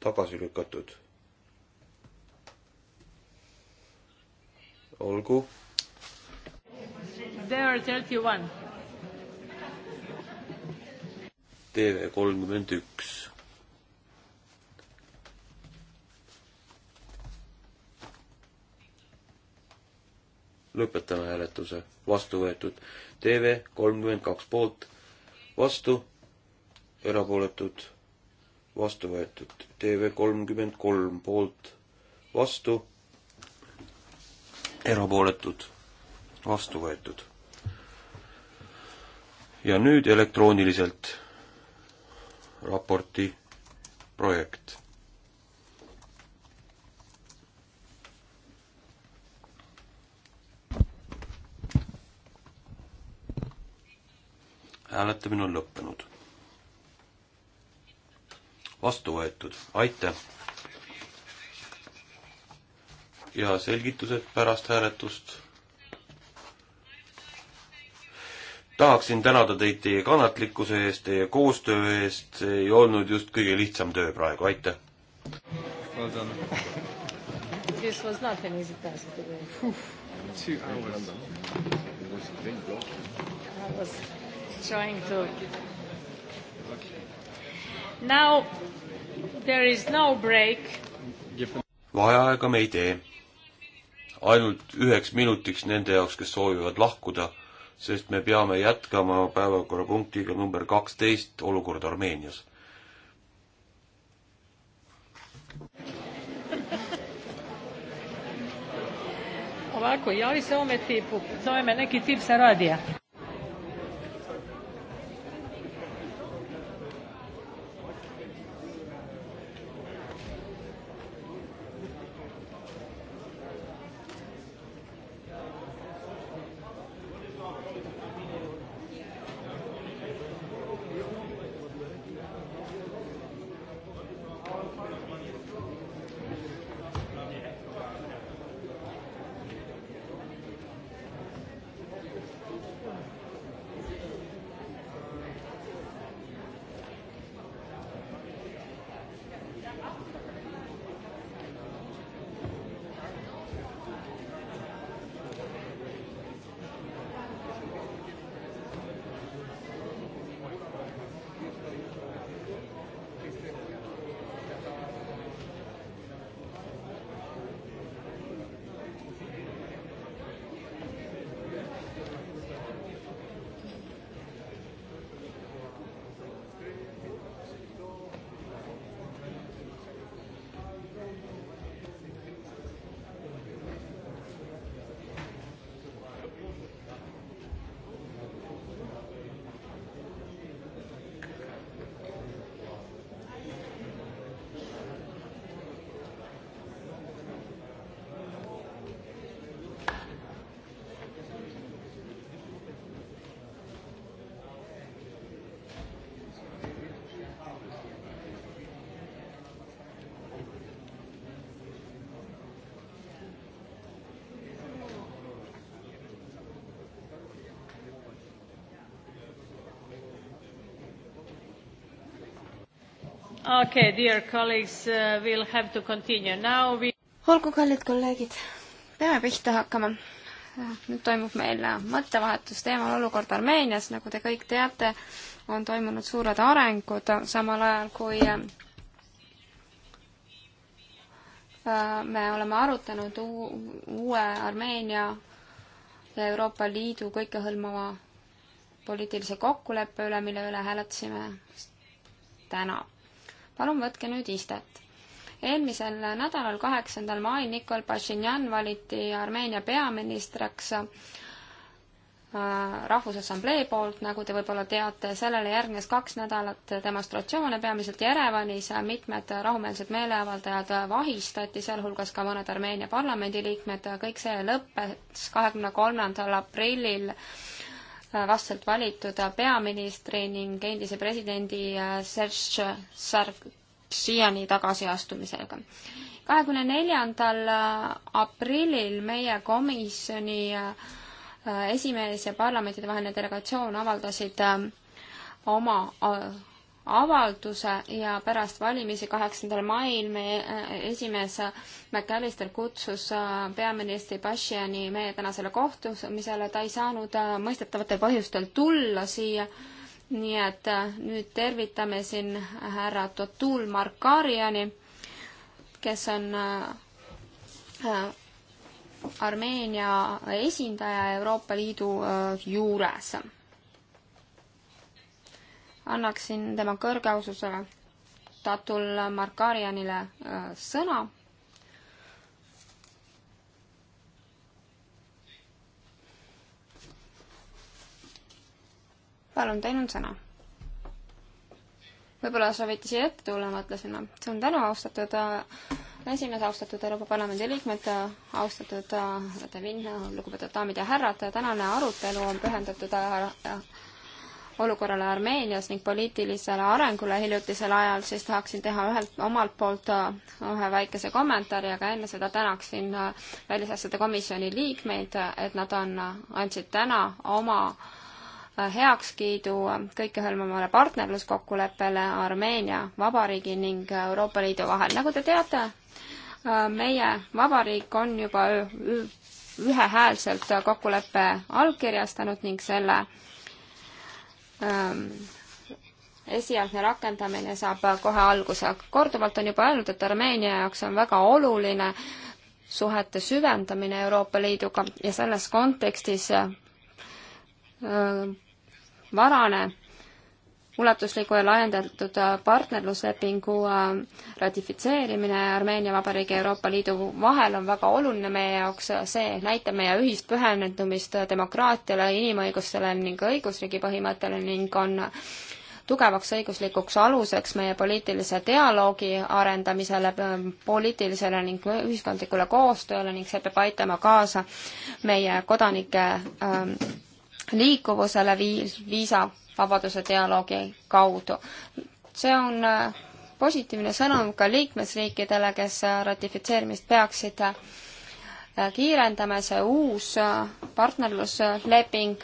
tagasi lükatud. olgu. TV kolmkümmend üks. lõpetame hääletuse, vastu võetud TV kolmkümmend kaks poolt, vastu erapooletud vastu võetud. TV kolmkümmend kolm poolt, vastu, erapooletud, vastu võetud. ja nüüd elektrooniliselt raporti projekt hääletamine on lõppenud vastu võetud, aitäh! ja selgitused pärast hääletust. tahaksin tänada teid teie kannatlikkuse eest, teie koostöö eest, see ei olnud just kõige lihtsam töö praegu, aitäh! Well done. This was not an easy task to do. Two hours. I was trying to. Okay. Now there is no break. vaheaega me ei tee. ainult üheks minutiks nende jaoks, kes soovivad lahkuda, sest me peame jätkama päevakorrapunktiga number kaksteist, olukord Armeenias. Ovako, javi se ovome tipu, zove me neki tip sa radija. okay, dear colleagues, uh, we'll have to continue now we.... olgu, kallid kolleegid, peame pihta hakkama. nüüd toimub meil äh, mõttevahetus teemal olukord Armeenias, nagu te kõik teate, on toimunud suured arengud, samal ajal kui äh, me oleme arutanud uue Armeenia ja Euroopa Liidu kõikehõlmava poliitilise kokkuleppe üle, mille üle hääletasime täna palun võtke nüüd istet. eelmisel nädalal, kaheksandal mail Nikol Pašinjan valiti Armeenia peaministriks äh, Rahvusassamblee poolt, nagu te võib-olla teate, sellele järgnes kaks nädalat demonstratsioone, peamiselt Jerevanis, mitmed rahumeelsed meeleavaldajad vahistati, sealhulgas ka mõned Armeenia parlamendiliikmed, kõik see lõppes kahekümne kolmandal aprillil vastselt valitud peaministri ning endise presidendi äh, Serge Sargsjani tagasiastumisega. kahekümne neljandal äh, aprillil meie komisjoni äh, esimees ja parlamentidevaheline delegatsioon avaldasid oma avalduse ja pärast valimisi, kaheksandal mail, meie äh, esimees McAllister kutsus äh, peaministri Bashani meie tänasele kohtumisele, ta ei saanud äh, mõistetavatel põhjustel tulla siia nii et nüüd tervitame siin härra Totul Markariani, kes on Armeenia esindaja Euroopa Liidu juures annaksin tema kõrgeaususele Tatul Markarianile äh, sõna. palun, teil on sõna. võib-olla soovite siia ette tulla, mõtlesin ma. suur tänu, austatud äh, esimees, austatud Euroopa Parlamendi liikmed, äh, austatud Levin, lugupeetud daamid ja härrad, tänane arutelu on pühendatud olukorrale Armeenias ning poliitilisele arengule hiljutisel ajal, siis tahaksin teha ühelt, omalt poolt äh, ühe väikese kommentaari, aga enne seda tänaksin äh, Välisasjade Komisjoni liikmeid, et nad on, äh, andsid täna oma heakskiidu kõikehõlmavale partnerluskokkuleppele Armeenia Vabariigi ning Euroopa Liidu vahel. nagu te teate, meie vabariik on juba ühehäälselt kokkuleppe allkirjastanud ning selle Ähm, esialgne rakendamine saab kohe alguse, aga korduvalt on juba öelnud, et Armeenia jaoks on väga oluline suhete süvendamine Euroopa Liiduga ja selles kontekstis äh, varane ulatusliku ja laiendatud äh, partnerluslepingu äh, ratifitseerimine Armeenia Vabariigi ja Euroopa Liidu vahel on väga oluline meie jaoks, see näitab meie ühist pühendumist demokraatiale, inimõigustele ning õigusriigi põhimõttele ning on tugevaks õiguslikuks aluseks meie poliitilise dialoogi arendamisele, poliitilisele ning ühiskondlikule koostööle ning see peab aitama kaasa meie kodanike ähm, liikuvusele viis, viisa vabaduse dialoogi kaudu. see on äh, positiivne sõnum ka liikmesriikidele, kes äh, ratifitseerimist peaksid äh, kiirendama, see uus partnerlusleping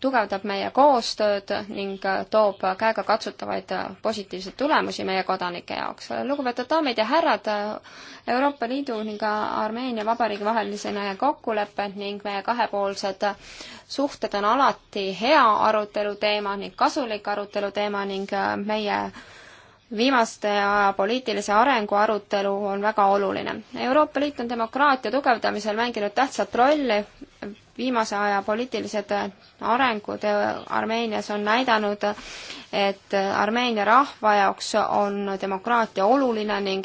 tugevdab meie koostööd ning äh, toob käegakatsutavaid äh, positiivseid tulemusi meie kodanike jaoks. lugupeetud daamid ja härrad, äh, Euroopa Liidu ning Armeenia Vabariigi vaheline kokkulepe ning meie kahepoolsed suhted on alati hea aruteluteema ning kasulik aruteluteema ning meie viimaste aja poliitilise arengu arutelu on väga oluline. Euroopa Liit on demokraatia tugevdamisel mänginud tähtsat rolli viimase aja poliitilised arengud äh, Armeenias on näidanud, et Armeenia rahva jaoks on demokraatia oluline ning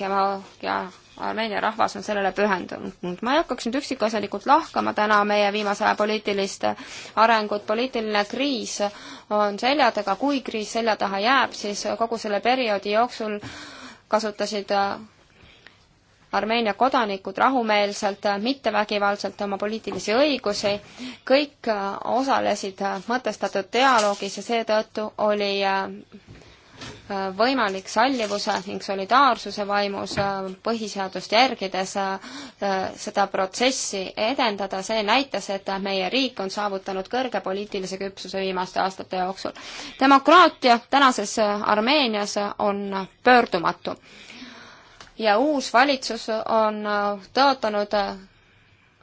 ja Armeenia rahvas on sellele pühendunud. ma ei hakkaks nüüd üksikasjalikult lahkama täna meie viimase aja poliitilist arengut, poliitiline kriis on selja taga, kui kriis selja taha jääb, siis kogu selle perioodi jooksul kasutasid äh, Armeenia kodanikud rahumeelselt, mittevägivaldselt oma poliitilisi õigusi, kõik äh, osalesid äh, mõtestatud dialoogis ja seetõttu oli äh, võimalik sallivuse ning solidaarsuse vaimus põhiseadust järgides seda protsessi edendada, see näitas, et meie riik on saavutanud kõrge poliitilise küpsuse viimaste aastate jooksul. demokraatia tänases Armeenias on pöördumatu ja uus valitsus on äh, tõotanud äh,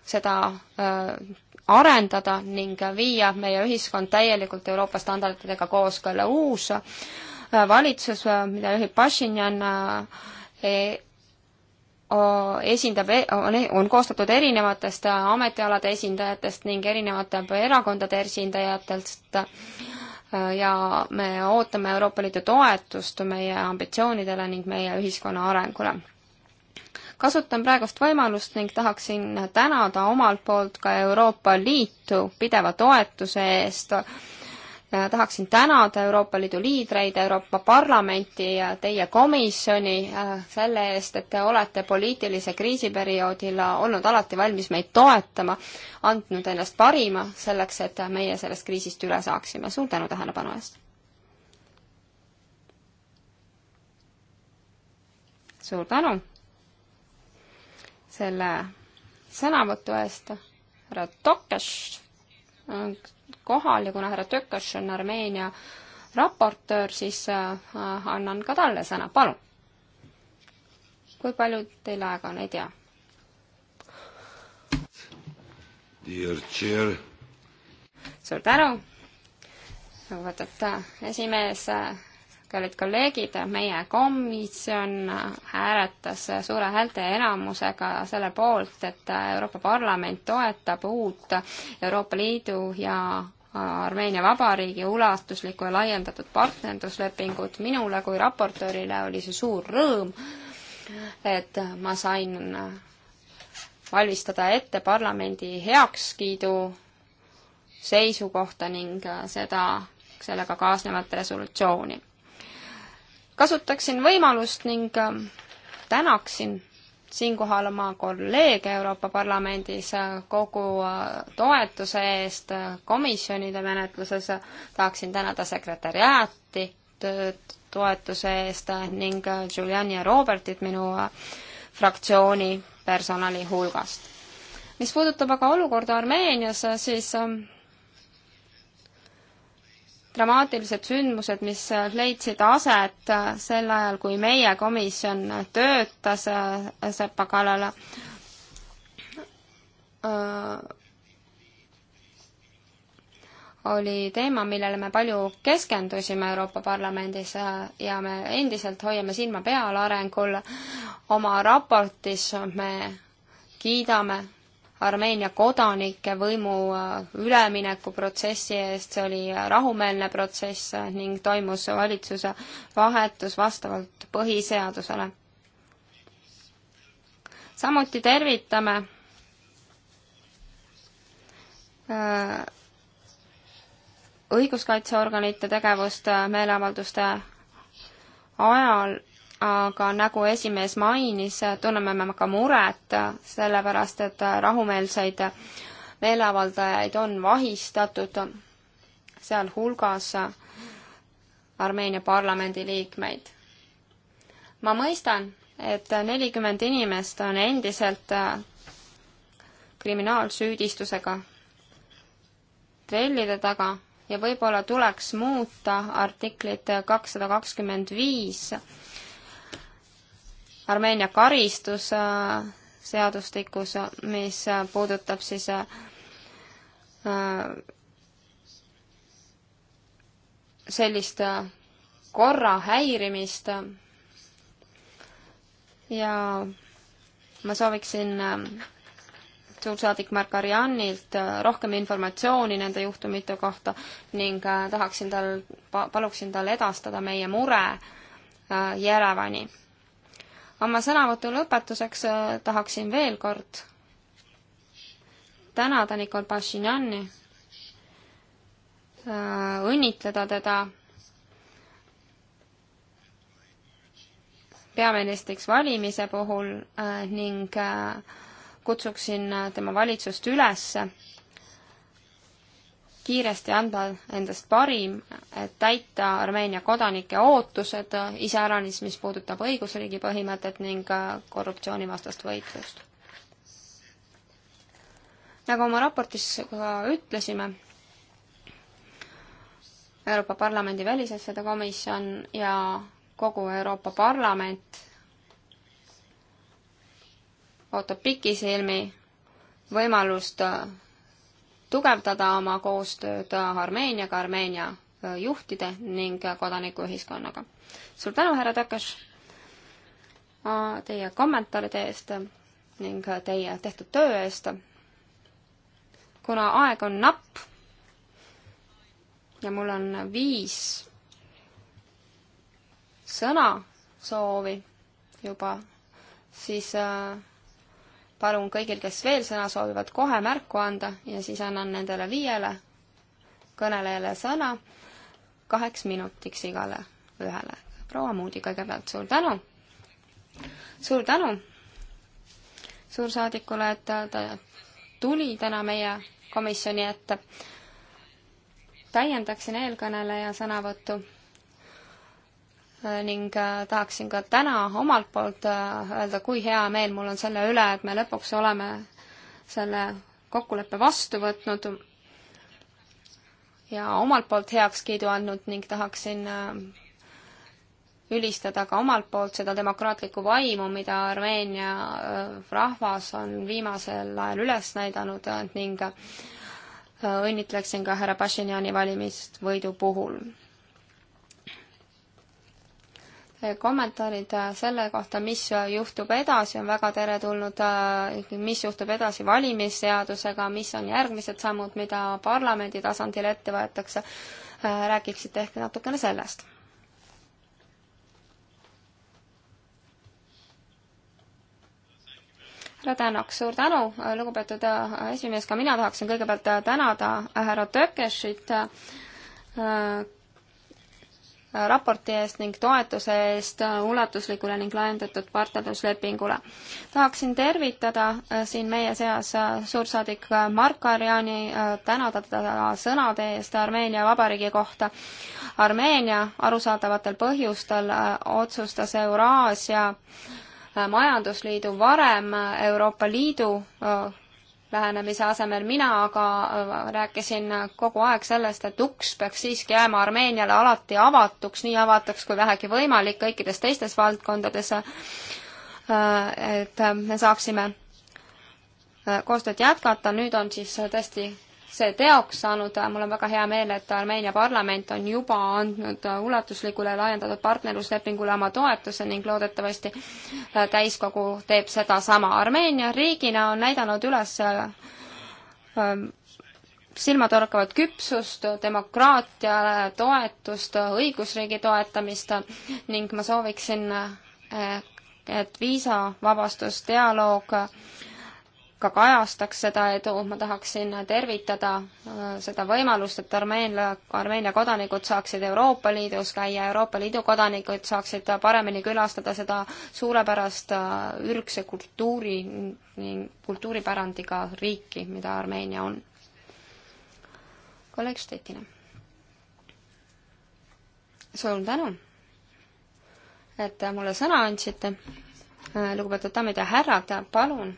seda äh, arendada ning viia meie ühiskond täielikult Euroopa standarditega kooskõlla. uus valitsus, mida juhib Pashinjan, e, esindab, e, on, on koostatud erinevatest ametialade esindajatest ning erinevate erakondade esindajatest ja me ootame Euroopa Liidu toetust meie ambitsioonidele ning meie ühiskonna arengule. kasutan praegust võimalust ning tahaksin tänada omalt poolt ka Euroopa Liitu pideva toetuse eest äh, Äh, tahaksin tänada Euroopa Liidu liidreid, Euroopa Parlamenti ja teie komisjoni äh, selle eest, et te olete poliitilise kriisiperioodil äh, olnud alati valmis meid toetama, andnud ennast parima selleks, et meie sellest kriisist üle saaksime. suur tänu tähelepanu eest! suur tänu selle sõnavõtu eest, härra Tokes! kohal ja kuna härra Tökas on Armeenia raportöör, siis äh, annan ka talle sõna, palun. kui palju teil aega on, ei tea. suur tänu, lugupeetud äh, esimees äh, kallid kolleegid, meie komisjon hääletas suure häälteenamusega selle poolt, et Euroopa Parlament toetab uut Euroopa Liidu ja Armeenia Vabariigi ulatuslikku ja laiendatud partnerluslepingut. minule kui raportöörile oli see suur rõõm, et ma sain valmistada ette parlamendi heakskiidu seisukohta ning seda, sellega kaasnevat resolutsiooni kasutaksin võimalust ning ähm, tänaksin siinkohal oma kolleege Euroopa Parlamendis äh, kogu äh, toetuse eest äh, komisjonide menetluses, tahaksin tänada sekretäriaati toetuse eest ning Giuliani ja Robertit minu fraktsiooni personali hulgast. mis puudutab aga olukorda Armeenias, siis ähm, dramaatilised sündmused, mis leidsid aset äh, sel ajal, kui meie komisjon töötas äh, sepa kallal, äh, oli teema, millele me palju keskendusime Euroopa Parlamendis ja me endiselt hoiame silma peal arengul. oma raportis me kiidame Armeenia kodanike võimu äh, üleminekuprotsessi eest, see oli rahumeelne protsess äh, ning toimus valitsuse vahetus vastavalt põhiseadusele. samuti tervitame äh, õiguskaitseorganite tegevust meeleavalduste ajal aga nagu esimees mainis, tunneme me ka muret, sellepärast et rahumeelseid meeleavaldajaid on vahistatud, sealhulgas Armeenia parlamendi liikmeid. ma mõistan, et nelikümmend inimest on endiselt kriminaalsüüdistusega trellide taga ja võib-olla tuleks muuta artiklit kakssada kakskümmend viis Armeenia karistusseadustikus, äh, mis äh, puudutab siis äh, sellist korra häirimist ja ma sooviksin suursaadik Mark Arianilt rohkem informatsiooni nende juhtumite kohta ning tahaksin tal, paluksin tal edastada meie mure Järevani oma sõnavõtu lõpetuseks äh, tahaksin veel kord tänada Nikol Pašinjani, äh, õnnitleda teda peaministriks valimise puhul äh, ning kutsuksin tema valitsust üles kiiresti anda endast parim, et täita Armeenia kodanike ootused, äh, iseäranis, mis puudutab õigusriigi põhimõtet ning äh, korruptsioonivastast võitlust. nagu oma raportis ka ütlesime, Euroopa Parlamendi välisasjade komisjon ja kogu Euroopa Parlament ootab pikisilmi võimalust äh, tugevdada oma koostööd Armeeniaga, Armeenia äh, juhtide ning kodanikuühiskonnaga. suur tänu, härra Takas, äh, teie kommentaaride eest ning äh, teie tehtud töö eest. kuna aeg on napp ja mul on viis sõna soovi juba, siis äh, palun kõigil, kes veel sõna soovivad, kohe märku anda ja siis annan nendele viiele kõnelejale sõna kaheks minutiks igale ühele. proua Moodi kõigepealt, suur tänu! suur tänu suursaadikule, et ta, ta tuli täna meie komisjoni ette. täiendaksin eelkõneleja sõnavõttu ning äh, tahaksin ka täna omalt poolt äh, öelda, kui hea meel mul on selle üle, et me lõpuks oleme selle kokkuleppe vastu võtnud ja omalt poolt heakskiidu andnud ning tahaksin äh, ülistada ka omalt poolt seda demokraatlikku vaimu, mida Armeenia rahvas on viimasel ajal üles näidanud ning õnnitleksin ka härra Pašinjani valimisvõidu puhul kommentaarid äh, selle kohta, mis äh, juhtub edasi, on väga teretulnud, äh, mis juhtub edasi valimisseadusega, mis on järgmised sammud, mida parlamendi tasandil ette võetakse, räägiksite ehk natukene sellest? härra Tänak, suur tänu, lugupeetud esimees, ka mina tahaksin kõigepealt tänada härra Tökešit raporti eest ning toetuse eest ulatuslikule ning laiendatud partnerluslepingule. tahaksin tervitada äh, siin meie seas äh, suursaadik äh, Mark Arjani, tänada teda sõnade eest Armeenia Vabariigi kohta. Armeenia arusaadavatel põhjustel otsustas Euraasia majandusliidu varem Euroopa Liidu lähenemise asemel, mina aga äh, rääkisin kogu aeg sellest, et uks peaks siiski jääma Armeeniale alati avatuks, nii avatuks kui vähegi võimalik kõikides teistes valdkondades, äh, et me saaksime äh, koostööd jätkata, nüüd on siis tõesti see teoks saanud, mul on väga hea meel, et Armeenia parlament on juba andnud ulatuslikule laiendatud partnerluslepingule oma toetuse ning loodetavasti täiskogu teeb sedasama. Armeenia riigina on näidanud üles ähm, silmatorkavat küpsust, demokraatiale toetust, õigusriigi toetamist ning ma sooviksin, äh, et viisavabastusdialoog ka kajastaks seda edu, ma tahaksin tervitada äh, seda võimalust, et Armeenia, Armeenia kodanikud saaksid Euroopa Liidus käia, Euroopa Liidu kodanikud saaksid paremini külastada seda suurepärast äh, ürgse kultuuri, kultuuripärandiga riiki, mida Armeenia on. kolleeg Štetina. suur tänu, et mulle sõna andsite äh, lugupeetud daamid ja härrad, palun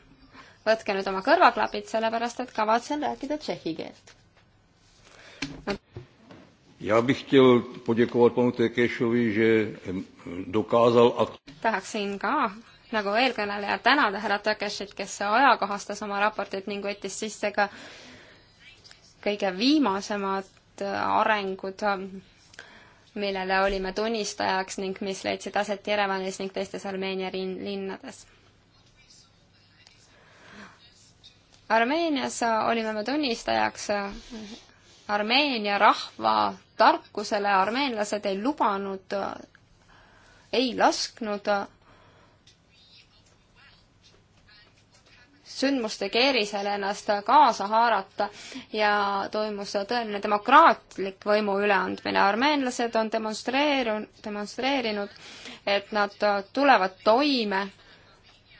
võtke nüüd oma kõrvaklapid, sellepärast et kavatsen rääkida tšehhi keelt no.. Já bych chtěl poděkovat panu Tekešovi, že dokázal... Tahaksin ka, nagu eelkõneleja, tänada härra Tekešit, kes ajakohastas oma raportit ning võttis sisse ka kõige viimasemad äh, arengud, millele olime tunnistajaks ning mis leidsid aset Jerevanis ning teistes Armeenia linnades Armeenias olime me tunnistajaks äh, Armeenia rahva tarkusele, armeenlased ei lubanud, äh, ei lasknud äh, sündmuste keerisel ennast kaasa haarata ja toimus tõeline demokraatlik võimu üleandmine. armeenlased on demonstreerunud, demonstreerinud, et nad tulevad toime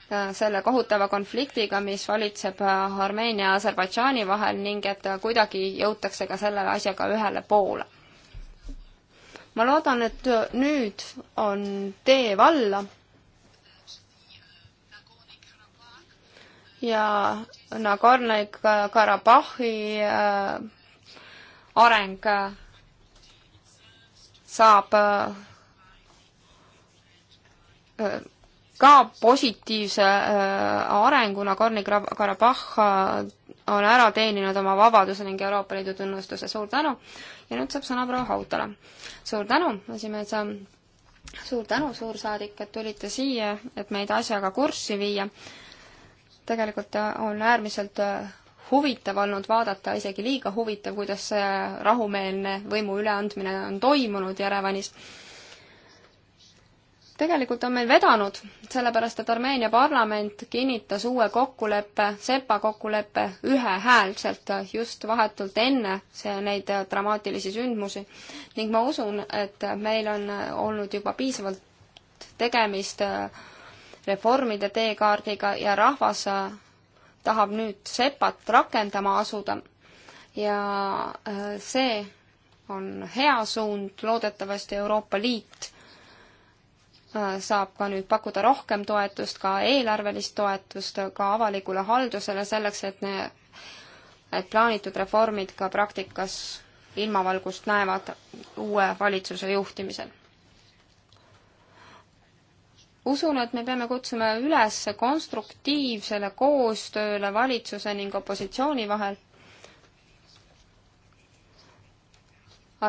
Äh, selle kohutava konfliktiga, mis valitseb äh, Armeenia ja Aserbaidžaani vahel ning et äh, kuidagi jõutakse ka selle asjaga ühele poole. ma loodan, et nüüd on tee valla ja Nagorno-Karabahhi areng saab ka positiivse äh, arenguna Korni-Karabahh äh, on ära teeninud oma vabaduse ning Euroopa Liidu tunnustuse. suur tänu! ja nüüd saab sõna proua Hautala. suur tänu, esimees! suur tänu, suursaadik, et tulite siia, et meid asjaga kurssi viia. tegelikult äh, on äärmiselt huvitav olnud vaadata, isegi liiga huvitav, kuidas see rahumeelne võimu üleandmine on toimunud Jerevanis tegelikult on meil vedanud, sellepärast et Armeenia parlament kinnitas uue kokkuleppe, SEPA kokkuleppe ühehäälselt just vahetult enne see, neid dramaatilisi sündmusi ning ma usun, et meil on olnud juba piisavalt tegemist äh, reformide teekaardiga ja rahvas äh, tahab nüüd SEPA-t rakendama asuda ja äh, see on hea suund, loodetavasti Euroopa Liit Äh, saab ka nüüd pakkuda rohkem toetust, ka eelarvelist toetust, äh, ka avalikule haldusele, selleks et ne, et plaanitud reformid ka praktikas ilmavalgust näevad uue valitsuse juhtimisel. usun, et me peame kutsuma üles konstruktiivsele koostööle valitsuse ning opositsiooni vahel.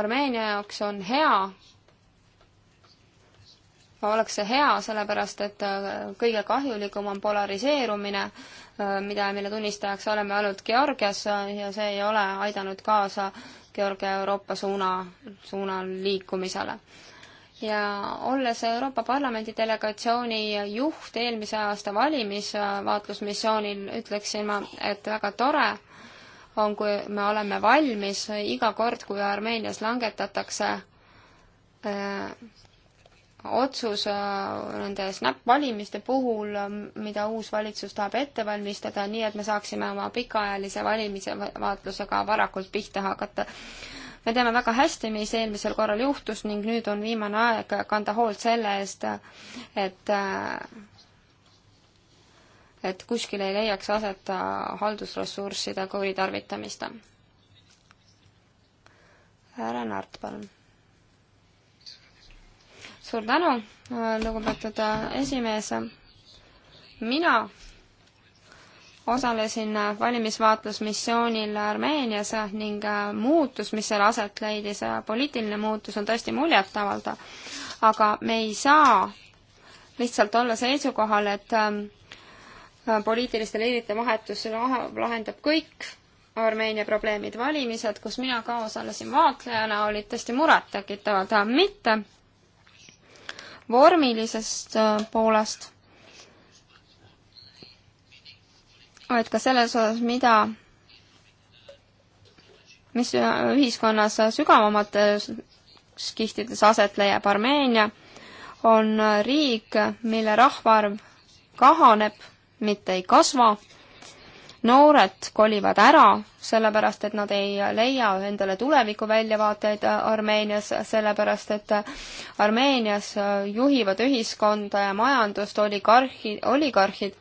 Armeenia jaoks on hea, oleks see hea, sellepärast et äh, kõige kahjulikum on polariseerumine, äh, mida, mille tunnistajaks oleme olnud Georgias äh, ja see ei ole aidanud kaasa Georgia Euroopa suuna, suunal liikumisele ja olles Euroopa Parlamendi delegatsiooni juht eelmise aasta valimisvaatlusmissioonil, ütleksin ma, et väga tore on, kui me oleme valmis iga kord, kui Armeenias langetatakse otsus äh, nende snap-valimiste puhul, äh, mida uus valitsus tahab ette valmistada, nii et me saaksime oma pikaajalise valimise vaatlusega varakult pihta hakata. me teame väga hästi, mis eelmisel korral juhtus ning nüüd on viimane aeg kanda hoolt selle eest, et äh, et kuskil ei leiaks aset haldusressursside kuritarvitamist. härra Naart, palun suur tänu, lugupeetud esimees. mina osalesin valimisvaatlusmissioonil Armeenias ning muutus, mis seal aset leidis, poliitiline muutus on tõesti muljetavaldav. aga me ei saa lihtsalt olla seisukohal, et äh, poliitiliste liidrite vahetus lahendab kõik Armeenia probleemid. valimised, kus mina ka osalesin vaatlejana, olid tõesti murettekitavad, mitte vormilisest äh, poolest, et ka selles osas, mida, mis äh, ühiskonnas sügavamates kihtides aset leiab, Armeenia on riik, mille rahvaarv kahaneb, mitte ei kasva noored kolivad ära, sellepärast et nad ei leia endale tulevikuväljavaateid Armeenias, sellepärast et Armeenias juhivad ühiskonda ja majandust oligarhi, oligarhid.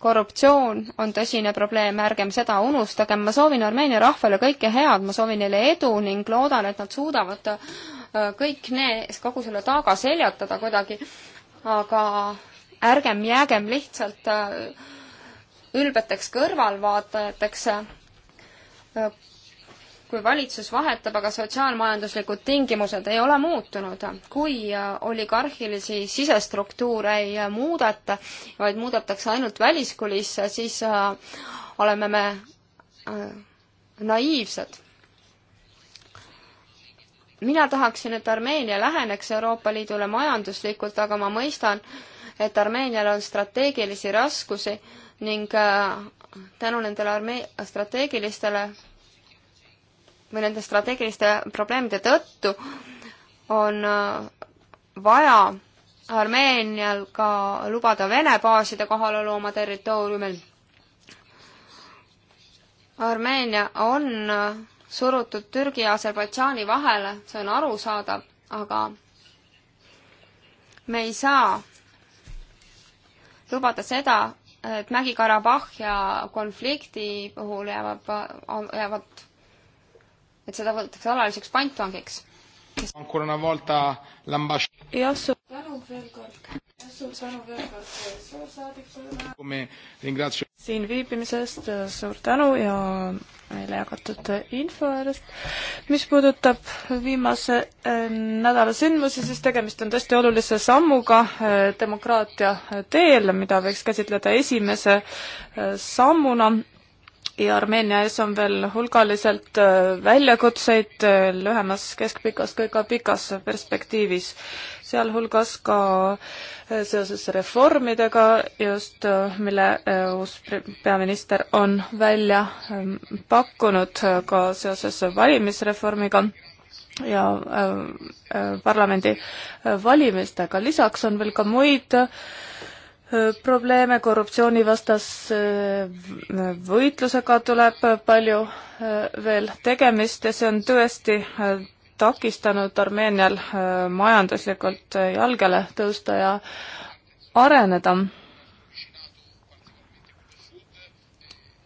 korruptsioon on tõsine probleem, ärgem seda unustagem, ma soovin Armeenia rahvale kõike head, ma soovin neile edu ning loodan, et nad suudavad äh, kõik need, kogu selle taaga seljatada kuidagi, aga ärgem jäägem lihtsalt äh, ülbeteks kõrvalvaatajateks, äh, kui valitsus vahetab, aga sotsiaalmajanduslikud tingimused ei ole muutunud. kui äh, oligarhilisi sisestruktuure ei muudeta, vaid muudetakse ainult väliskulisse, siis oleme me naiivsed. mina tahaksin, et Armeenia läheneks Euroopa Liidule majanduslikult, aga ma mõistan, et Armeenial on strateegilisi raskusi ning äh, tänu nendele armee-, strateegilistele või nende strateegiliste probleemide tõttu on äh, vaja Armeenial ka lubada Vene baaside kohalolu oma territooriumil. Armeenia on äh, surutud Türgi ja Aserbaidžaani vahele, see on arusaadav, aga me ei saa lubada seda, et Mägi-Karabahhia konflikti puhul jäävad, jäävad, et seda võetakse alaliseks pantvangiks. jah, suur tänu veel kord suur tänu veel kord eh, suursaadikule siin viibimisest, eh, suur tänu ja meile jagatud info eest. mis puudutab viimase eh, nädala sündmusi, siis tegemist on tõesti olulise sammuga demokraatia teel, mida võiks käsitleda esimese sammuna ja Armeenia ees on veel hulgaliselt väljakutseid lühemas, keskpikas kui ka pikas perspektiivis sealhulgas ka äh, seoses reformidega just, äh, mille äh, uus peaminister on välja ähm, pakkunud ka seoses valimisreformiga ja parlamendi valimistega. lisaks on veel ka muid probleeme korruptsioonivastase võitlusega tuleb palju veel tegemist ja see on tõesti takistanud Armeenial äh, majanduslikult äh, jalgele tõusta ja areneda.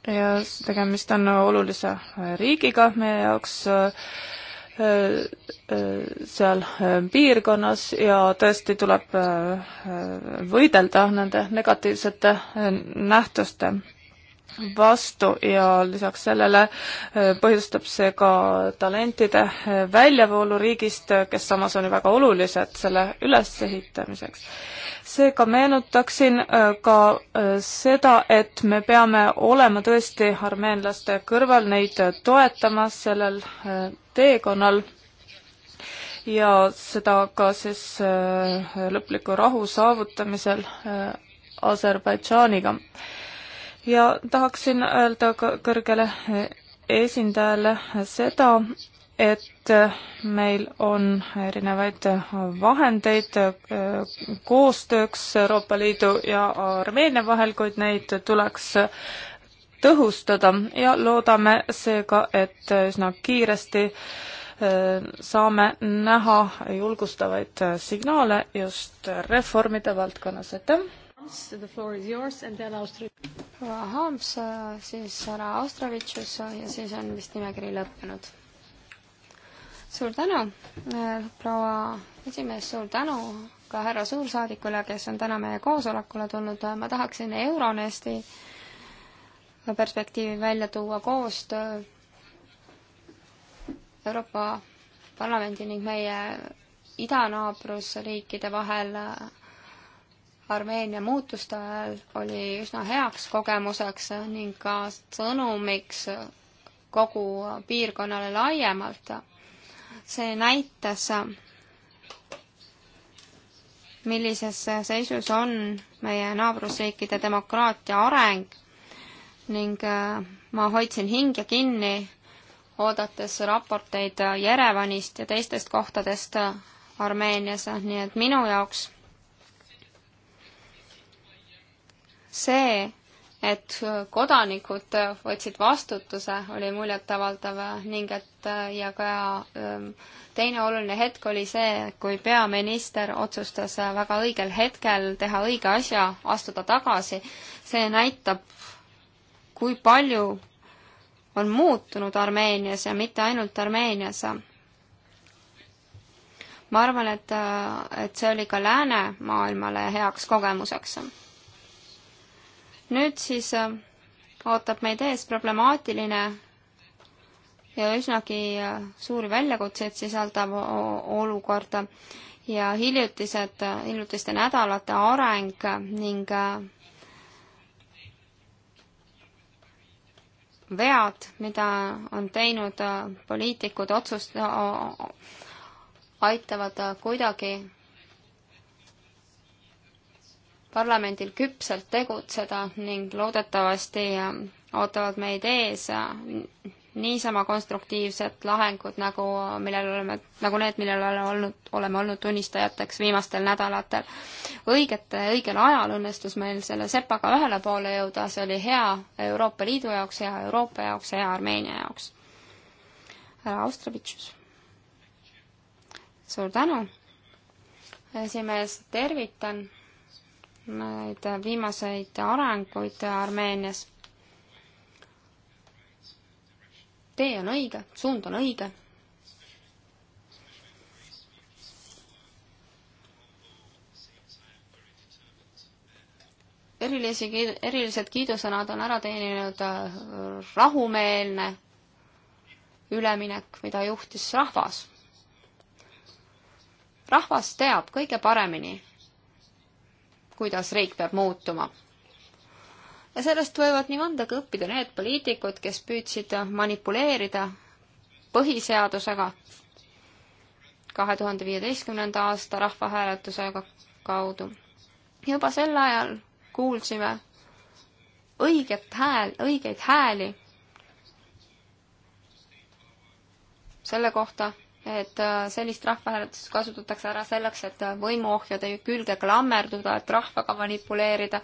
ja tegemist on olulise äh, riigiga meie jaoks seal piirkonnas ja tõesti tuleb võidelda nende negatiivsete nähtuste vastu ja lisaks sellele äh, põhjustab see ka talentide äh, väljavoolu riigist, äh, kes samas on ju väga olulised selle ülesehitamiseks. seega meenutaksin ka seda, et me peame olema tõesti armeenlaste kõrval, neid toetama sellel teekonnal ja seda ka siis lõpliku rahu saavutamisel Aserbaidžaaniga ja tahaksin öelda ka kõrgele eh, esindajale seda, et eh, meil on erinevaid eh, vahendeid koostööks Euroopa Liidu ja Armeenia vahel, kuid neid tuleks tõhustada ja loodame seega, et üsna kiiresti saame näha julgustavaid signaale just reformide valdkonnas, aitäh! proua Harms, siis härra Ostrovitšus ja siis on vist nimekiri lõppenud. suur tänu, proua esimees, suur tänu ka härra suursaadikule, kes on täna meie koosolekule tulnud, ma tahaksin Euronesti perspektiivi välja tuua koostöö Euroopa Parlamendi ning meie idanaabrusriikide vahel äh, Armeenia muutuste ajal oli üsna heaks kogemuseks ning ka sõnumiks kogu piirkonnale laiemalt. see näitas, millises seisus on meie naabrusriikide demokraatia areng ning äh, ma hoidsin hinge kinni, oodates raporteid Jerevanist ja teistest kohtadest äh, Armeenias, nii et minu jaoks see, et kodanikud võtsid vastutuse, oli muljetavaldav ning et ja ka ähm, teine oluline hetk oli see, kui peaminister otsustas väga õigel hetkel teha õige asja, astuda tagasi. see näitab, kui palju on muutunud Armeenias ja mitte ainult Armeenias. ma arvan, et, äh, et see oli ka läänemaailmale heaks kogemuseks nüüd siis äh, ootab meid ees problemaatiline ja üsnagi äh, suuri väljakutseid sisaldav olukord ja hiljutised, äh, hiljutiste nädalate areng ning vead, mida on teinud poliitikud, otsust-, aitavad kuidagi parlamendil küpselt tegutseda ning loodetavasti äh, ootavad meid ees äh, niisama konstruktiivsed lahengud, nagu äh, millel oleme, nagu need, millel oleme olnud, oleme olnud tunnistajateks viimastel nädalatel. õigete, õigel ajal õnnestus meil selle sepaga ühele poole jõuda, see oli hea Euroopa Liidu jaoks, hea Euroopa jaoks, hea Armeenia jaoks. härra Austrovitšus. suur tänu, esimees, tervitan neid viimaseid arenguid Armeenias. tee on õige, suund on õige. erilisi, erilised kiidusõnad on ära teeninud äh, rahumeelne üleminek, mida juhtis rahvas. rahvas teab kõige paremini, kuidas riik peab muutuma. ja sellest võivad nii mõndagi õppida need poliitikud, kes püüdsid manipuleerida põhiseadusega kahe tuhande viieteistkümnenda aasta rahvahääletuse kaudu. juba sel ajal kuulsime õiget hääl, õigeid hääli selle kohta, et äh, sellist rahvahääletust kasutatakse ära selleks, et äh, võimuohjade külge klammerduda, et rahvaga manipuleerida.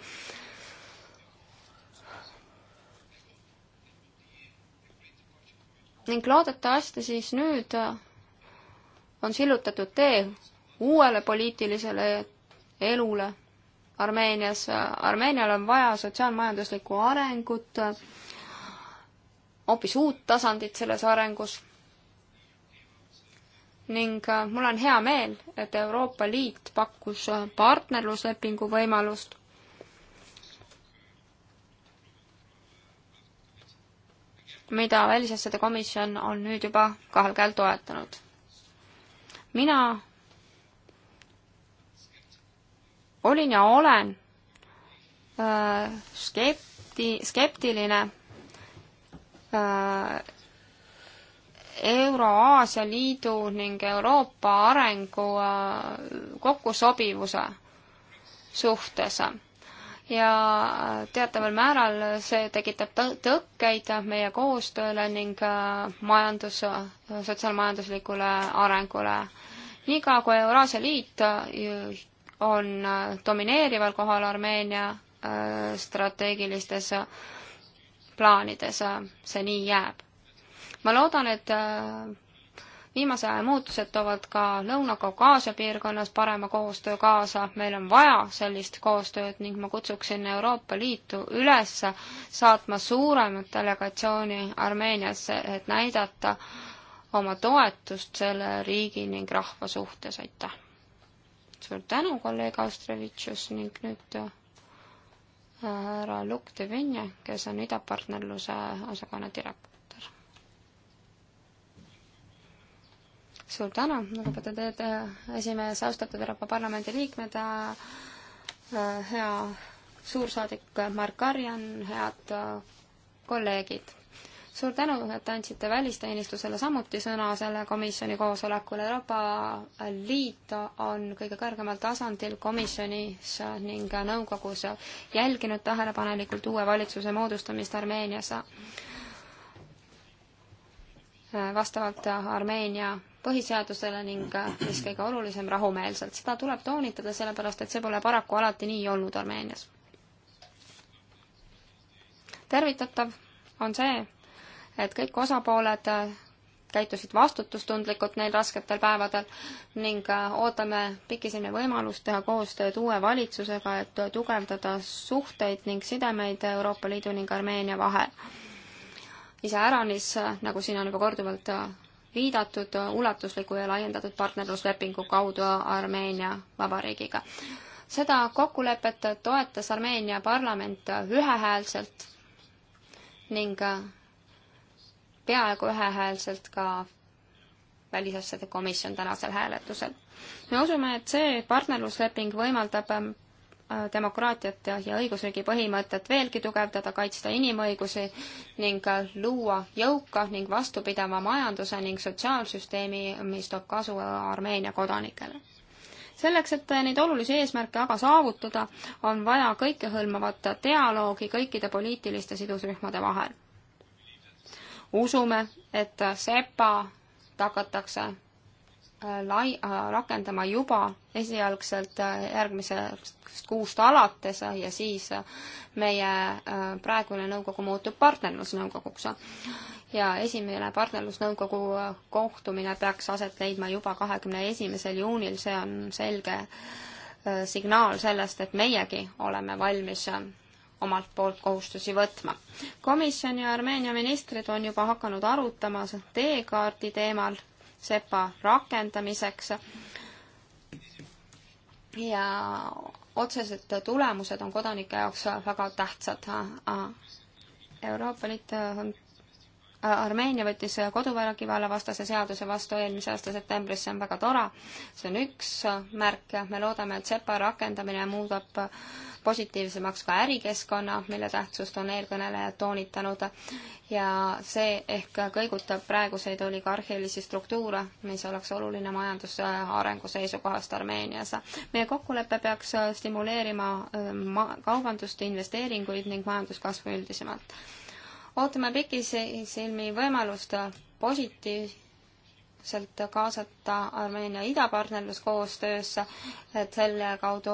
ning loodetavasti siis nüüd äh, on sillutatud tee uuele poliitilisele elule Armeenias. Armeenial on vaja sotsiaalmajanduslikku arengut, hoopis uut tasandit selles arengus ning äh, mul on hea meel, et Euroopa Liit pakkus äh, partnerluslepingu võimalust. mida Välisasjade Komisjon on nüüd juba kahel käel toetanud. mina olin ja olen äh, skepti-, skeptiline öö, Euro-Aasia Liidu ning Euroopa arengu äh, kokkusobivuse suhtes. ja äh, teataval määral see tekitab tõkkeid meie koostööle ning äh, majandus, sotsiaalmajanduslikule arengule. niikaua, kui Euraasia Liit on domineerival kohal Armeenia strateegilistes plaanides see nii jääb ma loodan, et äh, viimase aja muutused toovad ka Lõuna-Kaukaasia piirkonnas parema koostöö kaasa, meil on vaja sellist koostööd ning ma kutsuksin Euroopa Liitu üles saatma suuremat delegatsiooni Armeeniasse, et näidata oma toetust selle riigi ning rahva suhtes, aitäh! suur tänu, kolleeg Austrevitšus ning nüüd äh, härra Lukk Devinje, kes on idapartnerluse osakonna direktor. suur tänu, lugupeetud esimees, austatud Euroopa Parlamendi liikmed, äh, hea suursaadik Mark Karjan, head äh, kolleegid. suur tänu, et andsite välisteenistusele samuti sõna selle komisjoni koosolekul. Euroopa Liit on kõige kõrgemal tasandil komisjonis ning nõukogus jälginud tähelepanelikult uue valitsuse moodustamist Armeenias vastavalt Armeenia põhiseadusele ning mis kõige olulisem, rahumeelselt. seda tuleb toonitada, sellepärast et see pole paraku alati nii olnud Armeenias. tervitatav on see, et kõik osapooled käitusid vastutustundlikult neil rasketel päevadel ning äh, ootame pikisilmi võimalust teha koostööd uue valitsusega, et tugevdada suhteid ning sidemeid Euroopa Liidu ning Armeenia vahel. iseäranis, äh, nagu siin on juba korduvalt äh, viidatud ulatusliku ja laiendatud partnerluslepingu kaudu Armeenia Vabariigiga. seda kokkulepet toetas Armeenia parlament ühehäälselt ning peaaegu ühehäälselt ka välisasjade komisjon tänasel hääletusel. me usume, et see partnerlusleping võimaldab Äh, demokraatiat ja õigusriigi põhimõtet veelgi tugevdada, kaitsta inimõigusi ning äh, luua jõuka ning vastupidava majanduse ning sotsiaalsüsteemi, mis toob kasu äh, Armeenia kodanikele. selleks, et neid olulisi eesmärke aga saavutada, on vaja kõikehõlmavat dialoogi kõikide poliitiliste sidusrühmade vahel. usume, et SEPA tagatakse lai-, rakendama juba esialgselt äh, järgmisest kuust alates äh, ja siis äh, meie praegune nõukogu muutub partnerlusnõukoguks. ja esimene partnerlusnõukogu kohtumine peaks aset leidma juba kahekümne esimesel juunil, see on selge signaal sellest, et meiegi oleme valmis omalt poolt kohustusi võtma. komisjon ja Armeenia ministrid on juba hakanud arutama teekaardi teemal SEPA rakendamiseks. ja otsesed tulemused on kodanike jaoks väga tähtsad. Euroopa Liit on Armeenia võttis koduvägivalla vastase seaduse vastu eelmise aasta septembris, see on väga tore. see on üks märk ja me loodame, et SEPA rakendamine muudab äh, positiivsemaks ka ärikeskkonna, mille tähtsust on eelkõnelejad toonitanud, ja see ehk kõigutab praeguseid oligarhilisi struktuure, mis oleks oluline majanduse arengu seisukohast Armeenias. meie kokkulepe peaks stimuleerima ähm, ma-, kaubandust, investeeringuid ning majanduskasvu üldisemalt. ootame pikisilmi võimalust positiivse sealt kaasata Armeenia idapartnerluskoostöösse, et selle kaudu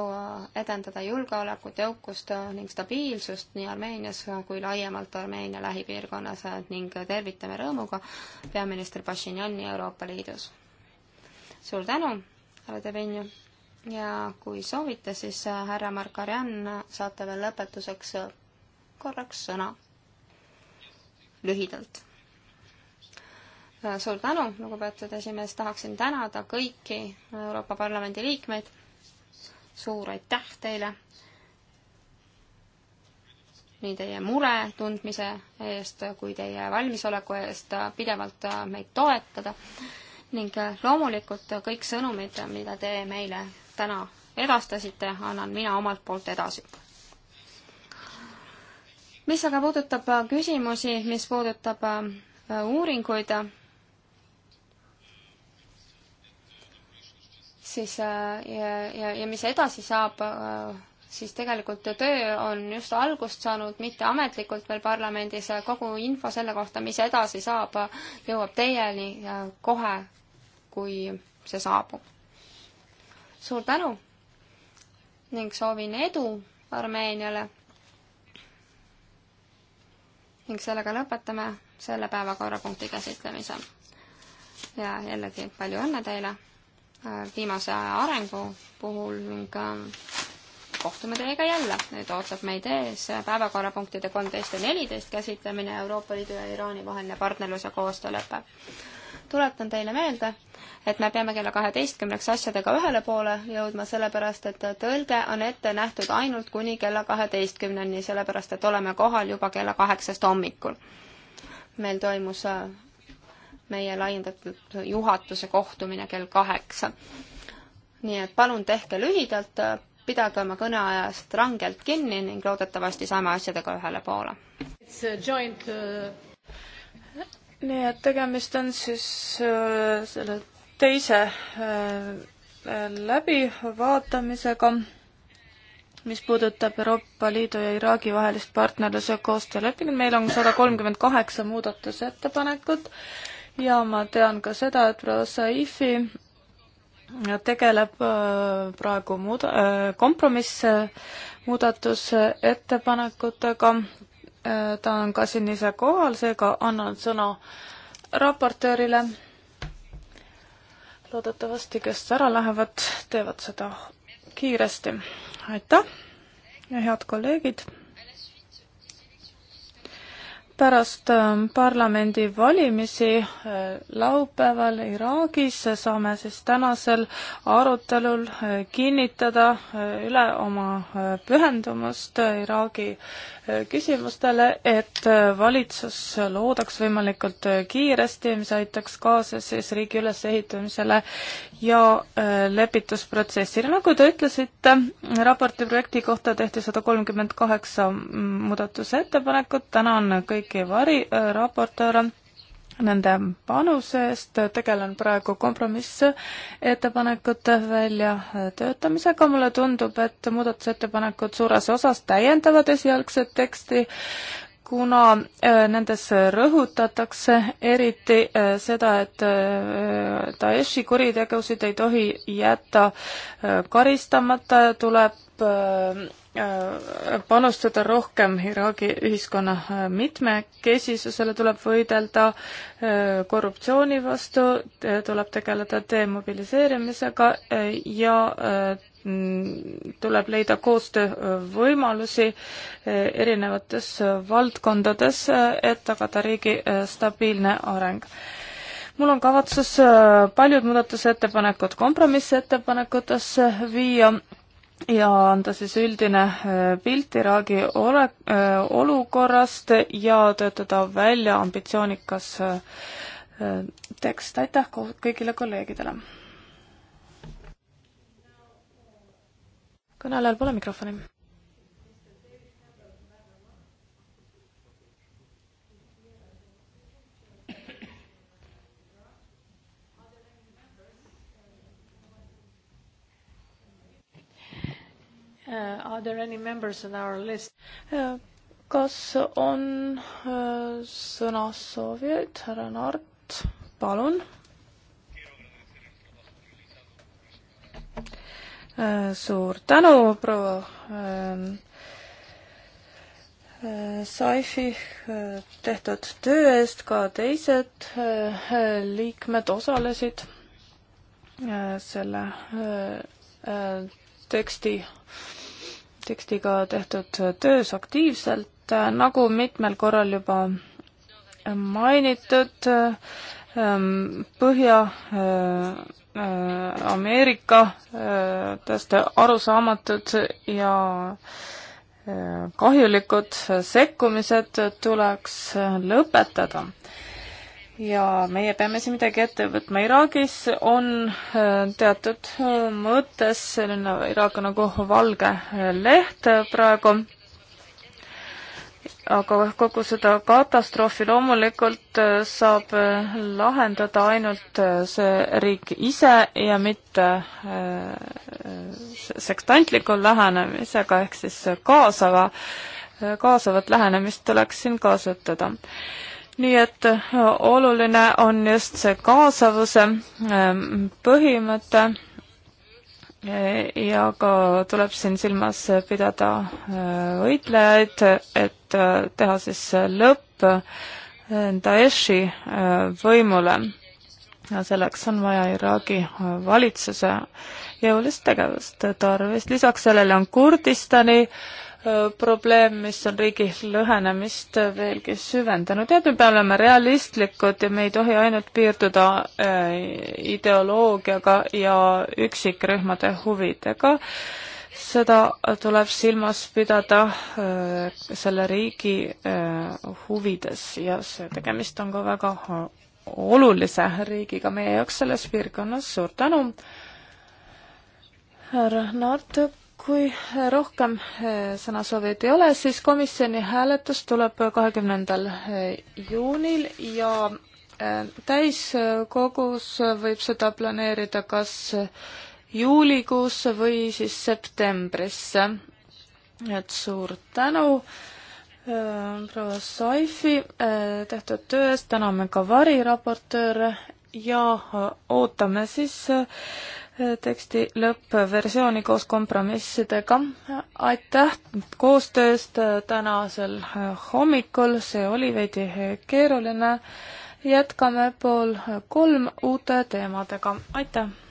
edendada julgeolekut, jõukust ning stabiilsust nii Armeenias kui laiemalt Armeenia lähipiirkonnas ning tervitame rõõmuga peaminister Pashinjani Euroopa Liidus. suur tänu, härra Devinju, ja kui soovite, siis härra Markarjan saate veel lõpetuseks korraks sõna lühidalt suur tänu, lugupeetud esimees, tahaksin tänada kõiki Euroopa Parlamendi liikmeid. suur aitäh teile nii teie mure tundmise eest kui teie valmisoleku eest pidevalt meid toetada ning loomulikult kõik sõnumid, mida te meile täna edastasite, annan mina omalt poolt edasi. mis aga puudutab küsimusi, mis puudutab äh, uuringuid, siis äh, ja, ja, ja mis edasi saab, äh, siis tegelikult töö on just algust saanud, mitte ametlikult veel parlamendis, kogu info selle kohta, mis edasi saab, jõuab teieni äh, kohe, kui see saabub. suur tänu ning soovin edu Armeeniale. ning sellega lõpetame selle päevakorrapunkti käsitlemise. ja jällegi palju õnne teile Äh, viimase aja arengu puhul ning äh, kohtume teiega jälle. nüüd ootab meid ees äh, päevakorrapunktide kolmteist ja neliteist käsitlemine Euroopa Liidu ja Iraani vaheline partnerlus ja koostöölepe. tuletan teile meelde, et me peame kella kaheteistkümneks asjadega ühele poole jõudma, sellepärast et tõlge on ette nähtud ainult kuni kella kaheteistkümneni, sellepärast et oleme kohal juba kella kaheksast hommikul. meil toimus meie laiendatud juhatuse kohtumine kell kaheksa. nii et palun tehke lühidalt, pidage oma kõneajast rangelt kinni ning loodetavasti saame asjadega ühele poole. Uh... nii et tegemist on siis uh, selle teise uh, läbivaatamisega mis puudutab Euroopa Liidu ja Iraagi vahelist partnerluse koostöölepingut, meil on sada kolmkümmend kaheksa muudatusettepanekut ja ma tean ka seda, et Prosaifi tegeleb äh, praegu muud-, äh, kompromissmuudatusettepanekutega, äh, ta on ka siin ise kohal, seega annan sõna raportöörile. loodetavasti, kes ära lähevad, teevad seda kiiresti. aitäh ja head kolleegid! pärast ähm, parlamendivalimisi äh, laupäeval Iraagis saame siis tänasel arutelul äh, kinnitada äh, üle oma pühendumust Iraagi küsimustele, et valitsus loodaks võimalikult kiiresti, mis aitaks kaasa siis riigi ülesehitamisele ja äh, lepitusprotsessile. nagu te ütlesite, raporti projekti kohta tehti sada kolmkümmend kaheksa muudatusettepanekut, tänan kõiki variraportööre äh, nende panuse eest, tegelen praegu kompromissettepanekute väljatöötamisega, mulle tundub, et muudatusettepanekud suures osas täiendavad esialgset teksti, kuna äh, nendes rõhutatakse eriti äh, seda, et äh, Daeshi kuritegusid ei tohi jätta karistamata ja tuleb panustada rohkem Iraagi ühiskonna mitmekesisusele, tuleb võidelda korruptsiooni vastu, tuleb tegeleda demobiliseerimisega ja Mm, tuleb leida koostöövõimalusi eh, erinevates eh, valdkondades, eh, et tagada riigi stabiilne areng mul on kavatsus paljud muudatusettepanekud kompromissettepanekutesse viia ja anda siis üldine pilt Iraagi ole-, olukorrast ja töötada välja ambitsioonikas tekst, aitäh kõigile kolleegidele! kõnelejal pole mikrofoni. Uh, are there any members on our list? Uh, kas on uh, sõnasoovijaid, härra Naart, palun. Äh, suur tänu, proua ähm, äh, Saifi äh, tehtud töö eest, ka teised liikmed osalesid selle teksti, tekstiga tehtud töös aktiivselt, nagu mitmel korral juba mainitud, ähm, Põhja Äh, Ameerikast äh, arusaamatud ja äh, kahjulikud sekkumised tuleks lõpetada. ja meie peame siin midagi ette võtma. Iraagis on teatud mõttes selline Iraak on nagu valge leht praegu aga kogu seda katastroofi loomulikult äh, saab äh, lahendada ainult äh, see riik ise ja mitte sektantliku lähenemisega ehk siis kaasava, kaasavat lähenemist tuleks siin kasutada. nii et oluline on just see kaasavuse ähm, põhimõte ja ka tuleb siin silmas pidada võitlejaid, et et äh, teha siis äh, lõpp äh, Daeshi võimule ja selleks on vaja Iraagi valitsuse jõulist tegevust tarvis. lisaks sellele on Kurdistani probleem, mis on riigi lõhenemist veelgi süvendanud, nii et me peame olema realistlikud ja me ei tohi ainult piirduda ideoloogiaga ja üksikrühmade huvidega seda tuleb silmas pidada äh, selle riigi äh, huvides ja see tegemist on ka väga olulise riigiga meie jaoks selles piirkonnas, suur tänu! härra Naart, kui rohkem äh, sõnasoovijaid ei ole, siis komisjoni hääletus tuleb kahekümnendal juunil ja täiskogus võib seda planeerida kas juulikuusse või siis septembrisse. et suur tänu äh, proua Saifi äh, tehtud töö eest, täname ka variraportööre ja äh, ootame siis teksti lõppversiooni koos kompromissidega. aitäh koostööst tänasel hommikul, see oli veidi keeruline. jätkame pool kolm uute teemadega, aitäh!